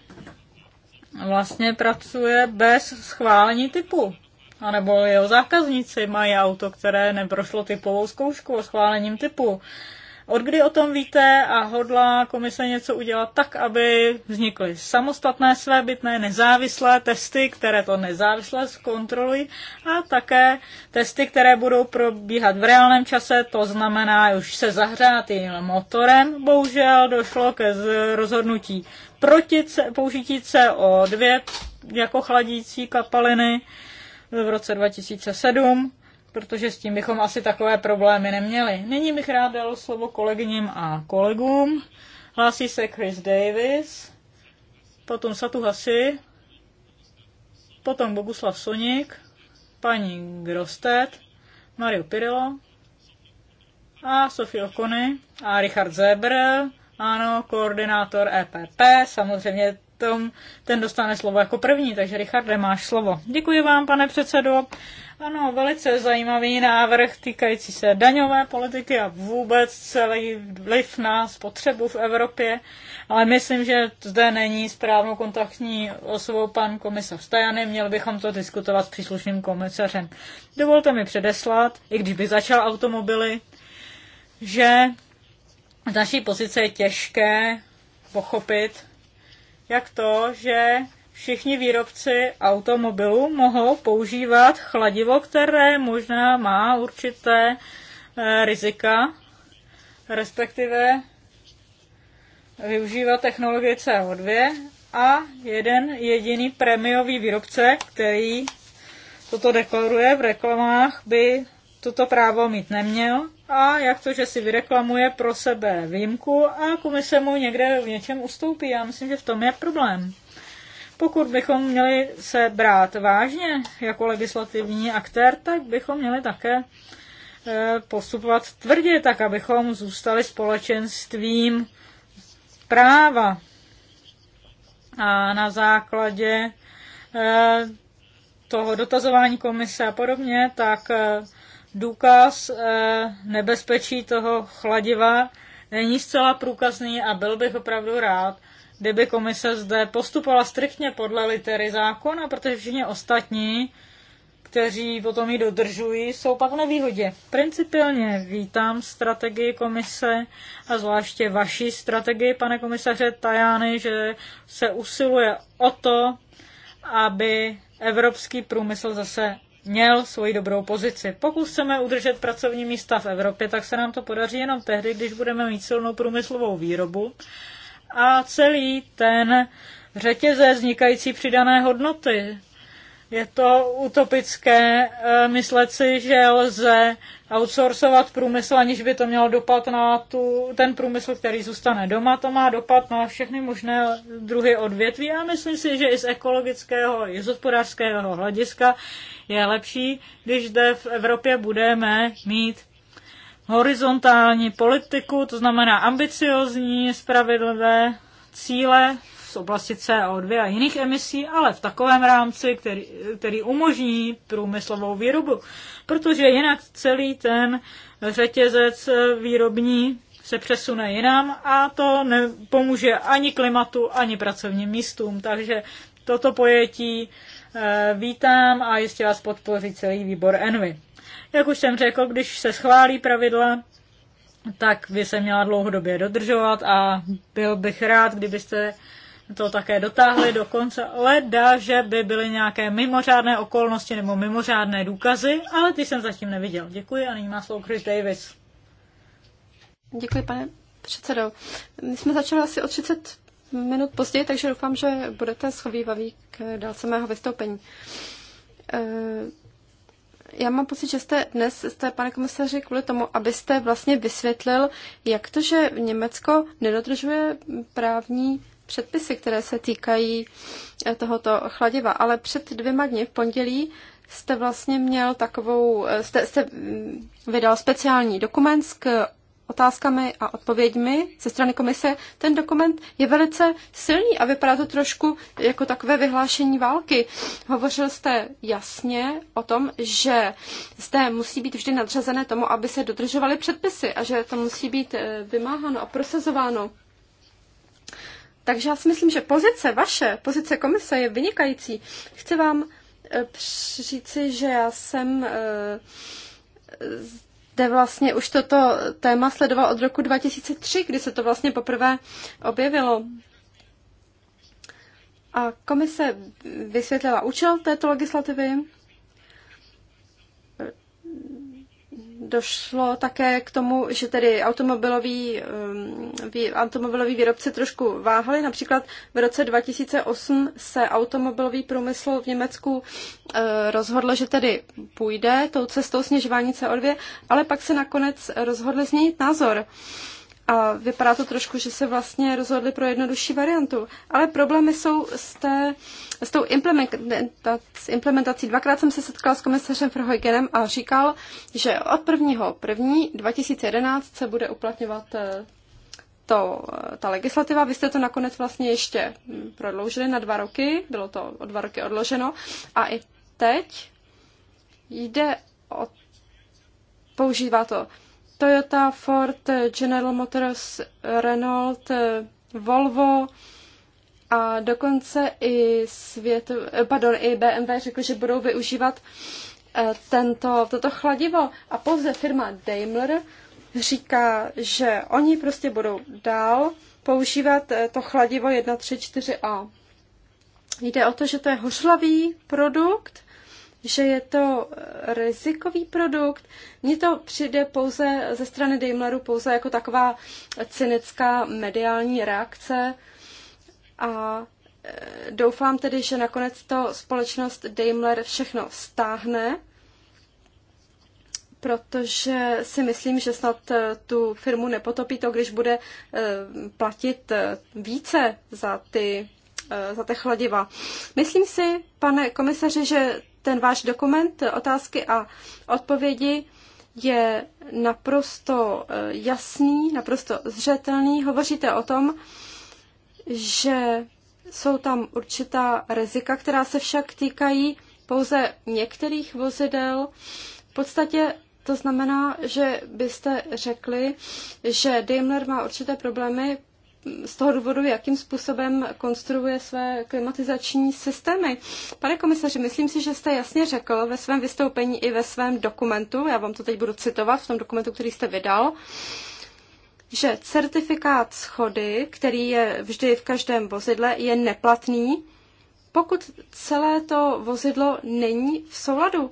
vlastně pracuje bez schválení typu. A nebo jeho zákazníci mají auto, které neprošlo typovou zkoušku o schválením typu. Od kdy o tom víte a hodlá komise něco udělat tak, aby vznikly samostatné své bytné nezávislé testy, které to nezávisle zkontrolují a také testy, které budou probíhat v reálném čase, to znamená už se jiným motorem. Bohužel došlo ke rozhodnutí proti použití CO2 jako chladící kapaliny v roce 2007 protože s tím bychom asi takové problémy neměli. Nyní bych rád dal slovo kolegyním a kolegům. Hlásí se Chris Davis, potom Satu Hasi, potom Boguslav Sonik, paní Grostet, Mario Pirillo a Sofie Okony a Richard Zebr, ano, koordinátor EPP, samozřejmě tom, ten dostane slovo jako první, takže Richard, máš slovo. Děkuji vám, pane předsedo. Ano, velice zajímavý návrh týkající se daňové politiky a vůbec celý vliv na spotřebu v Evropě, ale myslím, že zde není správnou kontaktní osobou pan komisař Stajany, měli bychom to diskutovat s příslušným komisařem. Dovolte mi předeslat, i když by začal automobily, že z naší pozice je těžké pochopit, jak to, že všichni výrobci automobilů mohou používat chladivo, které možná má určité eh, rizika, respektive využívat technologie CO2 a jeden jediný prémiový výrobce, který toto deklaruje v reklamách, by toto právo mít neměl a jak to, že si vyreklamuje pro sebe výjimku a komise mu někde v něčem ustoupí. Já myslím, že v tom je problém. Pokud bychom měli se brát vážně jako legislativní aktér, tak bychom měli také e, postupovat tvrdě, tak abychom zůstali společenstvím práva. A na základě e, toho dotazování komise a podobně, tak e, důkaz nebezpečí toho chladiva není zcela průkazný a byl bych opravdu rád, kdyby komise zde postupovala striktně podle litery zákona, protože všichni ostatní, kteří potom ji dodržují, jsou pak na výhodě. Principiálně vítám strategii komise a zvláště vaší strategii, pane komisaře Tajány, že se usiluje o to, aby evropský průmysl zase měl svoji dobrou pozici. Pokud chceme udržet pracovní místa v Evropě, tak se nám to podaří jenom tehdy, když budeme mít silnou průmyslovou výrobu a celý ten řetězec vznikající přidané hodnoty. Je to utopické eh, myslet si, že lze outsourcovat průmysl, aniž by to mělo dopad na tu, ten průmysl, který zůstane doma. To má dopad na všechny možné druhy odvětví a myslím si, že i z ekologického, i z hospodářského hlediska je lepší, když zde v Evropě budeme mít horizontální politiku, to znamená ambiciozní, spravedlivé cíle z oblasti CO2 a jiných emisí, ale v takovém rámci, který, který umožní průmyslovou výrobu. Protože jinak celý ten řetězec výrobní se přesune jinam a to nepomůže ani klimatu, ani pracovním místům. Takže toto pojetí eh, vítám a jistě vás podpoří celý výbor Envy. Jak už jsem řekl, když se schválí pravidla, tak by se měla dlouhodobě dodržovat a byl bych rád, kdybyste to také dotáhli do konce leda, že by byly nějaké mimořádné okolnosti nebo mimořádné důkazy, ale ty jsem zatím neviděl. Děkuji a nyní má slovo Chris Davis. Děkuji, pane předsedo. My jsme začali asi o 30 minut později, takže doufám, že budete schovývaví k dalce mého vystoupení. Eh, já mám pocit, že jste dnes, jste, pane komisaři, kvůli tomu, abyste vlastně vysvětlil, jak to, že Německo nedodržuje právní předpisy, které se týkají eh, tohoto chladiva. Ale před dvěma dny v pondělí jste vlastně měl takovou, eh, jste, jste mm, vydal speciální dokument k otázkami a odpověďmi ze strany komise, ten dokument je velice silný a vypadá to trošku jako takové vyhlášení války. Hovořil jste jasně o tom, že zde musí být vždy nadřazené tomu, aby se dodržovaly předpisy a že to musí být eh, vymáháno a prosazováno. Takže já si myslím, že pozice vaše, pozice komise je vynikající. Chci vám eh, říci, že já jsem eh, jste vlastně už toto téma sledoval od roku 2003, kdy se to vlastně poprvé objevilo. A komise vysvětlila účel této legislativy, došlo také k tomu, že tedy automobiloví, um, automobiloví výrobci trošku váhali. Například v roce 2008 se automobilový průmysl v Německu uh, rozhodl, že tedy půjde tou cestou snižování CO2, ale pak se nakonec rozhodli změnit názor. Uh, a vypadá to trošku, že se vlastně rozhodli pro jednodušší variantu. Ale problémy jsou s, té, s tou implementací. Dvakrát jsem se setkala s komisařem Verheugenem a říkal, že od 1. 1. 2011 se bude uplatňovat eh, to, eh, ta legislativa. Vy jste to nakonec vlastně ještě hm, prodloužili na dva roky, bylo to o dva roky odloženo. A i teď jde o používá to Toyota, Ford, General Motors, Renault, Volvo a dokonce i, svět, pardon, i BMW řekl, že budou využívat eh, tento, toto chladivo. A pouze firma Daimler říká, že oni prostě budou dál používat eh, to chladivo 134A. Jde o to, že to je hořlavý produkt, že je to eh, rizikový produkt. Mně to přijde pouze ze strany Daimleru pouze jako taková cynická mediální reakce a eh, doufám tedy, že nakonec to společnost Daimler všechno stáhne, protože si myslím, že snad eh, tu firmu nepotopí to, když bude platit více za ty za ta chladiva. Myslím si, pane komisaři, že ten váš dokument otázky a odpovědi je naprosto eh, jasný, naprosto zřetelný. Hovoříte o tom, že jsou tam určitá rizika, která se však týkají pouze některých vozidel. V podstatě to znamená, že byste řekli, že Daimler má určité problémy, z toho důvodu, jakým způsobem konstruuje své klimatizační systémy. Pane komisaři, myslím si, že jste jasně řekl ve svém vystoupení i ve svém dokumentu, já vám to teď budu citovat v tom dokumentu, který jste vydal, že certifikát schody, který je vždy v každém vozidle, je neplatný, pokud celé to vozidlo není v souladu.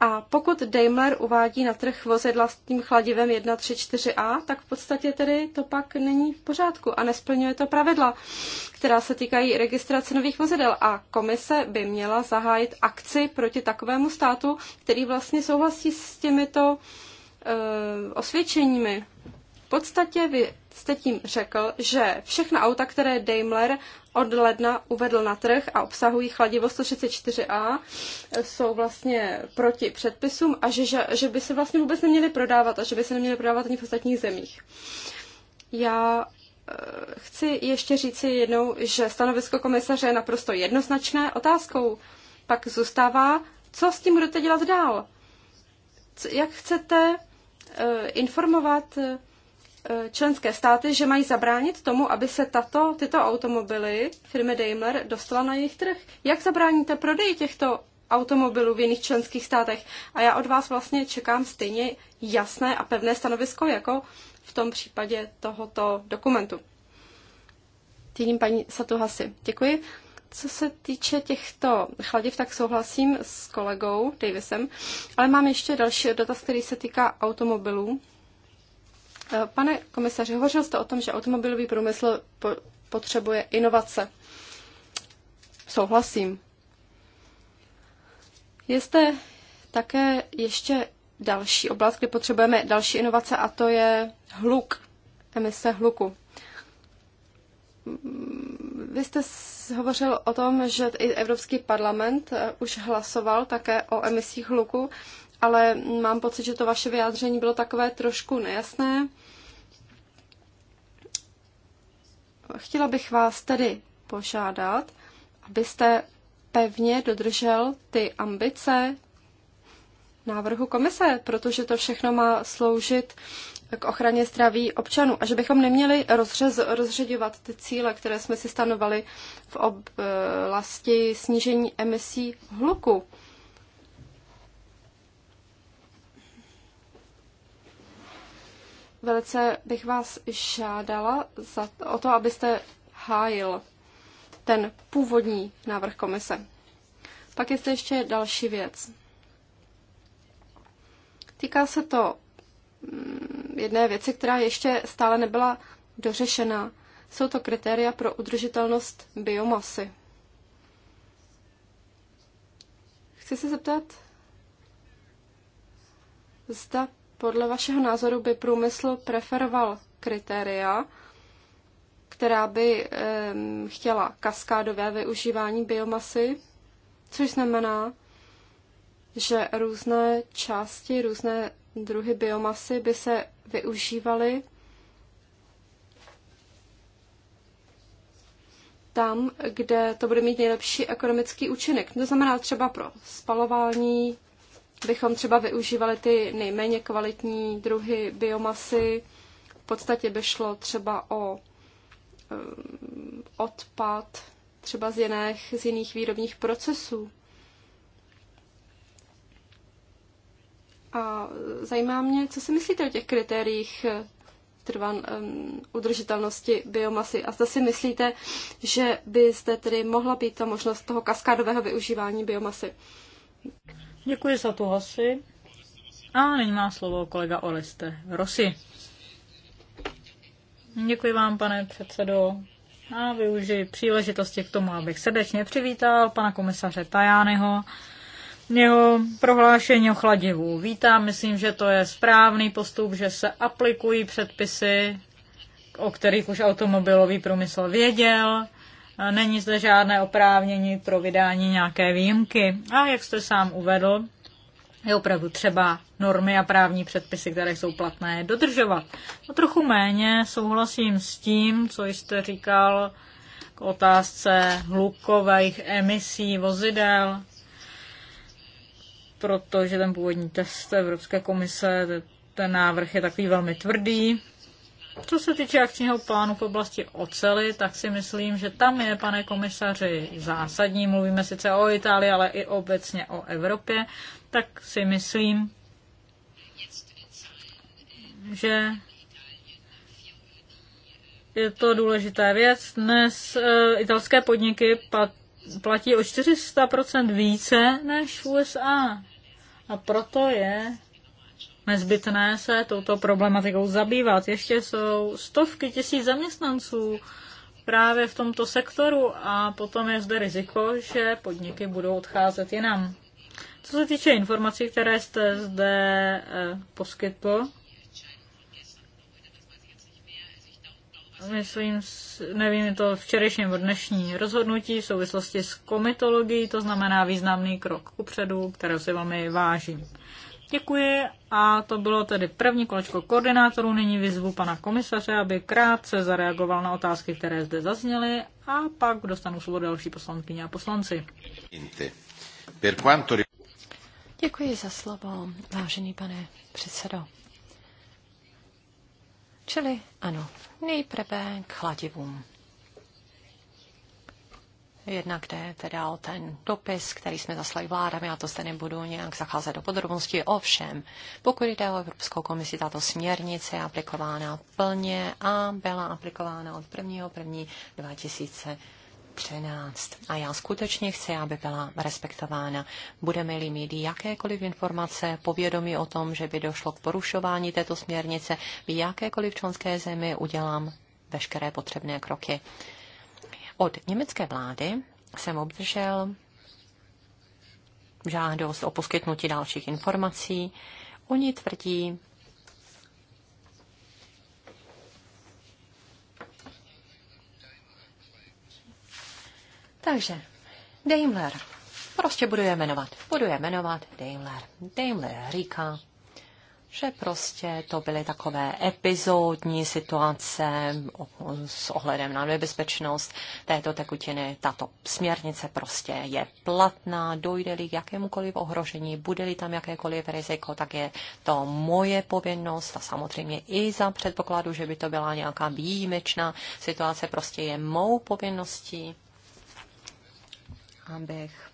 A pokud Daimler uvádí na trh vozidla s tím chladivem 134A, tak v podstatě tedy to pak není v pořádku a nesplňuje to pravidla, která se týkají registrace nových vozidel. A komise by měla zahájit akci proti takovému státu, který vlastně souhlasí s těmito e, osvědčeními. V podstatě vy jste tím řekl, že všechna auta, které Daimler od ledna uvedl na trh a obsahují chladivo 134a, jsou vlastně proti předpisům a že, že, že by se vlastně vůbec neměly prodávat a že by se neměly prodávat ani v ostatních zemích. Já eh, chci ještě říci jednou, že stanovisko komisaře je naprosto jednoznačné. Otázkou pak zůstává, co s tím budete dělat dál. Jak chcete eh, informovat eh, Eh, členské státy, že mají zabránit tomu, aby se tato, tyto automobily firmy Daimler dostala na jejich trh. Jak zabráníte prodeji těchto automobilů v jiných členských státech? A já od vás vlastně čekám stejně jasné a pevné stanovisko, jako v tom případě tohoto dokumentu. Tím paní Satuhasi. Děkuji. Co se týče těchto chladiv, tak souhlasím s kolegou Davisem, ale mám ještě další dotaz, který se týká automobilů Eh, pane komisaři, hovořil jste o tom, že automobilový průmysl potřebuje inovace. Souhlasím. Je zde také ještě další oblast, kde potřebujeme další inovace, a to je hluk, emise hluku. Vy jste hovořil o tom, že i Evropský parlament eh, už hlasoval také o emisích hluku ale mám pocit, že to vaše vyjádření bylo takové trošku nejasné. Chtěla bych vás tedy požádat, abyste pevně dodržel ty ambice návrhu komise, protože to všechno má sloužit k ochraně zdraví občanů a že bychom neměli rozřez, rozředovat ty cíle, které jsme si stanovali v oblasti snížení emisí hluku. velice bych vás žádala za, o to, abyste hájil ten původní návrh komise. Pak je zde ještě další věc. Týká se to mm, jedné věci, která ještě stále nebyla dořešena. Jsou to kritéria pro udržitelnost biomasy. Chci se zeptat, zda podle vašeho názoru by průmysl preferoval kritéria, která by um, chtěla kaskádové využívání biomasy, což znamená, že různé části, různé druhy biomasy by se využívaly tam, kde to bude mít nejlepší ekonomický účinek. To znamená třeba pro spalování bychom třeba využívali ty nejméně kvalitní druhy biomasy. V podstatě by šlo třeba o eh, odpad třeba z jiných, z jiných výrobních procesů. A zajímá mě, co si myslíte o těch kritériích eh, trvan, um, eh, udržitelnosti biomasy. A zda si myslíte, že by zde tedy mohla být ta možnost toho kaskádového využívání biomasy? Děkuji za tu hasi. A nyní má slovo kolega Oleste Rosy. Děkuji vám, pane předsedo. A využiji příležitosti k tomu, abych srdečně přivítal pana komisaře Tajányho. Jeho prohlášení o chladivu vítám, myslím, že to je správný postup, že se aplikují předpisy, o kterých už automobilový průmysl věděl, Není zde žádné oprávnění pro vydání nějaké výjimky. A jak jste sám uvedl, je opravdu třeba normy a právní předpisy, které jsou platné, dodržovat. No trochu méně souhlasím s tím, co jste říkal k otázce hlukových emisí vozidel, protože ten původní test Evropské komise, ten návrh je takový velmi tvrdý co se týče akčního plánu v oblasti ocely, tak si myslím, že tam je, pane komisaři, zásadní. Mluvíme sice o Itálii, ale i obecně o Evropě. Tak si myslím, že je to důležitá věc. Dnes eh, italské podniky platí o 400% více než USA. A proto je nezbytné se touto problematikou zabývat. Ještě jsou stovky tisíc zaměstnanců právě v tomto sektoru a potom je zde riziko, že podniky budou odcházet jinam. Co se týče informací, které jste zde eh, poskytl, myslím, nevím, to včerejším nebo dnešní rozhodnutí v souvislosti s komitologií, to znamená významný krok kupředu, kterého si vám vážím. Děkuji a to bylo tedy první kolečko koordinátorů. Nyní vyzvu pana komisaře, aby krátce zareagoval na otázky, které zde zazněly a pak dostanu slovo další poslankyně a poslanci. Děkuji za slovo, vážený pane předsedo. Čili ano, nejprve k chladivům. Jednak jde teda o ten dopis, který jsme zaslali vládám, já to zde nebudu nějak zacházet do podrobností. Ovšem, pokud jde o Evropskou komisi, tato směrnice je aplikována plně a byla aplikována od 1. 1. 2013. A já skutečně chci, aby byla respektována. Budeme-li mít jakékoliv informace, povědomí o tom, že by došlo k porušování této směrnice v jakékoliv členské zemi, udělám veškeré potřebné kroky. Od německé vlády jsem obdržel žádost o poskytnutí dalších informací. Oni tvrdí, Takže Daimler. Prostě budu je jmenovat. Budu je jmenovat Daimler. Daimler říká, že prostě to byly takové epizodní situace s ohledem na nebezpečnost této tekutiny. Tato směrnice prostě je platná, dojde-li k jakémukoliv ohrožení, bude-li tam jakékoliv riziko, tak je to moje povinnost a samozřejmě i za předpokladu, že by to byla nějaká výjimečná situace, prostě je mou povinností, abych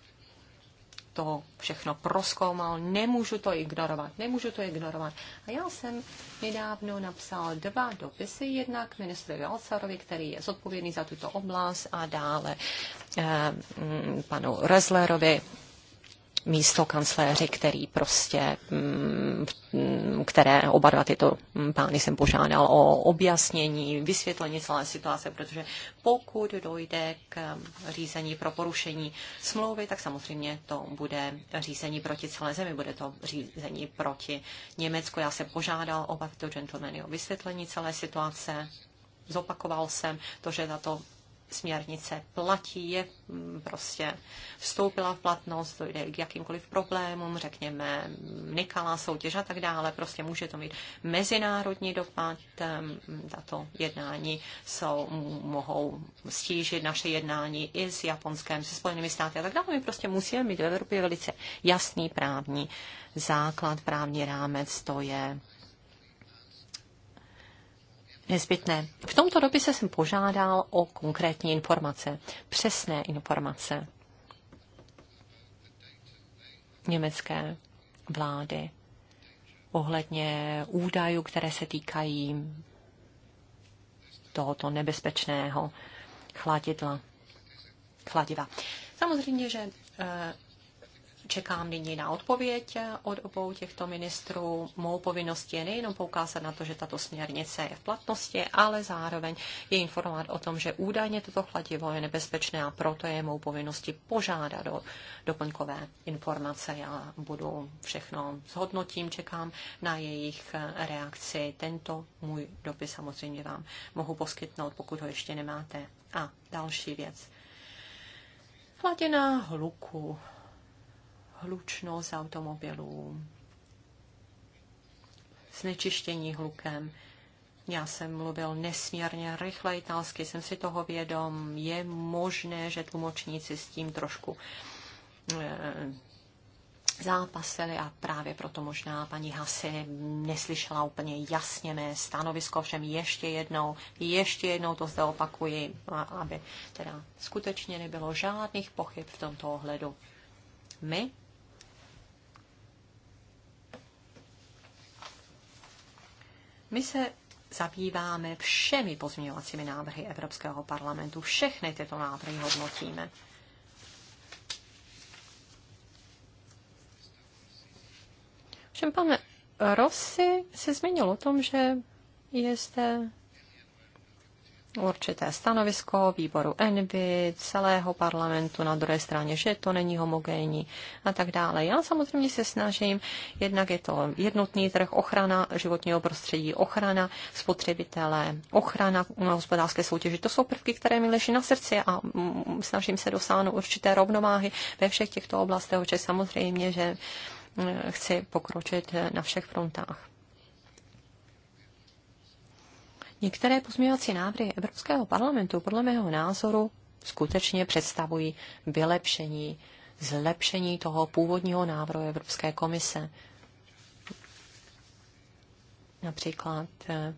to všechno proskoumal, nemůžu to ignorovat, nemůžu to ignorovat. A já jsem nedávno napsal dva dopisy, jednak ministru Valcarovi, který je zodpovědný za tuto oblast a dále eh, mm, panu Rezlerovi, místo kancléři, který prostě, mm, které oba dva tyto pány jsem požádal o objasnění, vysvětlení celé situace, protože pokud dojde k řízení pro porušení smlouvy, tak samozřejmě to bude řízení proti celé zemi, bude to řízení proti Německu. Já jsem požádal oba tyto gentlemany o vysvětlení celé situace, zopakoval jsem to, že tato směrnice platí, je mm, prostě vstoupila v platnost, dojde k jakýmkoliv problémům, řekněme, nekalá soutěž a tak dále, prostě může to mít mezinárodní dopad, ehm, tato jednání jsou, mohou stížit naše jednání i s Japonskem, se Spojenými státy a tak dále. My prostě musíme mít v Evropě velice jasný právní základ, právní rámec, to je nezbytné. V tomto dopise jsem požádal o konkrétní informace, přesné informace německé vlády ohledně údajů, které se týkají tohoto nebezpečného chladidla, chladiva. Samozřejmě, že eh, Čekám nyní na odpověď od obou těchto ministrů. Mou povinností je nejenom poukázat na to, že tato směrnice je v platnosti, ale zároveň je informovat o tom, že údajně toto chladivo je nebezpečné a proto je mou povinností požádat o doplňkové informace. Já budu všechno zhodnotím, čekám na jejich reakci. Tento můj dopis samozřejmě vám mohu poskytnout, pokud ho ještě nemáte. A další věc. Hladina hluku hlučnost automobilů, znečištění hlukem. Já jsem mluvil nesmírně rychle italsky, jsem si toho vědom. Je možné, že tlumočníci s tím trošku eh, zápasili a právě proto možná paní Hasi neslyšela úplně jasně mé stanovisko, všem ještě jednou, ještě jednou to zde opakuji, aby teda skutečně nebylo žádných pochyb v tomto ohledu. My My se zabýváme všemi pozměňovacími návrhy Evropského parlamentu. Všechny tyto návrhy hodnotíme. Všem pane Rossi se zmínil o tom, že je zde určité stanovisko výboru Envy, celého parlamentu, na druhé straně, že to není homogénní a tak dále. Já samozřejmě se snažím, jednak je to jednotný trh, ochrana životního prostředí, ochrana spotřebitele, ochrana hospodářské soutěže. To jsou prvky, které mi leží na srdci a mm, snažím se dosáhnout určité rovnováhy ve všech těchto oblastech, protože samozřejmě, že mm, chci pokročit na všech frontách. Některé pozměňovací návrhy Evropského parlamentu podle mého názoru skutečně představují vylepšení, zlepšení toho původního návrhu Evropské komise. Například eh,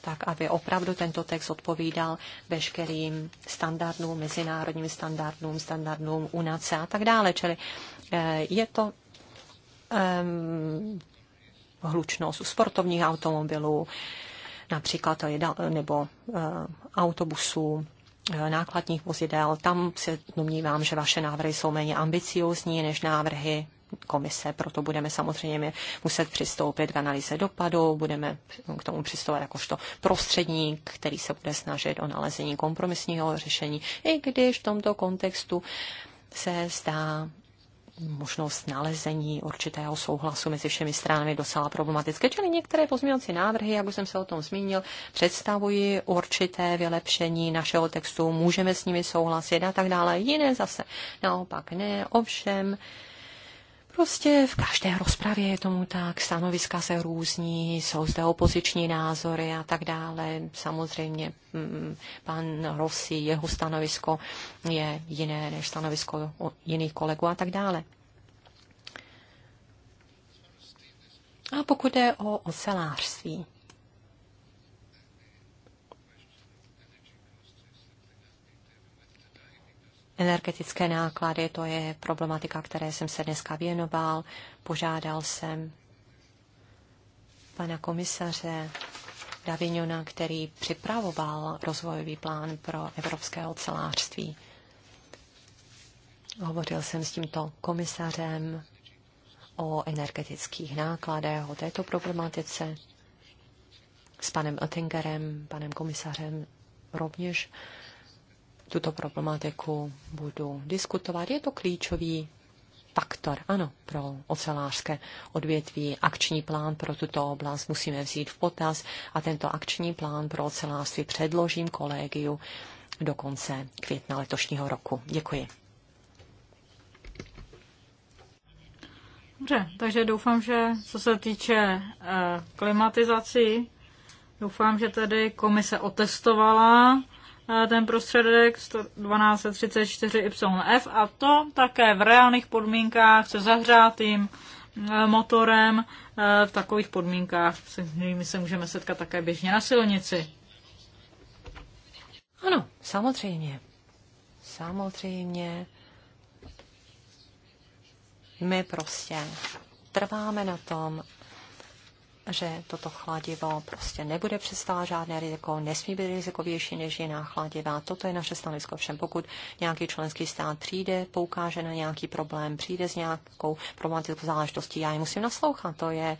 tak, aby opravdu tento text odpovídal veškerým standardům, mezinárodním standardům, standardům UNACE a tak dále. Čili eh, je to ehm, hlučnost u sportovních automobilů, například nebo eh, autobusů, eh, nákladních vozidel. Tam se domnívám, že vaše návrhy jsou méně ambiciózní než návrhy komise, proto budeme samozřejmě muset přistoupit k analýze dopadu, budeme k tomu přistoupit jakožto prostředník, který se bude snažit o nalezení kompromisního řešení, i když v tomto kontextu se zdá, možnost nalezení určitého souhlasu mezi všemi stranami docela problematické. Čili některé pozměňovací návrhy, jak už jsem se o tom zmínil, představují určité vylepšení našeho textu, můžeme s nimi souhlasit a tak dále. Jiné zase naopak ne, ovšem Prostě v každé rozpravě je tomu tak, stanoviska se různí, jsou zde opoziční názory a tak dále. Samozřejmě mm, pan Rossi, jeho stanovisko je jiné než stanovisko jiných kolegů a tak dále. A pokud je o ocelářství, energetické náklady, to je problematika, které jsem se dneska věnoval. Požádal jsem pana komisaře Davignona, který připravoval rozvojový plán pro evropské ocelářství. Hovořil jsem s tímto komisařem o energetických nákladech, o této problematice s panem Oettingerem, panem komisařem rovněž tuto problematiku budu diskutovat. Je to klíčový faktor, ano, pro ocelářské odvětví. Akční plán pro tuto oblast musíme vzít v potaz a tento akční plán pro ocelářství předložím kolegiu do konce května letošního roku. Děkuji. Dobře, takže doufám, že co se týče eh, klimatizací, doufám, že tedy komise otestovala ten prostředek 1234YF a to také v reálných podmínkách se zahřátým eh, motorem eh, v takových podmínkách, se kterými se můžeme setkat také běžně na silnici. Ano, samozřejmě. Samozřejmě. My prostě trváme na tom, že toto chladivo prostě nebude představovat žádné riziko, nesmí být rizikovější než jiná chladiva. Toto je naše stanovisko všem. Pokud nějaký členský stát přijde, poukáže na nějaký problém, přijde s nějakou problematickou záležitostí, já ji musím naslouchat. To je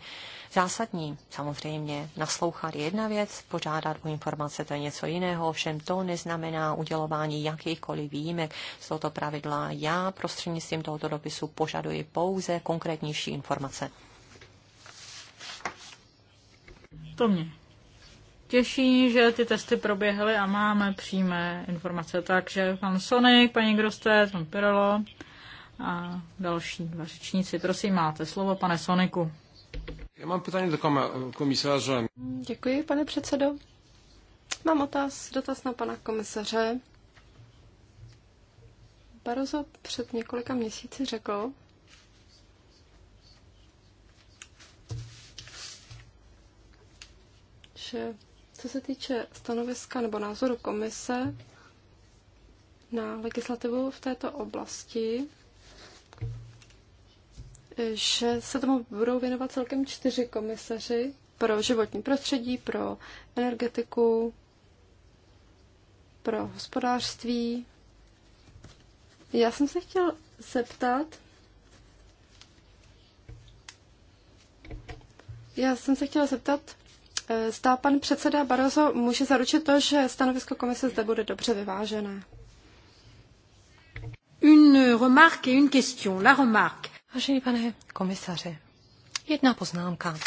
zásadní. Samozřejmě naslouchat je jedna věc, požádat o informace to je něco jiného, Všem to neznamená udělování jakýchkoliv výjimek z tohoto pravidla. Já prostřednictvím tohoto dopisu požaduji pouze konkrétnější informace. To mě těší, že ty testy proběhly a máme přímé informace. Takže pan Sonik, paní Groste, pan Pirolo a další dva řečníci. Prosím, máte slovo, pane Soniku. Já mám pytání do komisaře. Děkuji, pane předsedo. Mám otáz, dotaz na pana komisaře. Barozo před několika měsíci řekl, že co se týče stanoviska nebo názoru komise na legislativu v této oblasti, že se tomu budou věnovat celkem čtyři komisaři pro životní prostředí, pro energetiku, pro hospodářství. Já jsem se chtěl zeptat, já jsem se chtěla zeptat, Eh, Zda pan předseda Barozo může zaručit to, že stanovisko komise zde bude dobře vyvážené. Une remarque et une question. La remarque. Vážený pane komisaře, jedna poznámka.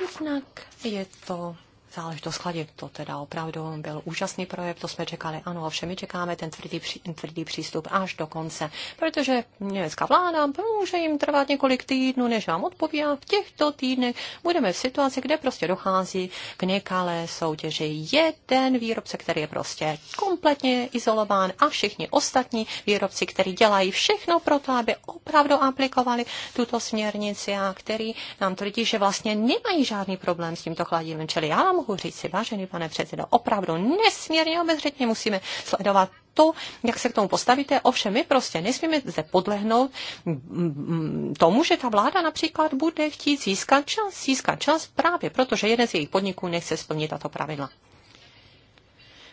Jednak je to záležitost chladit. To teda opravdu byl úžasný projekt, to jsme čekali. Ano, ovšem my čekáme ten tvrdý, tvrdý přístup až do konce, protože německá vláda může jim trvat několik týdnů, než vám odpoví a v těchto týdnech budeme v situaci, kde prostě dochází k nekalé soutěži. Jeden výrobce, který je prostě kompletně izolován a všichni ostatní výrobci, kteří dělají všechno pro to, aby opravdu aplikovali tuto směrnici a který nám tvrdí, že vlastně nemají žádný problém s tímto chladivem. Čili já vám mohu si vážený pane předsedo, opravdu nesmírně obezřetně musíme sledovat to, jak se k tomu postavíte. Ovšem, my prostě nesmíme zde podlehnout tomu, že ta vláda například bude chtít získat čas, získat čas právě proto, že jeden z jejich podniků nechce splnit tato pravidla.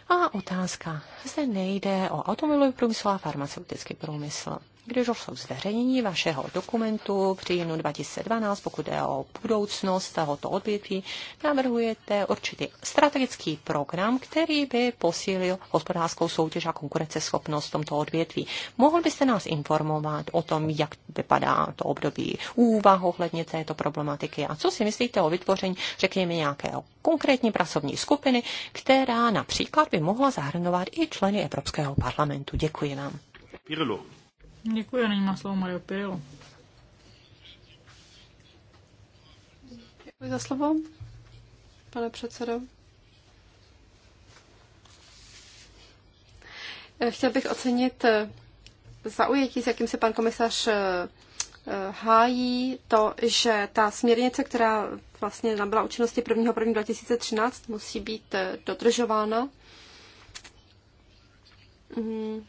A otázka. Zde nejde o automobilový průmysl a farmaceutický průmysl když došlo k zveřejnění vašeho dokumentu v říjnu 2012, pokud je o budoucnost tohoto odvětví, navrhujete určitý strategický program, který by posílil hospodářskou soutěž a konkurenceschopnost v tomto odvětví. Mohl byste nás informovat o tom, jak vypadá to období úvah ohledně této problematiky a co si myslíte o vytvoření, řekněme, nějakého konkrétní pracovní skupiny, která například by mohla zahrnovat i členy Evropského parlamentu. Děkuji vám. Pirlo. Děkuji, není má slovo Mario Pirillo. Děkuji za slovo, pane předsedo. Chtěl bych ocenit eh, zaujetí, s jakým se pan komisař eh, eh, hájí to, že ta směrnice, která vlastně nabyla účinnosti 1. 1. 2013, musí být dodržována. Mm.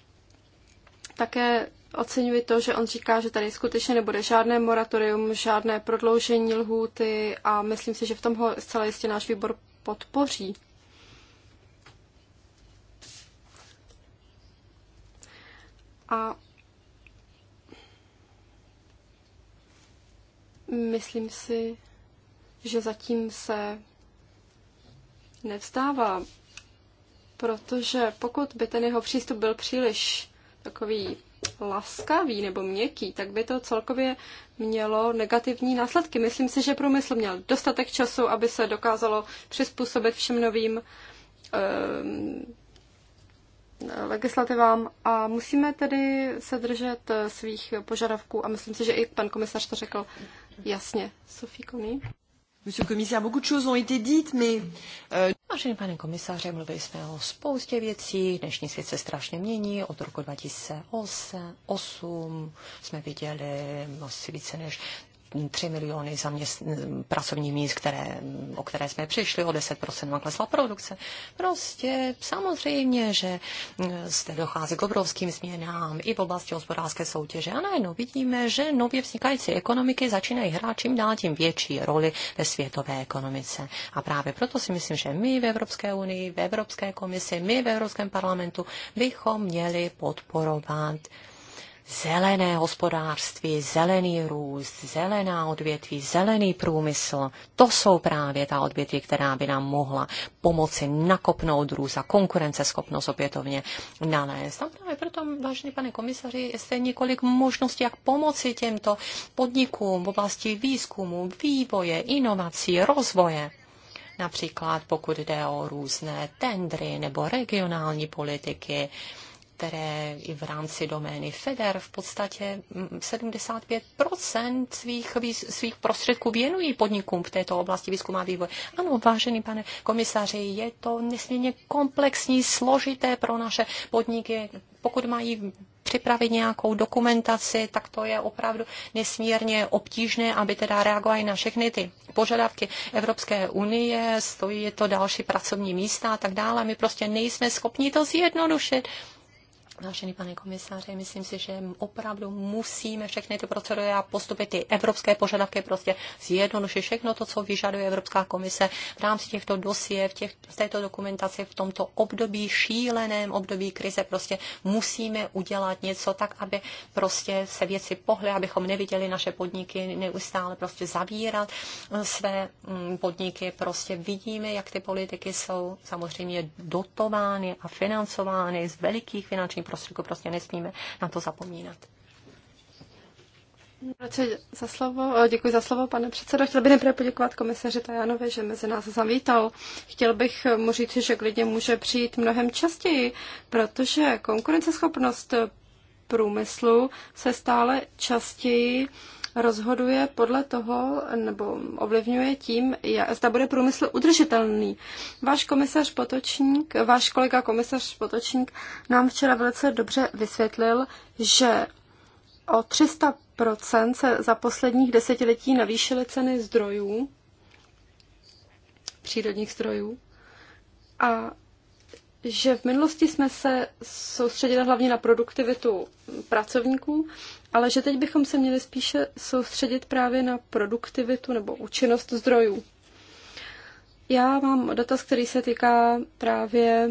Také Oceňuji to, že on říká, že tady skutečně nebude žádné moratorium, žádné prodloužení lhůty a myslím si, že v tom zcela jistě náš výbor podpoří. A myslím si, že zatím se nevzdává, protože pokud by ten jeho přístup byl příliš takový laskavý nebo měkký, tak by to celkově mělo negativní následky. Myslím si, že průmysl měl dostatek času, aby se dokázalo přizpůsobit všem novým um, legislativám a musíme tedy se držet eh, svých požadavků a myslím si, že i pan komisař to řekl jasně. Sofí Koný. Monsieur le commissaire, beaucoup de choses ont été dites, mais... Euh, Vážený pane komisaře, mluvili jsme o spoustě věcí, dnešní svět se strašně mění, od roku 2008 jsme viděli asi více než 3 miliony zaměst- pracovních míst, které, o které jsme přišli, o 10% vám klesla produkce. Prostě samozřejmě, že eh, zde dochází k obrovským změnám i v oblasti hospodářské soutěže. A najednou vidíme, že nově vznikající ekonomiky začínají hrát čím dál tím větší roli ve světové ekonomice. A právě proto si myslím, že my v Evropské unii, v Evropské komisi, my v Evropském parlamentu bychom měli podporovat zelené hospodářství, zelený růst, zelená odvětví, zelený průmysl. To jsou právě ta odvětví, která by nám mohla pomoci nakopnout růst a konkurenceschopnost opětovně nalézt. Tam právě proto, vážený pane komisaři, jste několik možností, jak pomoci těmto podnikům v oblasti výzkumu, vývoje, inovací, rozvoje například pokud jde o různé tendry nebo regionální politiky, které i v rámci domény FEDER v podstatě 75 mm, svých, svých prostředků věnují podnikům v této oblasti výzkumu a vývoje. Ano, vážený pane komisaři, je to nesmírně komplexní, složité pro naše podniky, pokud mají připravit nějakou dokumentaci, tak to je opravdu nesmírně obtížné, aby teda reagovali na všechny ty požadavky Evropské unie, stojí to další pracovní místa a tak dále. My prostě nejsme schopni to zjednodušit. Vážený pane komisáři, myslím si, že opravdu musíme všechny ty procedury a postupy, ty evropské požadavky prostě zjednodušit všechno to, co vyžaduje Evropská komise v rámci těchto dosie, v, těch, v této dokumentaci, v tomto období, šíleném období krize, prostě musíme udělat něco tak, aby prostě se věci pohly, abychom neviděli naše podniky neustále prostě zavírat eh, své mm, podniky. Prostě vidíme, jak ty politiky jsou samozřejmě dotovány a financovány z velikých finančních prostředku Prostě nesmíme na to zapomínat. Za slovo, děkuji za slovo, pane předsedo. Chtěl bych nejprve poděkovat komisaři Tajanovi, že mezi nás zavítal. Chtěl bych mu říct, že klidně může přijít mnohem častěji, protože konkurenceschopnost průmyslu se stále častěji rozhoduje podle toho, nebo ovlivňuje tím, zda bude průmysl udržitelný. Váš komisař Potočník, váš kolega komisař Potočník nám včera velice dobře vysvětlil, že o 300% se za posledních desetiletí navýšily ceny zdrojů, přírodních zdrojů, a že v minulosti jsme se soustředili hlavně na produktivitu pracovníků ale že teď bychom se měli spíše soustředit právě na produktivitu nebo účinnost zdrojů. Já mám dotaz, který se týká právě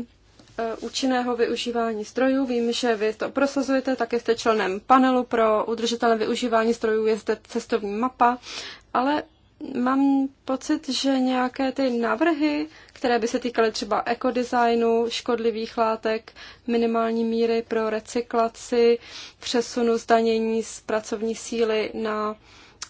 e, účinného využívání zdrojů. Vím, že vy to prosazujete, také jste členem panelu pro udržitelné využívání zdrojů, je zde cestovní mapa, ale mám pocit, že nějaké ty návrhy, které by se týkaly třeba ekodesignu, škodlivých látek, minimální míry pro recyklaci, přesunu zdanění z pracovní síly na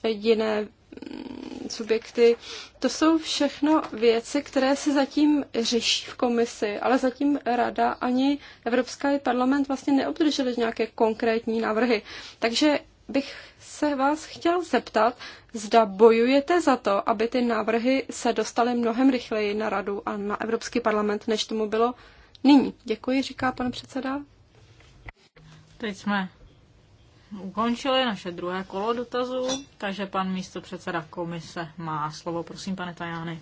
jiné mm, subjekty. To jsou všechno věci, které se zatím řeší v komisi, ale zatím Rada ani evropský parlament vlastně neobdrželi nějaké konkrétní návrhy. Takže bych se vás chtěl zeptat, zda bojujete za to, aby ty návrhy se dostaly mnohem rychleji na radu a na Evropský parlament, než tomu bylo nyní. Děkuji, říká pan předseda. Teď jsme ukončili naše druhé kolo dotazů, takže pan místo předseda komise má slovo. Prosím, pane Tajány.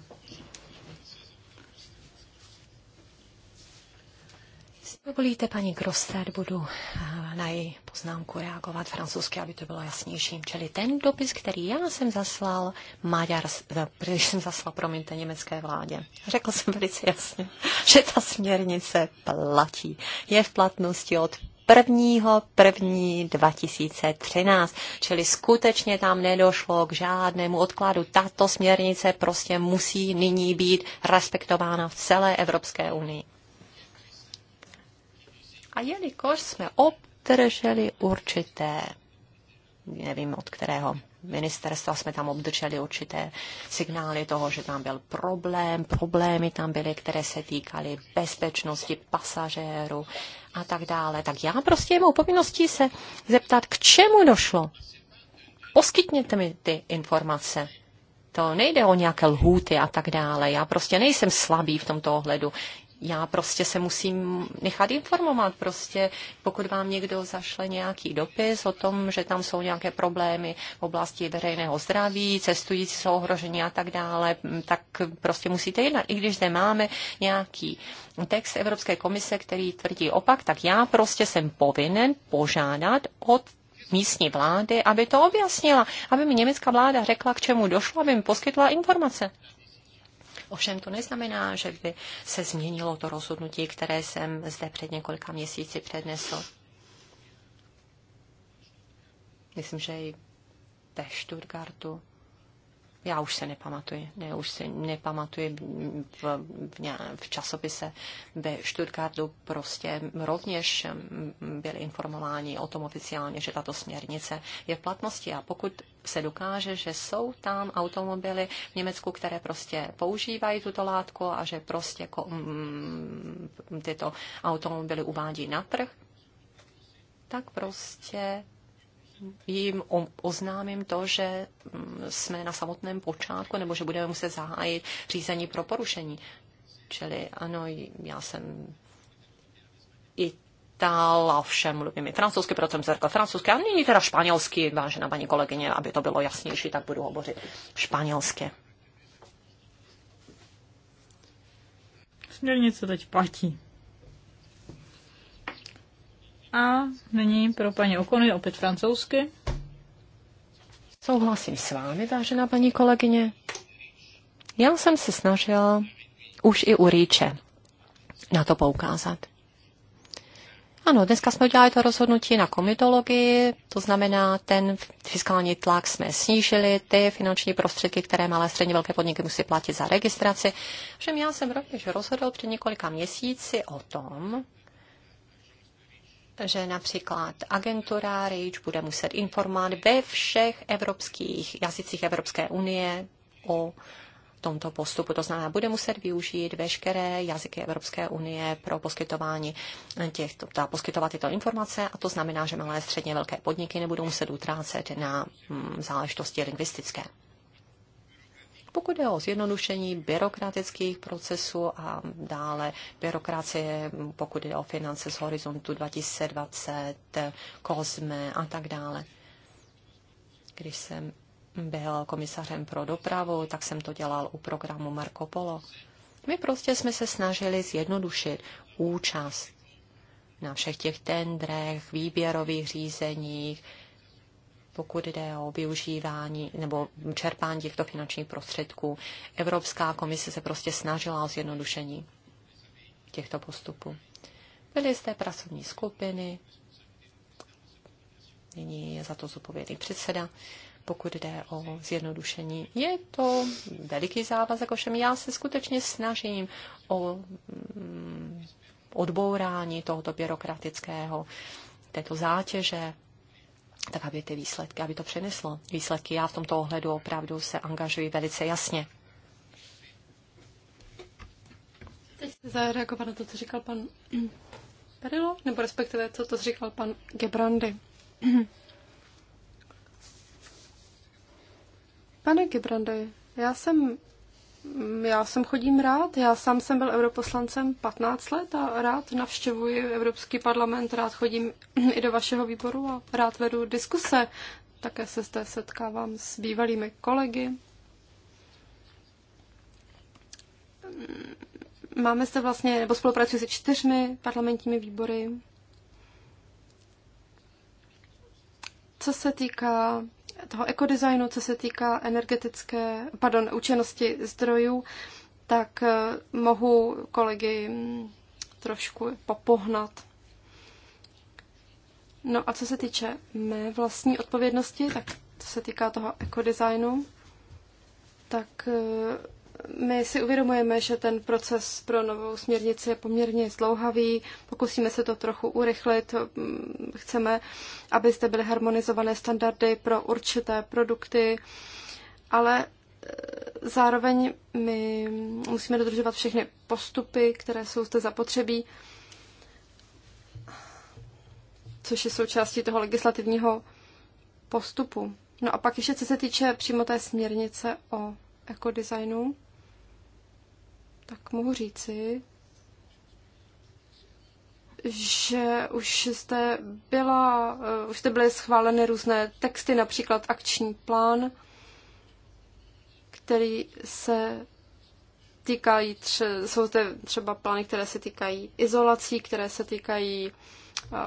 Dovolíte, paní Grosser, budu eh, na její poznámku reagovat francouzsky, aby to bylo jasnější. Čili ten dopis, který já jsem zaslal Maďar, eh, když jsem zaslal, promiňte, německé vládě. Řekl jsem velice jasně, že ta směrnice platí. Je v platnosti od 1.1.2013, 2013. Čili skutečně tam nedošlo k žádnému odkladu. Tato směrnice prostě musí nyní být respektována v celé Evropské unii. A jelikož jsme obdrželi určité, nevím od kterého ministerstva jsme tam obdrželi určité signály toho, že tam byl problém, problémy tam byly, které se týkaly bezpečnosti pasažérů a tak dále. Tak já prostě mou povinností se zeptat, k čemu došlo. Poskytněte mi ty informace. To nejde o nějaké lhůty a tak dále. Já prostě nejsem slabý v tomto ohledu já prostě se musím nechat informovat. Prostě pokud vám někdo zašle nějaký dopis o tom, že tam jsou nějaké problémy v oblasti veřejného zdraví, cestující jsou ohroženi a tak dále, tak prostě musíte jednat. I když zde máme nějaký text Evropské komise, který tvrdí opak, tak já prostě jsem povinen požádat od místní vlády, aby to objasnila, aby mi německá vláda řekla, k čemu došlo, aby mi poskytla informace. Ovšem to neznamená, že by se změnilo to rozhodnutí, které jsem zde před několika měsíci přednesl. Myslím, že i ve Stuttgartu já už se nepamatuji, ne, už se nepamatuji v, v, v časopise ve Stuttgartu prostě rovněž byli informováni o tom oficiálně, že tato směrnice je v platnosti a pokud se dokáže, že jsou tam automobily v Německu, které prostě používají tuto látku a že prostě ko, m, tyto automobily uvádí na trh, tak prostě jim oznámím to, že mm, jsme na samotném počátku nebo že budeme muset zahájit řízení pro porušení. Čili ano, já jsem i Ital, všem mluvím i francouzsky, proto jsem řekla francouzsky, a nyní teda španělsky, vážená paní kolegyně, aby to bylo jasnější, tak budu hovořit španělsky. Směrnice teď platí. A nyní pro paní Okony opět francouzsky. Souhlasím s vámi, vážená paní kolegyně. Já jsem se snažil už i u Ríče na to poukázat. Ano, dneska jsme udělali to rozhodnutí na komitologii, to znamená, ten fiskální tlak jsme snížili, ty finanční prostředky, které malé středně velké podniky musí platit za registraci. Všem já jsem rovněž rozhodl před několika měsíci o tom, že například agentura REACH bude muset informovat ve všech evropských jazycích Evropské unie o tomto postupu. To znamená, bude muset využít veškeré jazyky Evropské unie pro poskytování těchto, ta, poskytovat tyto informace a to znamená, že malé středně velké podniky nebudou muset utrácet na mm, záležitosti lingvistické. Pokud je o zjednodušení byrokratických procesů a dále byrokracie, pokud je o finance z horizontu 2020, kozme a tak dále. Když jsem byl komisařem pro dopravu, tak jsem to dělal u programu Marco Polo. My prostě jsme se snažili zjednodušit účast na všech těch tendrech, výběrových řízeních, pokud jde o využívání nebo čerpání těchto finančních prostředků. Evropská komise se prostě snažila o zjednodušení těchto postupů. Byly zde pracovní skupiny, nyní je za to zodpovědný předseda, pokud jde o zjednodušení. Je to veliký závazek, ovšem já se skutečně snažím o mm, odbourání tohoto byrokratického, této zátěže tak aby ty výsledky, aby to přineslo výsledky. Já v tomto ohledu opravdu se angažuji velice jasně. Teď se zareagovat na to, co říkal pan Perilo, nebo respektive co to říkal pan Gebrandy. Pane Gebrandy, já jsem já sem chodím rád. Já sám jsem byl europoslancem 15 let a rád navštěvuji Evropský parlament, rád chodím i do vašeho výboru a rád vedu diskuse. Také se zde setkávám s bývalými kolegy. Máme zde vlastně, nebo spolupracuji se čtyřmi parlamentními výbory. Co se týká toho ekodesignu, co se týká energetické, pardon, účinnosti zdrojů, tak eh, mohu kolegy mm, trošku popohnat. No a co se týče mé vlastní odpovědnosti, tak co se týká toho ekodesignu, tak eh, my si uvědomujeme, že ten proces pro novou směrnici je poměrně zdlouhavý, pokusíme se to trochu urychlit, chceme, aby zde byly harmonizované standardy pro určité produkty, ale e, zároveň my musíme dodržovat všechny postupy, které jsou zde zapotřebí, což je součástí toho legislativního postupu. No a pak ještě, co se týče přímo té směrnice o ekodesignu, tak mohu říci, že už jste, byla, eh, už jste byly schváleny různé texty, například akční plán, který se týkají, tře, jsou to třeba plány, které se týkají izolací, které se týkají eh,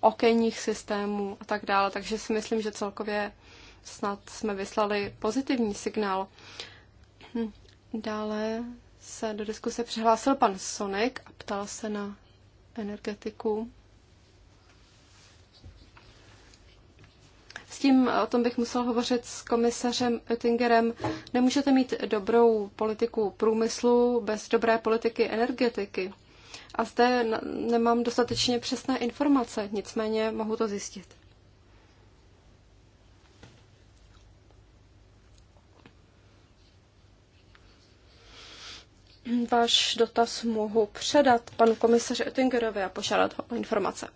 okenních systémů a tak dále. Takže si myslím, že celkově snad jsme vyslali pozitivní signál. Hm, dále se do diskuse přihlásil pan Sonek a ptal se na energetiku. S tím, o tom bych musel hovořit s komisařem Oettingerem, nemůžete mít dobrou politiku průmyslu bez dobré politiky energetiky. A zde nemám dostatečně přesné informace, nicméně mohu to zjistit. váš dotaz mohu předat panu komisaři Oettingerovi a požádat ho o informace.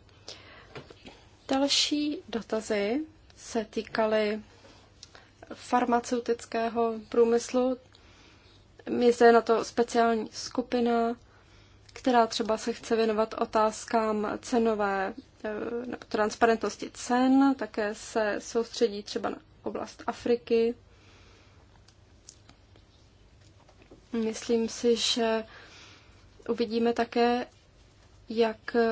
Další dotazy se týkaly farmaceutického průmyslu. Je zde na to speciální skupina, která třeba se chce věnovat otázkám cenové eh, nebo transparentnosti cen, také se soustředí třeba na oblast Afriky. Myslím si, že uvidíme také, jak eh,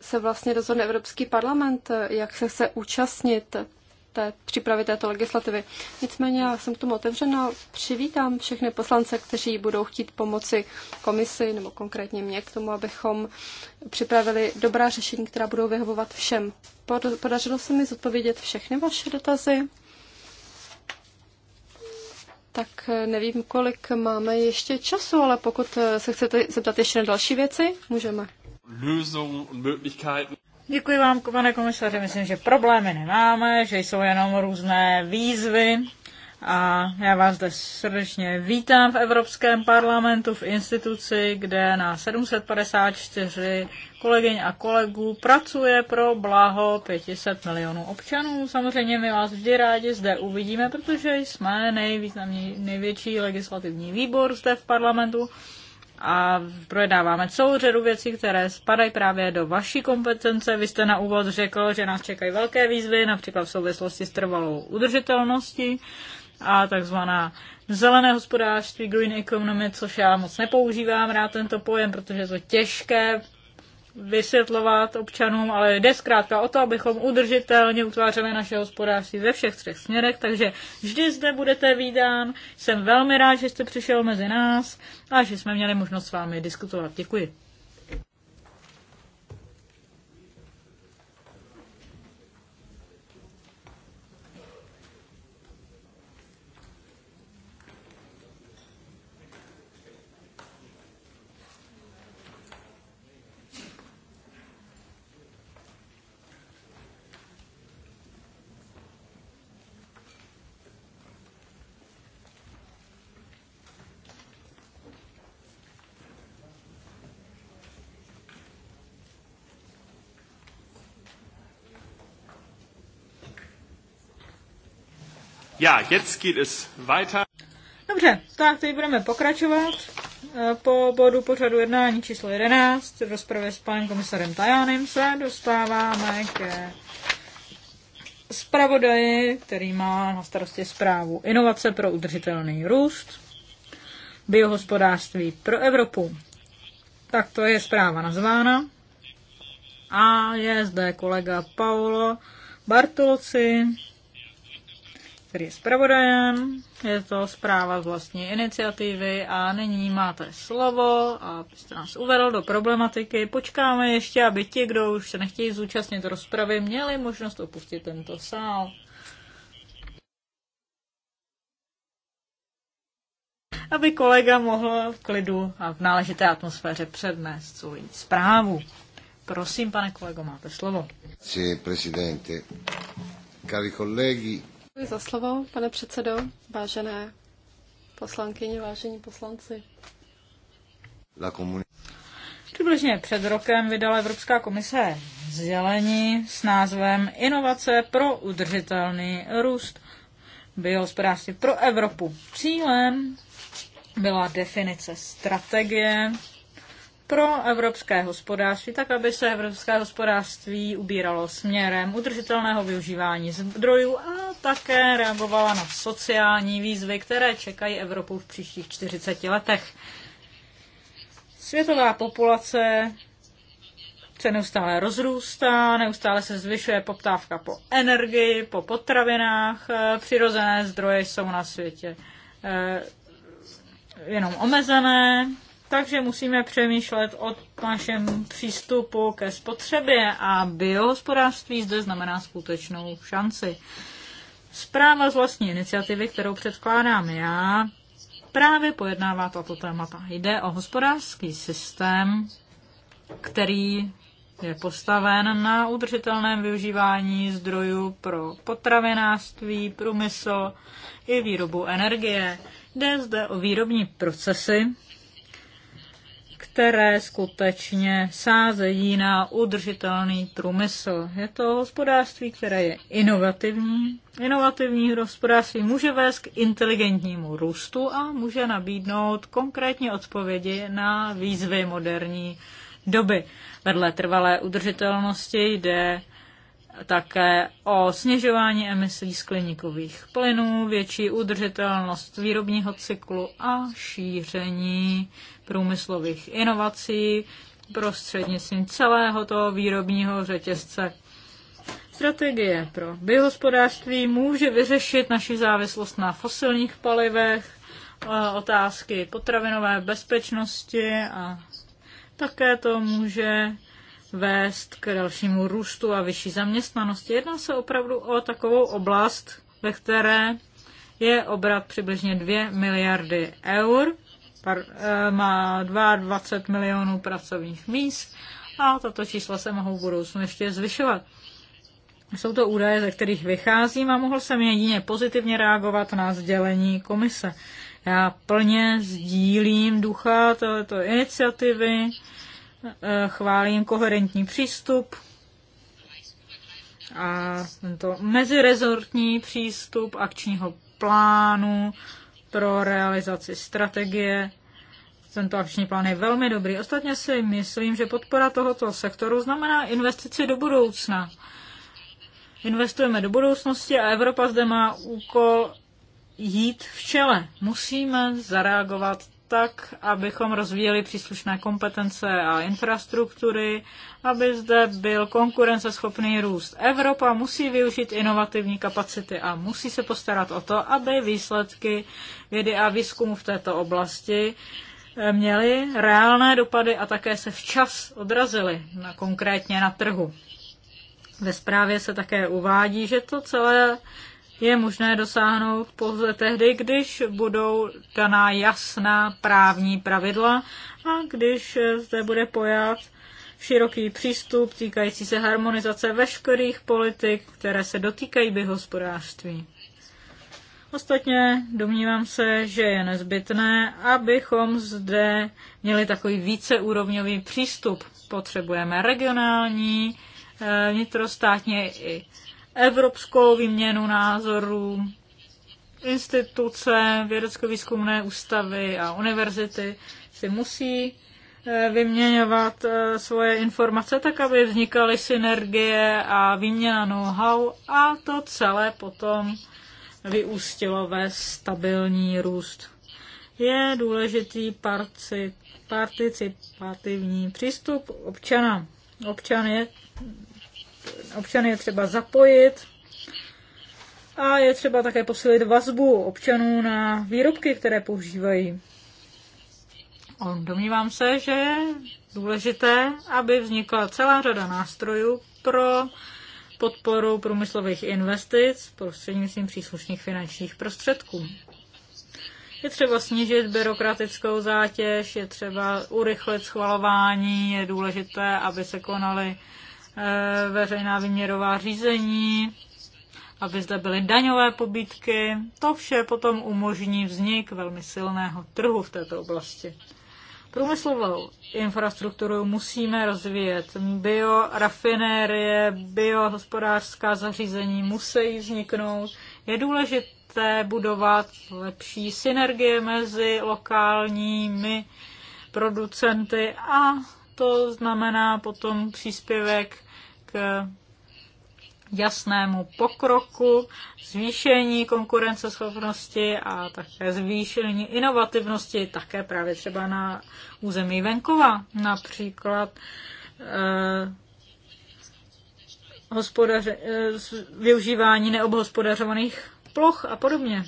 se vlastně rozhodne Evropský parlament, eh, jak se chce účastnit té přípravy této legislativy. Nicméně já jsem k tomu otevřena. Přivítám všechny poslance, kteří budou chtít pomoci komisi nebo konkrétně mě k tomu, abychom připravili dobrá řešení, která budou vyhovovat všem. Podařilo se mi zodpovědět všechny vaše dotazy tak eh, nevím, kolik máme ještě času, ale pokud eh, se chcete zeptat ještě na další věci, můžeme. Děkuji vám, pane komisaře. Myslím, že problémy nemáme, že jsou jenom různé výzvy, a já vás zde srdečně vítám v Evropském parlamentu v instituci, kde na 754 kolegyň a kolegů pracuje pro blaho 500 milionů občanů. Samozřejmě my vás vždy rádi zde uvidíme, protože jsme největší legislativní výbor zde v parlamentu a projednáváme celou řadu věcí, které spadají právě do vaší kompetence. Vy jste na úvod řekl, že nás čekají velké výzvy, například v souvislosti s trvalou udržitelností a takzvaná zelené hospodářství, green economy, což já moc nepoužívám rád tento pojem, protože je to těžké vysvětlovat občanům, ale jde zkrátka o to, abychom udržitelně utvářeli naše hospodářství ve všech třech směrech, takže vždy zde budete vídán. Jsem velmi rád, že jste přišel mezi nás a že jsme měli možnost s vámi diskutovat. Děkuji. Ja, jetzt geht es weiter. Dobře, tak teď budeme pokračovat eh, po bodu pořadu jednání číslo 11. V rozpravě s panem komisarem Tajánem se dostáváme ke zpravodaji, který má na starosti zprávu Inovace pro udržitelný růst, biohospodářství pro Evropu. Tak to je zpráva nazvána. A je zde kolega Paolo Bartoloci, který je zpravodajem. Je to zpráva z vlastní iniciativy a nyní máte slovo Abyste nás uvedl do problematiky. Počkáme ještě, aby ti, kdo už se nechtějí zúčastnit rozpravy, měli možnost opustit tento sál. Aby kolega mohl v klidu a v náležité atmosféře přednést svou zprávu. Prosím, pane kolego, máte slovo. Grazie, presidente. Cari colleghi, Děkuji za slovo, pane předsedo, vážené poslankyně, vážení poslanci. Přibližně před rokem vydala Evropská komise sdělení s názvem Inovace pro udržitelný růst biohospodářství pro Evropu. Cílem byla definice strategie pro evropské hospodářství, tak aby se evropské hospodářství ubíralo směrem udržitelného využívání zdrojů a také reagovala na sociální výzvy, které čekají Evropu v příštích 40 letech. Světová populace se neustále rozrůstá, neustále se zvyšuje poptávka po energii, po potravinách, eh, přirozené zdroje jsou na světě eh, jenom omezené, takže musíme přemýšlet o našem přístupu ke spotřebě a biohospodářství zde znamená skutečnou šanci. Zpráva z vlastní iniciativy, kterou předkládám já, právě pojednává tato témata. Jde o hospodářský systém, který je postaven na udržitelném využívání zdrojů pro potravinářství, průmysl i výrobu energie. Jde zde o výrobní procesy, které skutečně sázejí na udržitelný průmysl. Je to hospodářství, které je inovativní. Inovativní hospodářství může vést k inteligentnímu růstu a může nabídnout konkrétní odpovědi na výzvy moderní doby. Vedle trvalé udržitelnosti jde také o snižování emisí skleníkových plynů, větší udržitelnost výrobního cyklu a šíření průmyslových inovací prostřednictvím celého toho výrobního řetězce. Strategie pro biohospodářství může vyřešit naši závislost na fosilních palivech, otázky potravinové bezpečnosti a také to může vést k dalšímu růstu a vyšší zaměstnanosti. Jedná se opravdu o takovou oblast, ve které je obrat přibližně 2 miliardy eur par, eh, má 22 milionů pracovních míst a tato čísla se mohou v budoucnu ještě zvyšovat. Jsou to údaje, ze kterých vycházím a mohl jsem jedině pozitivně reagovat na sdělení komise. Já plně sdílím ducha této iniciativy, eh, chválím koherentní přístup a tento mezirezortní přístup akčního plánu pro realizaci strategie. Tento akční plán je velmi dobrý. Ostatně si myslím, že podpora tohoto sektoru znamená investici do budoucna. Investujeme do budoucnosti a Evropa zde má úkol jít v čele. Musíme zareagovat tak, abychom rozvíjeli příslušné kompetence a infrastruktury, aby zde byl konkurenceschopný růst. Evropa musí využít inovativní kapacity a musí se postarat o to, aby výsledky vědy a výzkumu v této oblasti eh, měly reálné dopady a také se včas odrazily, na, konkrétně na trhu. Ve zprávě se také uvádí, že to celé je možné dosáhnout pouze tehdy, když budou daná jasná právní pravidla a když zde bude pojat široký přístup týkající se harmonizace veškerých politik, které se dotýkají hospodářství. Ostatně domnívám se, že je nezbytné, abychom zde měli takový víceúrovňový přístup. Potřebujeme regionální, eh, vnitrostátně i evropskou výměnu názorů, instituce, vědecko-výzkumné ústavy a univerzity si musí eh, vyměňovat eh, svoje informace tak, aby vznikaly synergie a výměna know-how a to celé potom vyústilo ve stabilní růst. Je důležitý parci, participativní přístup občana. Občan je občany je třeba zapojit a je třeba také posilit vazbu občanů na výrobky, které používají. Domnívám se, že je důležité, aby vznikla celá řada nástrojů pro podporu průmyslových investic prostřednictvím příslušných finančních prostředků. Je třeba snížit byrokratickou zátěž, je třeba urychlit schvalování, je důležité, aby se konaly Eh, veřejná vyměrová řízení, aby zde byly daňové pobídky. To vše potom umožní vznik velmi silného trhu v této oblasti. Průmyslovou infrastrukturu musíme rozvíjet. Biorafinérie, biohospodářská zařízení musí vzniknout. Je důležité budovat lepší synergie mezi lokálními producenty a to znamená potom příspěvek k jasnému pokroku, zvýšení konkurenceschopnosti a také zvýšení inovativnosti, také právě třeba na území venkova. Například eh, eh využívání neobhospodařovaných ploch a podobně.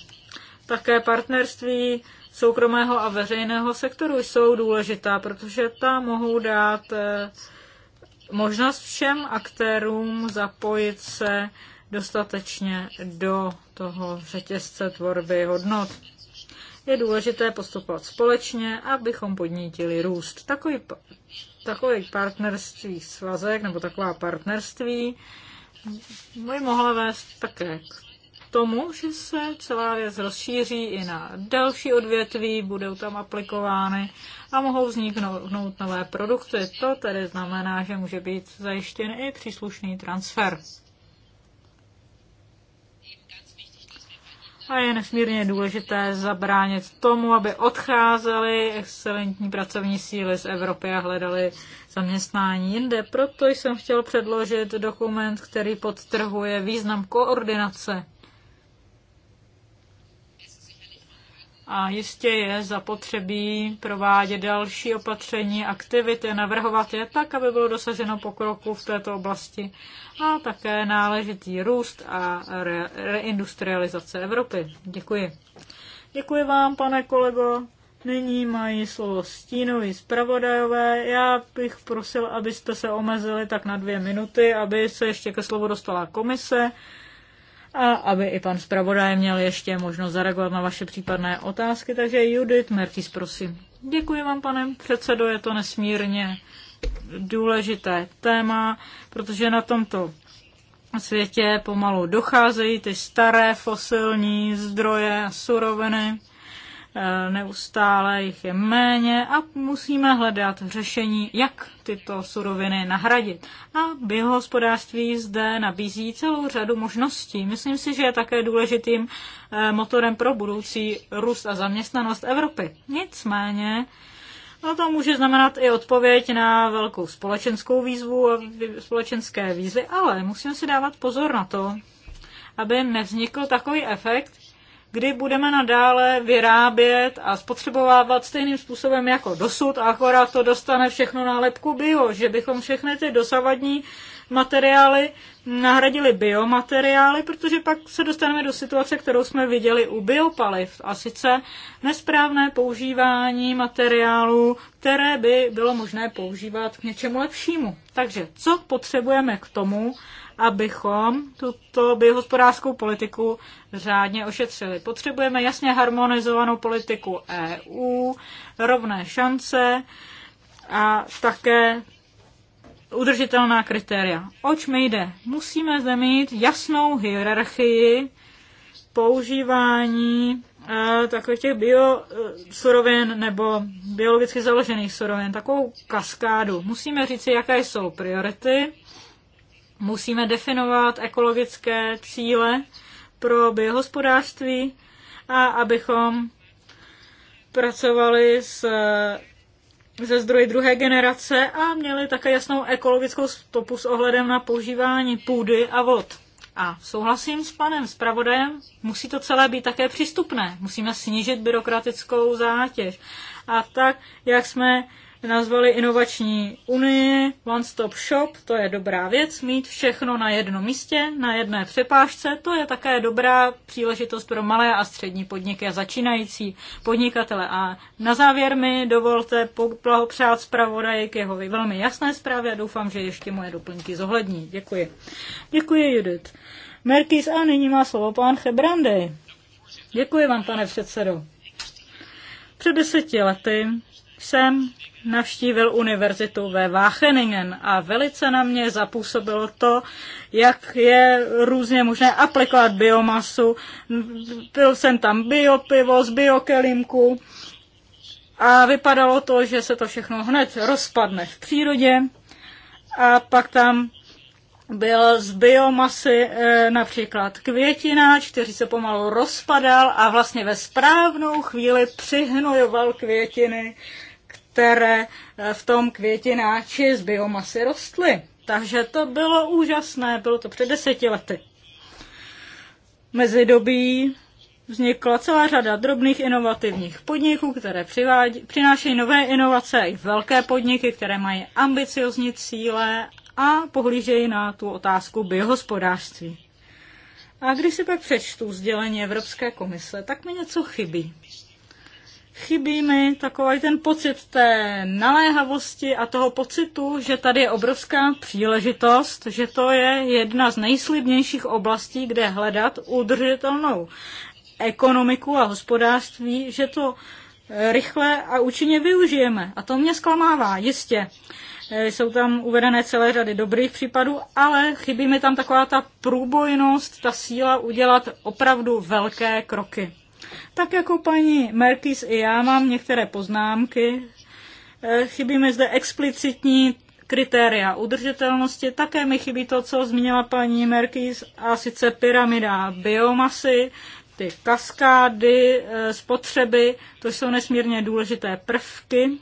Také partnerství soukromého a veřejného sektoru jsou důležitá, protože ta mohou dát eh, možnost všem aktérům zapojit se dostatečně do toho řetězce tvorby hodnot. Je důležité postupovat společně, abychom podnítili růst. Takový, takový partnerství svazek nebo taková partnerství by mohla vést také k tomu, že se celá věc rozšíří i na další odvětví, budou tam aplikovány a mohou vzniknout nové produkty. To tedy znamená, že může být zajištěn i příslušný transfer. A je nesmírně důležité zabránit tomu, aby odcházeli excelentní pracovní síly z Evropy a hledali zaměstnání jinde. Proto jsem chtěl předložit dokument, který podtrhuje význam koordinace A jistě je zapotřebí provádět další opatření, aktivity, navrhovat je tak, aby bylo dosaženo pokroku v této oblasti a také náležitý růst a re- reindustrializace Evropy. Děkuji. Děkuji vám, pane kolego. Nyní mají slovo stínoví zpravodajové. Já bych prosil, abyste se omezili tak na dvě minuty, aby se ještě ke slovu dostala komise a aby i pan zpravodaj měl ještě možnost zareagovat na vaše případné otázky. Takže Judith Mertis, prosím. Děkuji vám, pane předsedo, je to nesmírně důležité téma, protože na tomto světě pomalu docházejí ty staré fosilní zdroje a suroviny Eh, neustále jich je méně a musíme hledat řešení, jak tyto suroviny nahradit. A biohospodářství zde nabízí celou řadu možností. Myslím si, že je také důležitým eh, motorem pro budoucí růst a zaměstnanost Evropy. Nicméně, No to může znamenat i odpověď na velkou společenskou výzvu a společenské výzvy, ale musíme si dávat pozor na to, aby nevznikl takový efekt, kdy budeme nadále vyrábět a spotřebovávat stejným způsobem jako dosud a akorát to dostane všechno nálepku bio, že bychom všechny ty dosavadní materiály nahradili biomateriály, protože pak se dostaneme do situace, kterou jsme viděli u biopaliv, a sice nesprávné používání materiálů, které by bylo možné používat k něčemu lepšímu. Takže co potřebujeme k tomu, abychom tuto biohospodářskou politiku řádně ošetřili. Potřebujeme jasně harmonizovanou politiku EU, rovné šance a také udržitelná kritéria. Oč mi jde? Musíme zde mít jasnou hierarchii používání eh, takových těch bio eh, surovin nebo biologicky založených surovin, takovou kaskádu. Musíme říci, jaké jsou priority Musíme definovat ekologické cíle pro biohospodářství a abychom pracovali s, ze zdroji druhé generace a měli také jasnou ekologickou stopu s ohledem na používání půdy a vod. A souhlasím s panem zpravodajem, musí to celé být také přístupné. Musíme snížit byrokratickou zátěž. A tak, jak jsme nazvali inovační unie One Stop Shop, to je dobrá věc, mít všechno na jednom místě, na jedné přepážce, to je také dobrá příležitost pro malé a střední podniky a začínající podnikatele. A na závěr mi dovolte blahopřát zpravodaji k jeho velmi jasné zprávě a doufám, že ještě moje doplňky zohlední. Děkuji. Děkuji, Judith. Merkis a nyní má slovo pán Chebrandej. Děkuji vám, pane předsedo. Před deseti lety jsem navštívil univerzitu ve Wacheningen a velice na mě zapůsobilo to, jak je různě možné aplikovat biomasu. Pil jsem tam biopivo z biokelimku a vypadalo to, že se to všechno hned rozpadne v přírodě a pak tam byl z biomasy eh, například květináč, který se pomalu rozpadal a vlastně ve správnou chvíli přihnojoval květiny které eh, v tom květináči z biomasy rostly. Takže to bylo úžasné, bylo to před deseti lety. Mezidobí vznikla celá řada drobných inovativních podniků, které přivádí, přinášejí nové inovace i velké podniky, které mají ambiciozní cíle a pohlížejí na tu otázku biohospodářství. A když si pak přečtu sdělení Evropské komise, tak mi něco chybí chybí mi takový ten pocit té naléhavosti a toho pocitu, že tady je obrovská příležitost, že to je jedna z nejslibnějších oblastí, kde hledat udržitelnou ekonomiku a hospodářství, že to eh, rychle a účinně využijeme. A to mě zklamává, jistě. Eh, jsou tam uvedené celé řady dobrých případů, ale chybí mi tam taková ta průbojnost, ta síla udělat opravdu velké kroky. Tak jako paní Merkis i já mám některé poznámky. Eh, chybí mi zde explicitní kritéria udržitelnosti. Také mi chybí to, co zmínila paní Merkis, a sice pyramida biomasy, ty kaskády, eh, spotřeby, to jsou nesmírně důležité prvky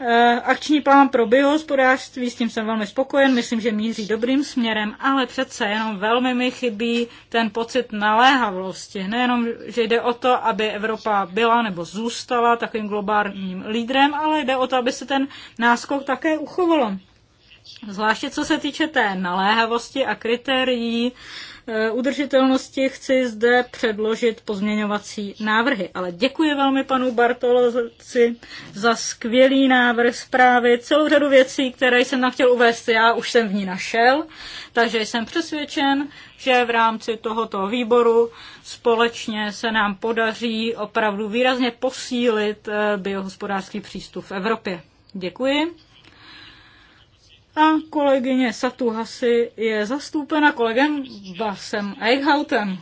Eh, akční plán pro biohospodářství, s tím jsem velmi spokojen, myslím, že míří dobrým směrem, ale přece jenom velmi mi chybí ten pocit naléhavosti. Nejenom, že jde o to, aby Evropa byla nebo zůstala takovým globálním lídrem, ale jde o to, aby se ten náskok také uchovalo. Zvláště co se týče té naléhavosti a kritérií E, udržitelnosti chci zde předložit pozměňovací návrhy. Ale děkuji velmi panu Bartoloci za skvělý návrh zprávy, celou řadu věcí, které jsem tam chtěl uvést, já už jsem v ní našel, takže jsem přesvědčen, že v rámci tohoto výboru společně se nám podaří opravdu výrazně posílit e, biohospodářský přístup v Evropě. Děkuji. A kolegyně Satu Hasi je zastoupena kolegem Basem Eichhautem.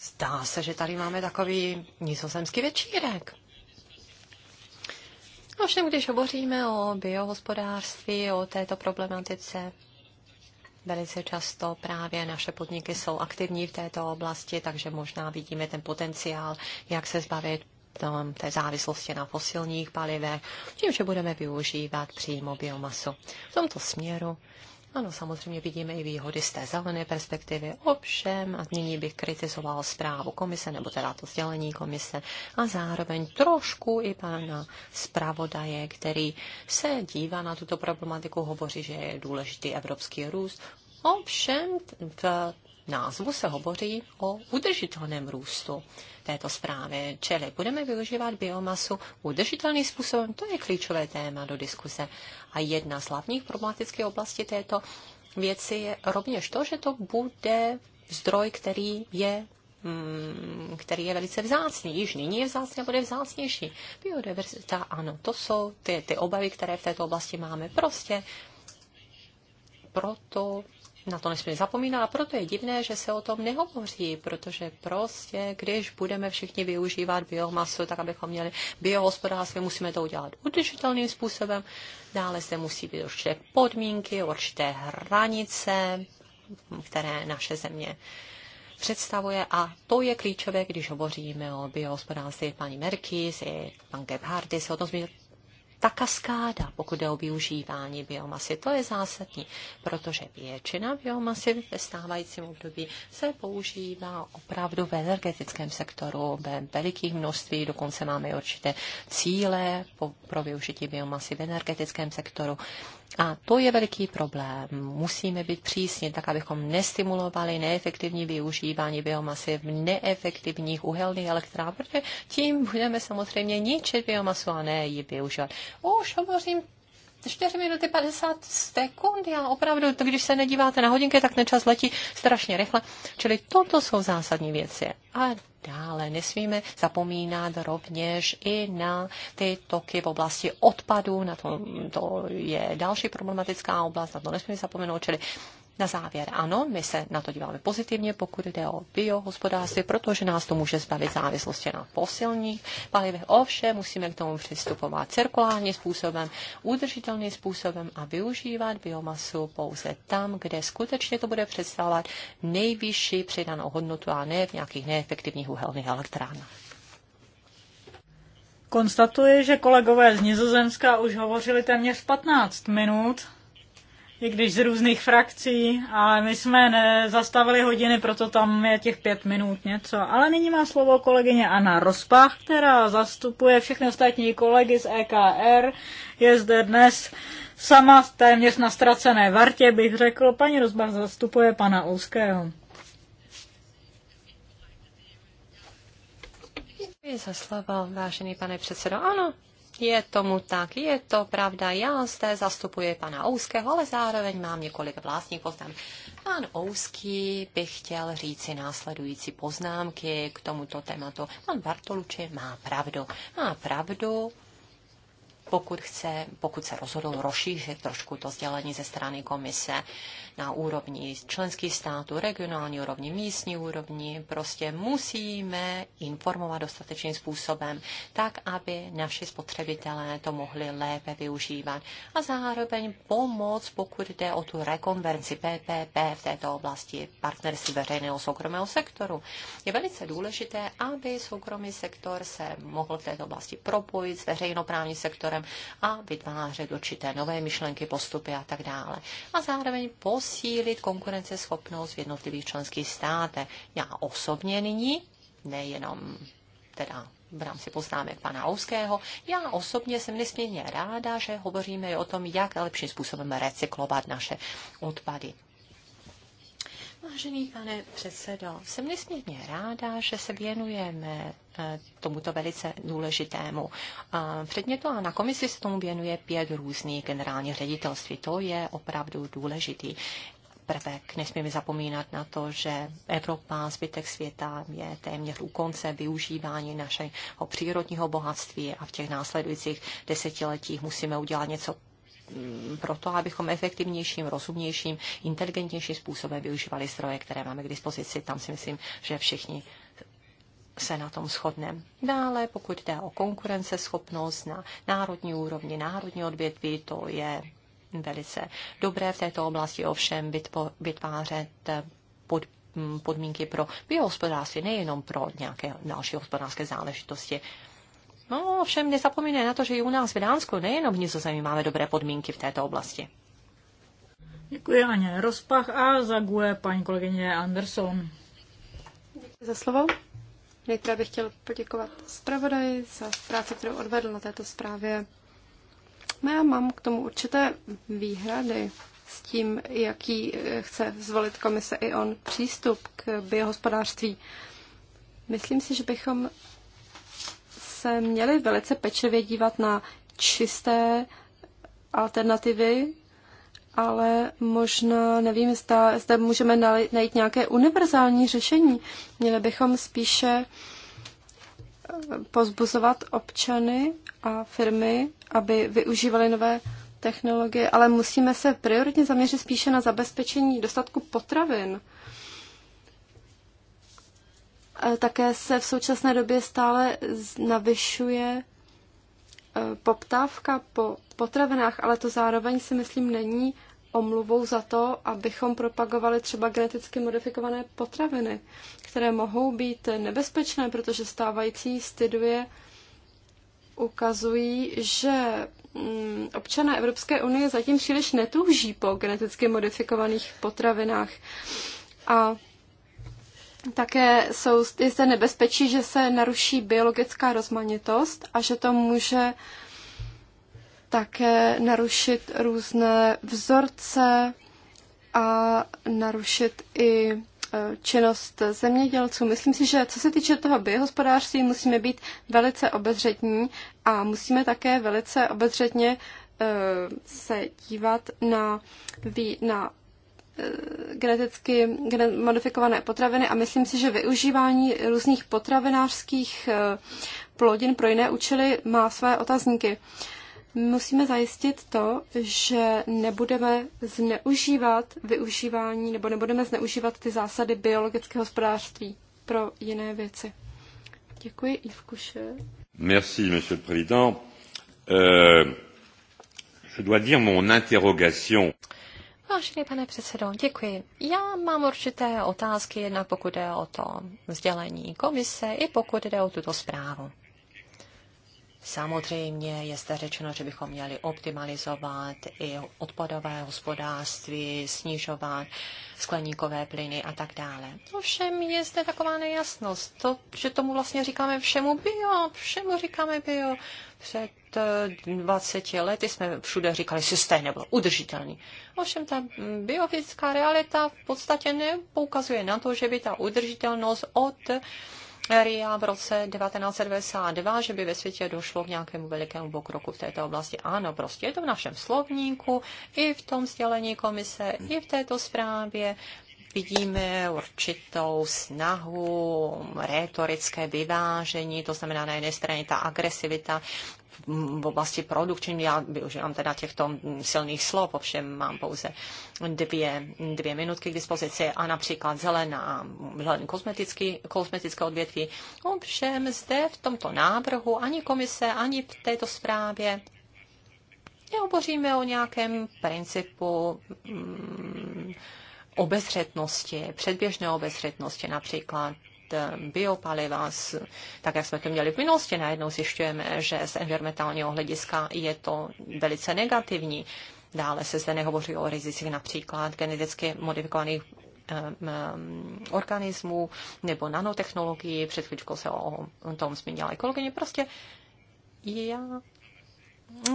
Zdá se, že tady máme takový nizozemský večírek. Ovšem, když hovoříme o biohospodářství, o této problematice, velice často právě naše podniky jsou aktivní v této oblasti, takže možná vidíme ten potenciál, jak se zbavit té závislosti na fosilních palivech, tím, že budeme využívat přímo biomasu. V tomto směru ano, samozřejmě vidíme i výhody z té zelené perspektivy, ovšem, a nyní bych kritizoval zprávu komise, nebo teda to sdělení komise, a zároveň trošku i pana zpravodaje, který se dívá na tuto problematiku, hovoří, že je důležitý evropský růst. Ovšem, v názvu se hovoří o udržitelném růstu této zprávy. Čili budeme využívat biomasu udržitelným způsobem. To je klíčové téma do diskuse. A jedna z hlavních problematických oblastí této věci je rovněž to, že to bude zdroj, který je mm, který je velice vzácný. Již nyní je vzácný a bude vzácnější. Biodiverzita, ano, to jsou ty, ty obavy, které v této oblasti máme. Prostě proto na to nesmíme zapomínala. a proto je divné, že se o tom nehovoří, protože prostě, když budeme všichni využívat biomasu, tak abychom měli biohospodářství, musíme to udělat udržitelným způsobem. Dále se musí být určité podmínky, určité hranice, které naše země představuje a to je klíčové, když hovoříme o biohospodářství. Paní Merkis i pan Gebhardy se o tom zmínil ta kaskáda, pokud jde o využívání biomasy, to je zásadní, protože většina biomasy ve stávajícím období se používá opravdu v energetickém sektoru ve velikých množství, dokonce máme určité cíle pro využití biomasy v energetickém sektoru. A to je veliký problém. Musíme být přísně, tak abychom nestimulovali neefektivní využívání biomasy v neefektivních uhelných elektrárnách, protože tím budeme samozřejmě ničit biomasu a ne ji využívat. Už hovořím 4 minuty 50 sekund. Já opravdu, to, když se nedíváte na hodinky, tak ten čas letí strašně rychle. Čili toto jsou zásadní věci. A dále nesmíme zapomínat rovněž i na ty toky v oblasti odpadů, Na to, to je další problematická oblast, na to nesmíme zapomenout. Čili na závěr, ano, my se na to díváme pozitivně, pokud jde o biohospodářství, protože nás to může zbavit závislosti na fosilních palivech. Ovšem, musíme k tomu přistupovat cirkulárním způsobem, udržitelným způsobem a využívat biomasu pouze tam, kde skutečně to bude představovat nejvyšší přidanou hodnotu a ne v nějakých neefektivních uhelných elektrárnách. Konstatuji, že kolegové z Nizozemska už hovořili téměř 15 minut, i když z různých frakcí, ale my jsme zastavili hodiny, proto tam je těch pět minut něco. Ale nyní má slovo kolegyně Anna Rozpach, která zastupuje všechny ostatní kolegy z EKR. Je zde dnes sama téměř na ztracené vartě, bych řekl. Paní Rozpach zastupuje pana Ouského. Děkuji za slovo, vážený pane předsedo. Ano, je tomu tak, je to pravda. Já zde zastupuji pana Ouského, ale zároveň mám několik vlastních poznámek. Pan Ouský by chtěl říci následující poznámky k tomuto tématu. Pan Bartoluči má pravdu. Má pravdu, pokud, chce, pokud se rozhodl rozšířit trošku to sdělení ze strany komise na úrovni členských států, regionální úrovni, místní úrovni. Prostě musíme informovat dostatečným způsobem, tak, aby naši spotřebitelé to mohli lépe využívat. A zároveň pomoc, pokud jde o tu rekonverci PPP v této oblasti partnerství veřejného soukromého sektoru. Je velice důležité, aby soukromý sektor se mohl v této oblasti propojit s veřejnoprávním sektorem a vytvářet určité nové myšlenky, postupy a tak dále. A zároveň po posílit konkurenceschopnost v jednotlivých členských státech. Já osobně nyní, nejenom teda v rámci poznámek pana Auského, Já osobně jsem nesmírně ráda, že hovoříme o tom, jak lepším způsobem recyklovat naše odpady. Vážený pane předsedo, jsem nesmírně ráda, že se věnujeme eh, tomuto velice důležitému eh, předmětu a na komisi se tomu věnuje pět různých generálních ředitelství. To je opravdu důležitý prvek. Nesmíme zapomínat na to, že Evropa, zbytek světa je téměř u konce využívání našeho přírodního bohatství a v těch následujících desetiletích musíme udělat něco Mm, pro to, abychom efektivnějším, rozumnějším, inteligentnějším způsobem využívali stroje, které máme k dispozici. Tam si myslím, že všichni se na tom shodneme. Dále, pokud jde o konkurenceschopnost na národní úrovni, národní odvětví, to je velice dobré v této oblasti, ovšem vytvářet pod mm, podmínky pro biohospodářství, nejenom pro nějaké další hospodářské záležitosti. No ovšem nezapomínej na to, že i u nás v Dánsku, nejenom v Nizozemí, máme dobré podmínky v této oblasti. Děkuji Aně Rozpach a zaguje paní kolegyně Anderson. Děkuji za slovo. Nejprve bych chtěl poděkovat zpravodaji za práci, kterou odvedl na této zprávě. No já mám k tomu určité výhrady s tím, jaký eh, chce zvolit komise i on přístup k biohospodářství. Myslím si, že bychom se měli velice pečlivě dívat na čisté alternativy, ale možná, nevím, zda, zda můžeme najít nějaké univerzální řešení. Měli bychom spíše eh, pozbuzovat občany a firmy, aby využívali nové technologie, ale musíme se prioritně zaměřit spíše na zabezpečení dostatku potravin. E, také se v současné době stále navyšuje e, poptávka po potravinách, ale to zároveň si myslím není omluvou za to, abychom propagovali třeba geneticky modifikované potraviny, které mohou být nebezpečné, protože stávající studie ukazují, že mm, občané Evropské unie zatím příliš netouží po geneticky modifikovaných potravinách. A také jsou, je zde nebezpečí, že se naruší biologická rozmanitost a že to může také narušit různé vzorce a narušit i e, činnost zemědělců. Myslím si, že co se týče toho biohospodářství, musíme být velice obezřetní a musíme také velice obezřetně e, se dívat na, na Eh, geneticky modifikované potraviny a myslím si, že využívání různých potravinářských eh, plodin pro jiné účely má své otazníky. Musíme zajistit to, že nebudeme zneužívat využívání nebo nebudeme zneužívat ty zásady biologického hospodářství pro jiné věci. Děkuji, Ivkuše. Merci, monsieur le président. Euh, je dois dire mon interrogation. Euh, Vážený pane předsedo, děkuji. Já mám určité otázky, jednak pokud jde o to sdělení komise, i pokud jde o tuto zprávu. Samozřejmě je zde řečeno, že bychom měli optimalizovat i odpadové hospodářství, snižovat skleníkové plyny a tak dále. Ovšem je zde taková nejasnost, to, že tomu vlastně říkáme všemu bio, všemu říkáme bio. Před 20 eh, lety jsme všude říkali sustainable, udržitelný. Ovšem ta biofyzická realita v podstatě nepoukazuje na to, že by ta udržitelnost od RIA v roce 1992, že by ve světě došlo k nějakému velikému pokroku v této oblasti. Ano, prostě je to v našem slovníku, i v tom sdělení komise, i v této zprávě vidíme určitou snahu, retorické vyvážení, to znamená na jedné straně ta agresivita v oblasti produkční. Já využívám teda těchto silných slov, ovšem mám pouze dvě, dvě minutky k dispozici a například zelená, zelený kosmetický, kosmetické odvětví. Ovšem zde v tomto návrhu ani komise, ani v této zprávě neoboříme o nějakém principu mm, obezřetnosti, předběžné obezřetnosti například biopaliva, tak jak jsme to měli v minulosti, najednou zjišťujeme, že z environmentálního hlediska je to velice negativní. Dále se zde nehovoří o rizicích například geneticky modifikovaných organismů nebo nanotechnologií. Před chvíličkou se o tom zmínila i Prostě já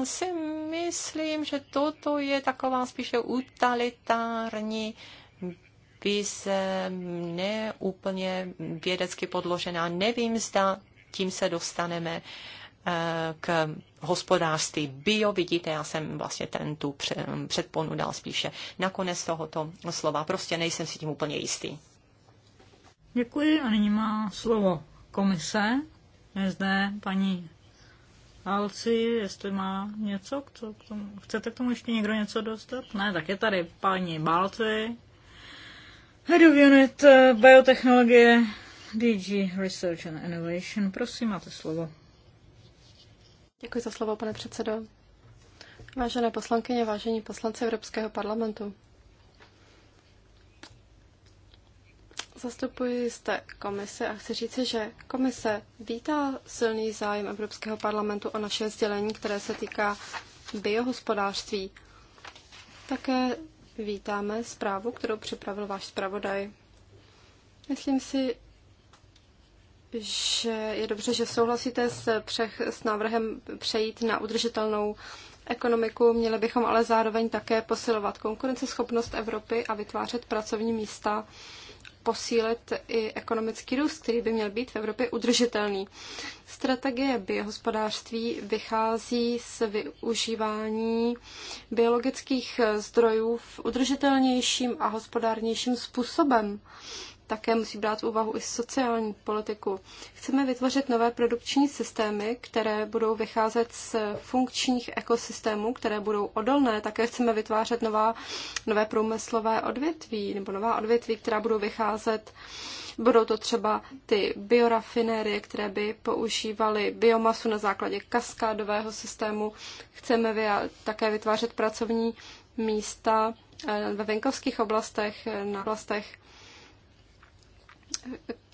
si myslím, že toto je taková spíše utilitární vize neúplně vědecky podložená. Nevím, zda tím se dostaneme eh, k hospodářství bio. Vidíte, já jsem vlastně ten tu předponu dal spíše nakonec tohoto slova. Prostě nejsem si tím úplně jistý. Děkuji a nyní má slovo komise. Je zde paní Alci, jestli má něco k tomu. Chcete k tomu ještě někdo něco dostat? Ne, tak je tady paní Balci, Head of Unit eh, Biotechnologie DG Research and Innovation. Prosím, máte slovo. Děkuji za slovo, pane předsedo. Vážené poslankyně, vážení poslanci Evropského parlamentu. Zastupuji jste komise a chci říci, že komise vítá silný zájem Evropského parlamentu o naše sdělení, které se týká biohospodářství. Také vítáme zprávu, kterou připravil váš zpravodaj. Myslím si, že je dobře, že souhlasíte s, přech, s návrhem přejít na udržitelnou ekonomiku. Měli bychom ale zároveň také posilovat konkurenceschopnost Evropy a vytvářet pracovní místa posílit i ekonomický růst, který by měl být v Evropě udržitelný. Strategie biohospodářství vychází z využívání biologických zdrojů v udržitelnějším a hospodárnějším způsobem také musí brát v úvahu i sociální politiku. Chceme vytvořit nové produkční systémy, které budou vycházet z funkčních ekosystémů, které budou odolné. Také chceme vytvářet nová, nové průmyslové odvětví nebo nová odvětví, která budou vycházet Budou to třeba ty biorafinérie, které by používaly biomasu na základě kaskádového systému. Chceme také vytvářet pracovní místa eh, ve venkovských oblastech, na oblastech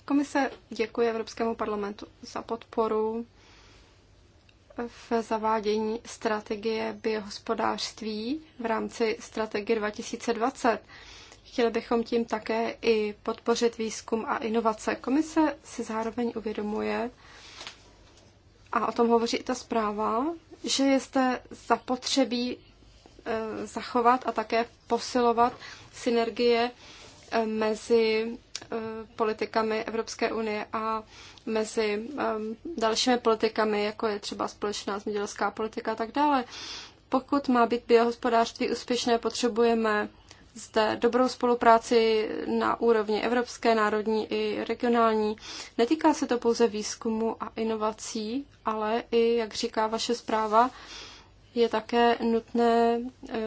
Komise děkuje Evropskému parlamentu za podporu v zavádění strategie biohospodářství v rámci strategie 2020. Chtěli bychom tím také i podpořit výzkum a inovace. Komise si zároveň uvědomuje, a o tom hovoří i ta zpráva, že je zde zapotřebí eh, zachovat a také posilovat synergie mezi eh, politikami Evropské unie a mezi eh, dalšími politikami, jako je třeba společná zemědělská politika a tak dále. Pokud má být biohospodářství úspěšné, potřebujeme zde dobrou spolupráci na úrovni evropské, národní i regionální. Netýká se to pouze výzkumu a inovací, ale i, jak říká vaše zpráva, je také nutné e,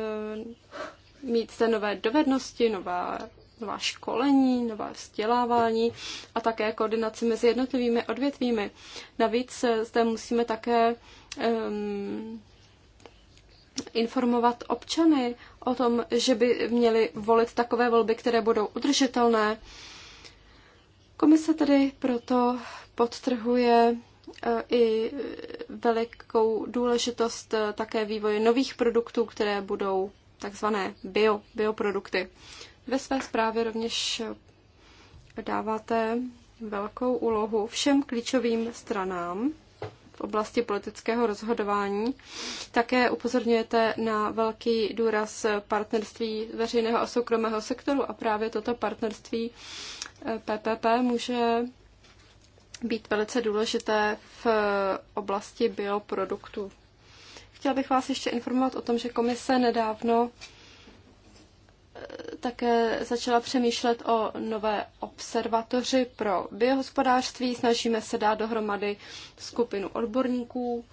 mít zde nové dovednosti, nová nová školení, nová vzdělávání a také koordinaci mezi jednotlivými odvětvími. Navíc eh, zde musíme také um, informovat občany o tom, že by měli volit takové volby, které budou udržitelné. Komise tedy proto podtrhuje eh, i velikou důležitost eh, také vývoje nových produktů, které budou takzvané bio, bioprodukty. Ve své zprávě rovněž dáváte velkou úlohu všem klíčovým stranám v oblasti politického rozhodování. Také upozorňujete na velký důraz partnerství veřejného a soukromého sektoru a právě toto partnerství PPP eh, může být velice důležité v eh, oblasti bioproduktů. Chtěla bych vás ještě informovat o tom, že komise nedávno také začala přemýšlet o nové observatoři pro biohospodářství. Snažíme se dát dohromady skupinu odborníků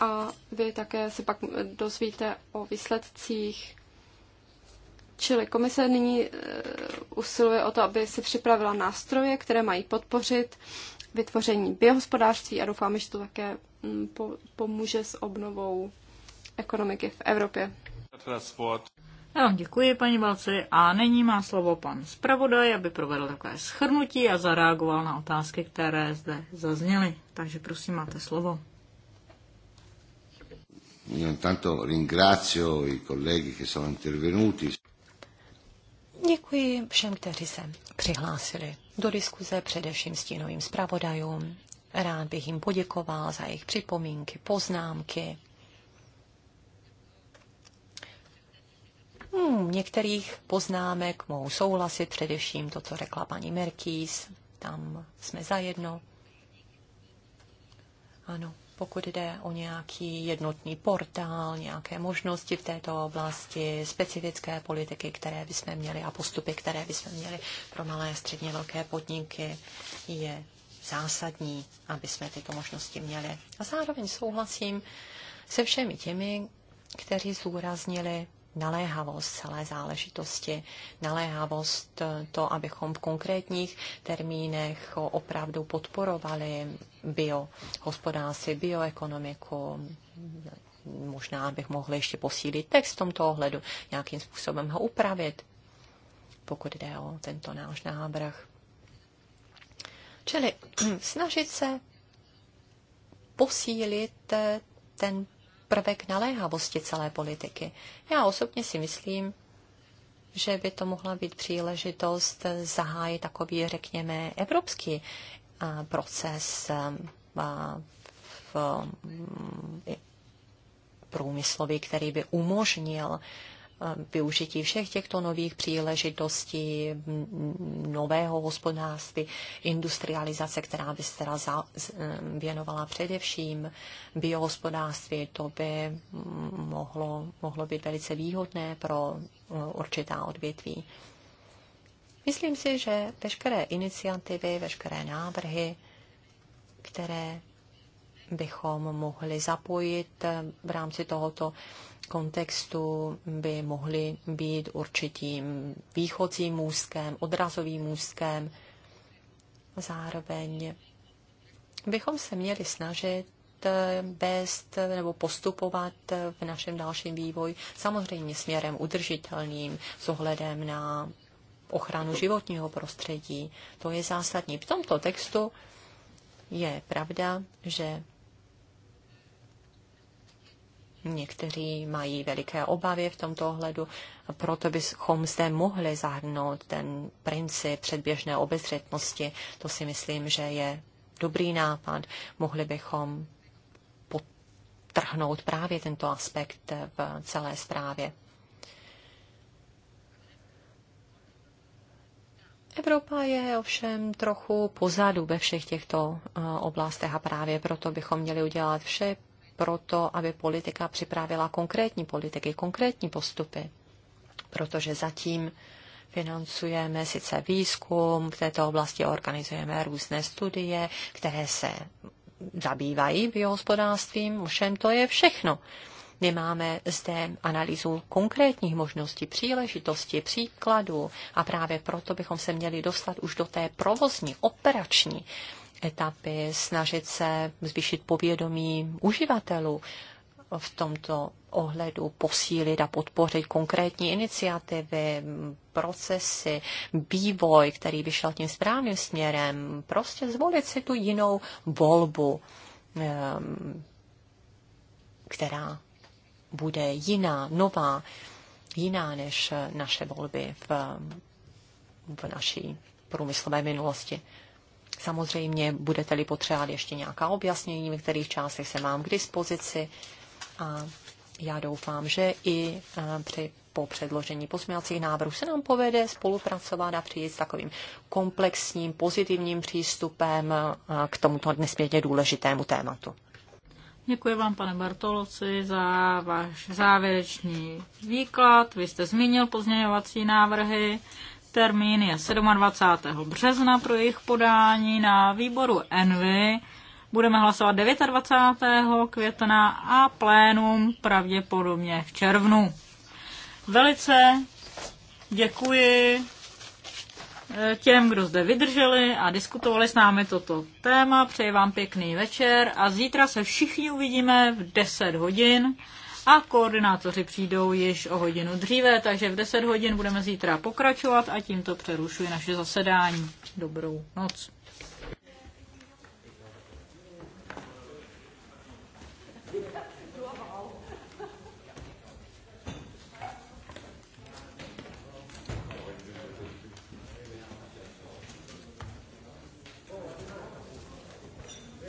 a vy také se pak dozvíte o výsledcích. Čili komise nyní eh, usiluje o to, aby si připravila nástroje, které mají podpořit vytvoření biohospodářství a doufáme, že to také mm, pomůže s obnovou ekonomiky v Evropě. Já vám děkuji, paní Balci, a nyní má slovo pan zpravodaj, aby provedl takové schrnutí a zareagoval na otázky, které zde zazněly. Takže prosím, máte slovo. ringrazio i colleghi che sono intervenuti. Děkuji všem, kteří se přihlásili do diskuze, především stínovým zpravodajům. Rád bych jim poděkoval za jejich připomínky, poznámky, Hmm, některých poznámek mohou souhlasit, především to, co řekla paní Merkýs. Tam jsme zajedno. Ano, pokud jde o nějaký jednotný portál, nějaké možnosti v této oblasti, specifické politiky, které bychom měli a postupy, které bychom měli pro malé a středně velké podniky, je zásadní, aby jsme tyto možnosti měli. A zároveň souhlasím se všemi těmi, kteří zúraznili naléhavost celé záležitosti, naléhavost eh, to, abychom v konkrétních termínech opravdu podporovali biohospodářství, bioekonomiku, možná bych mohl ještě posílit text v tomto ohledu, nějakým způsobem ho upravit, pokud jde o tento náš návrh. Čili snažit se posílit eh, ten prvek naléhavosti celé politiky. Já osobně si myslím, že by to mohla být příležitost zahájit takový, řekněme, evropský eh, proces eh, v mm, průmyslovi, který by umožnil využití všech těchto nových příležitostí, nového hospodářství, industrializace, která by se teda věnovala především biohospodářství, to by mohlo, mohlo být velice výhodné pro e, určitá odvětví. Myslím si, že veškeré iniciativy, veškeré návrhy, které bychom mohli zapojit eh, v rámci tohoto kontextu by mohli být určitým východcím můstkem, odrazovým můstkem. Zároveň bychom se měli snažit Best, eh, eh, nebo postupovat v našem dalším vývoji samozřejmě směrem udržitelným s ohledem na ochranu životního prostředí. To je zásadní. V tomto textu je pravda, že Někteří mají veliké obavy v tomto ohledu, a proto bychom zde mohli zahrnout ten princip předběžné obezřetnosti. To si myslím, že je dobrý nápad. Mohli bychom potrhnout právě tento aspekt v celé zprávě. Evropa je ovšem trochu pozadu ve všech těchto eh, oblastech a právě proto bychom měli udělat vše pro to, aby politika připravila konkrétní politiky, konkrétní postupy. Protože zatím financujeme sice výzkum, v této oblasti organizujeme různé studie, které se zabývají biohospodářstvím, všem to je všechno. Nemáme zde analýzu konkrétních možností, příležitostí, příkladů a právě proto bychom se měli dostat už do té provozní, operační etapy, snažit se zvýšit povědomí uživatelů v tomto ohledu, posílit a podpořit konkrétní iniciativy, procesy, vývoj, který by šel tím správným směrem, prostě zvolit si tu jinou volbu, ehm, která bude jiná, nová, jiná než naše volby v, v naší průmyslové minulosti. Samozřejmě budete-li potřebovat ještě nějaká objasnění, v kterých částech se mám k dispozici a já doufám, že i e, při, po předložení pozměňovacích návrhů se nám povede spolupracovat a přijít s takovým komplexním, pozitivním přístupem e, k tomuto nesmírně důležitému tématu. Děkuji vám, pane Bartoloci, za váš závěrečný výklad. Vy jste zmínil pozměňovací návrhy. Termín je 27. března pro jejich podání na výboru Envy. Budeme hlasovat 29. května a plénum pravděpodobně v červnu. Velice děkuji eh, těm, kdo zde vydrželi a diskutovali s námi toto téma. Přeji vám pěkný večer a zítra se všichni uvidíme v 10 hodin a koordinátoři přijdou již o hodinu dříve, takže v 10 hodin budeme zítra pokračovat a tímto přerušuji naše zasedání. Dobrou noc.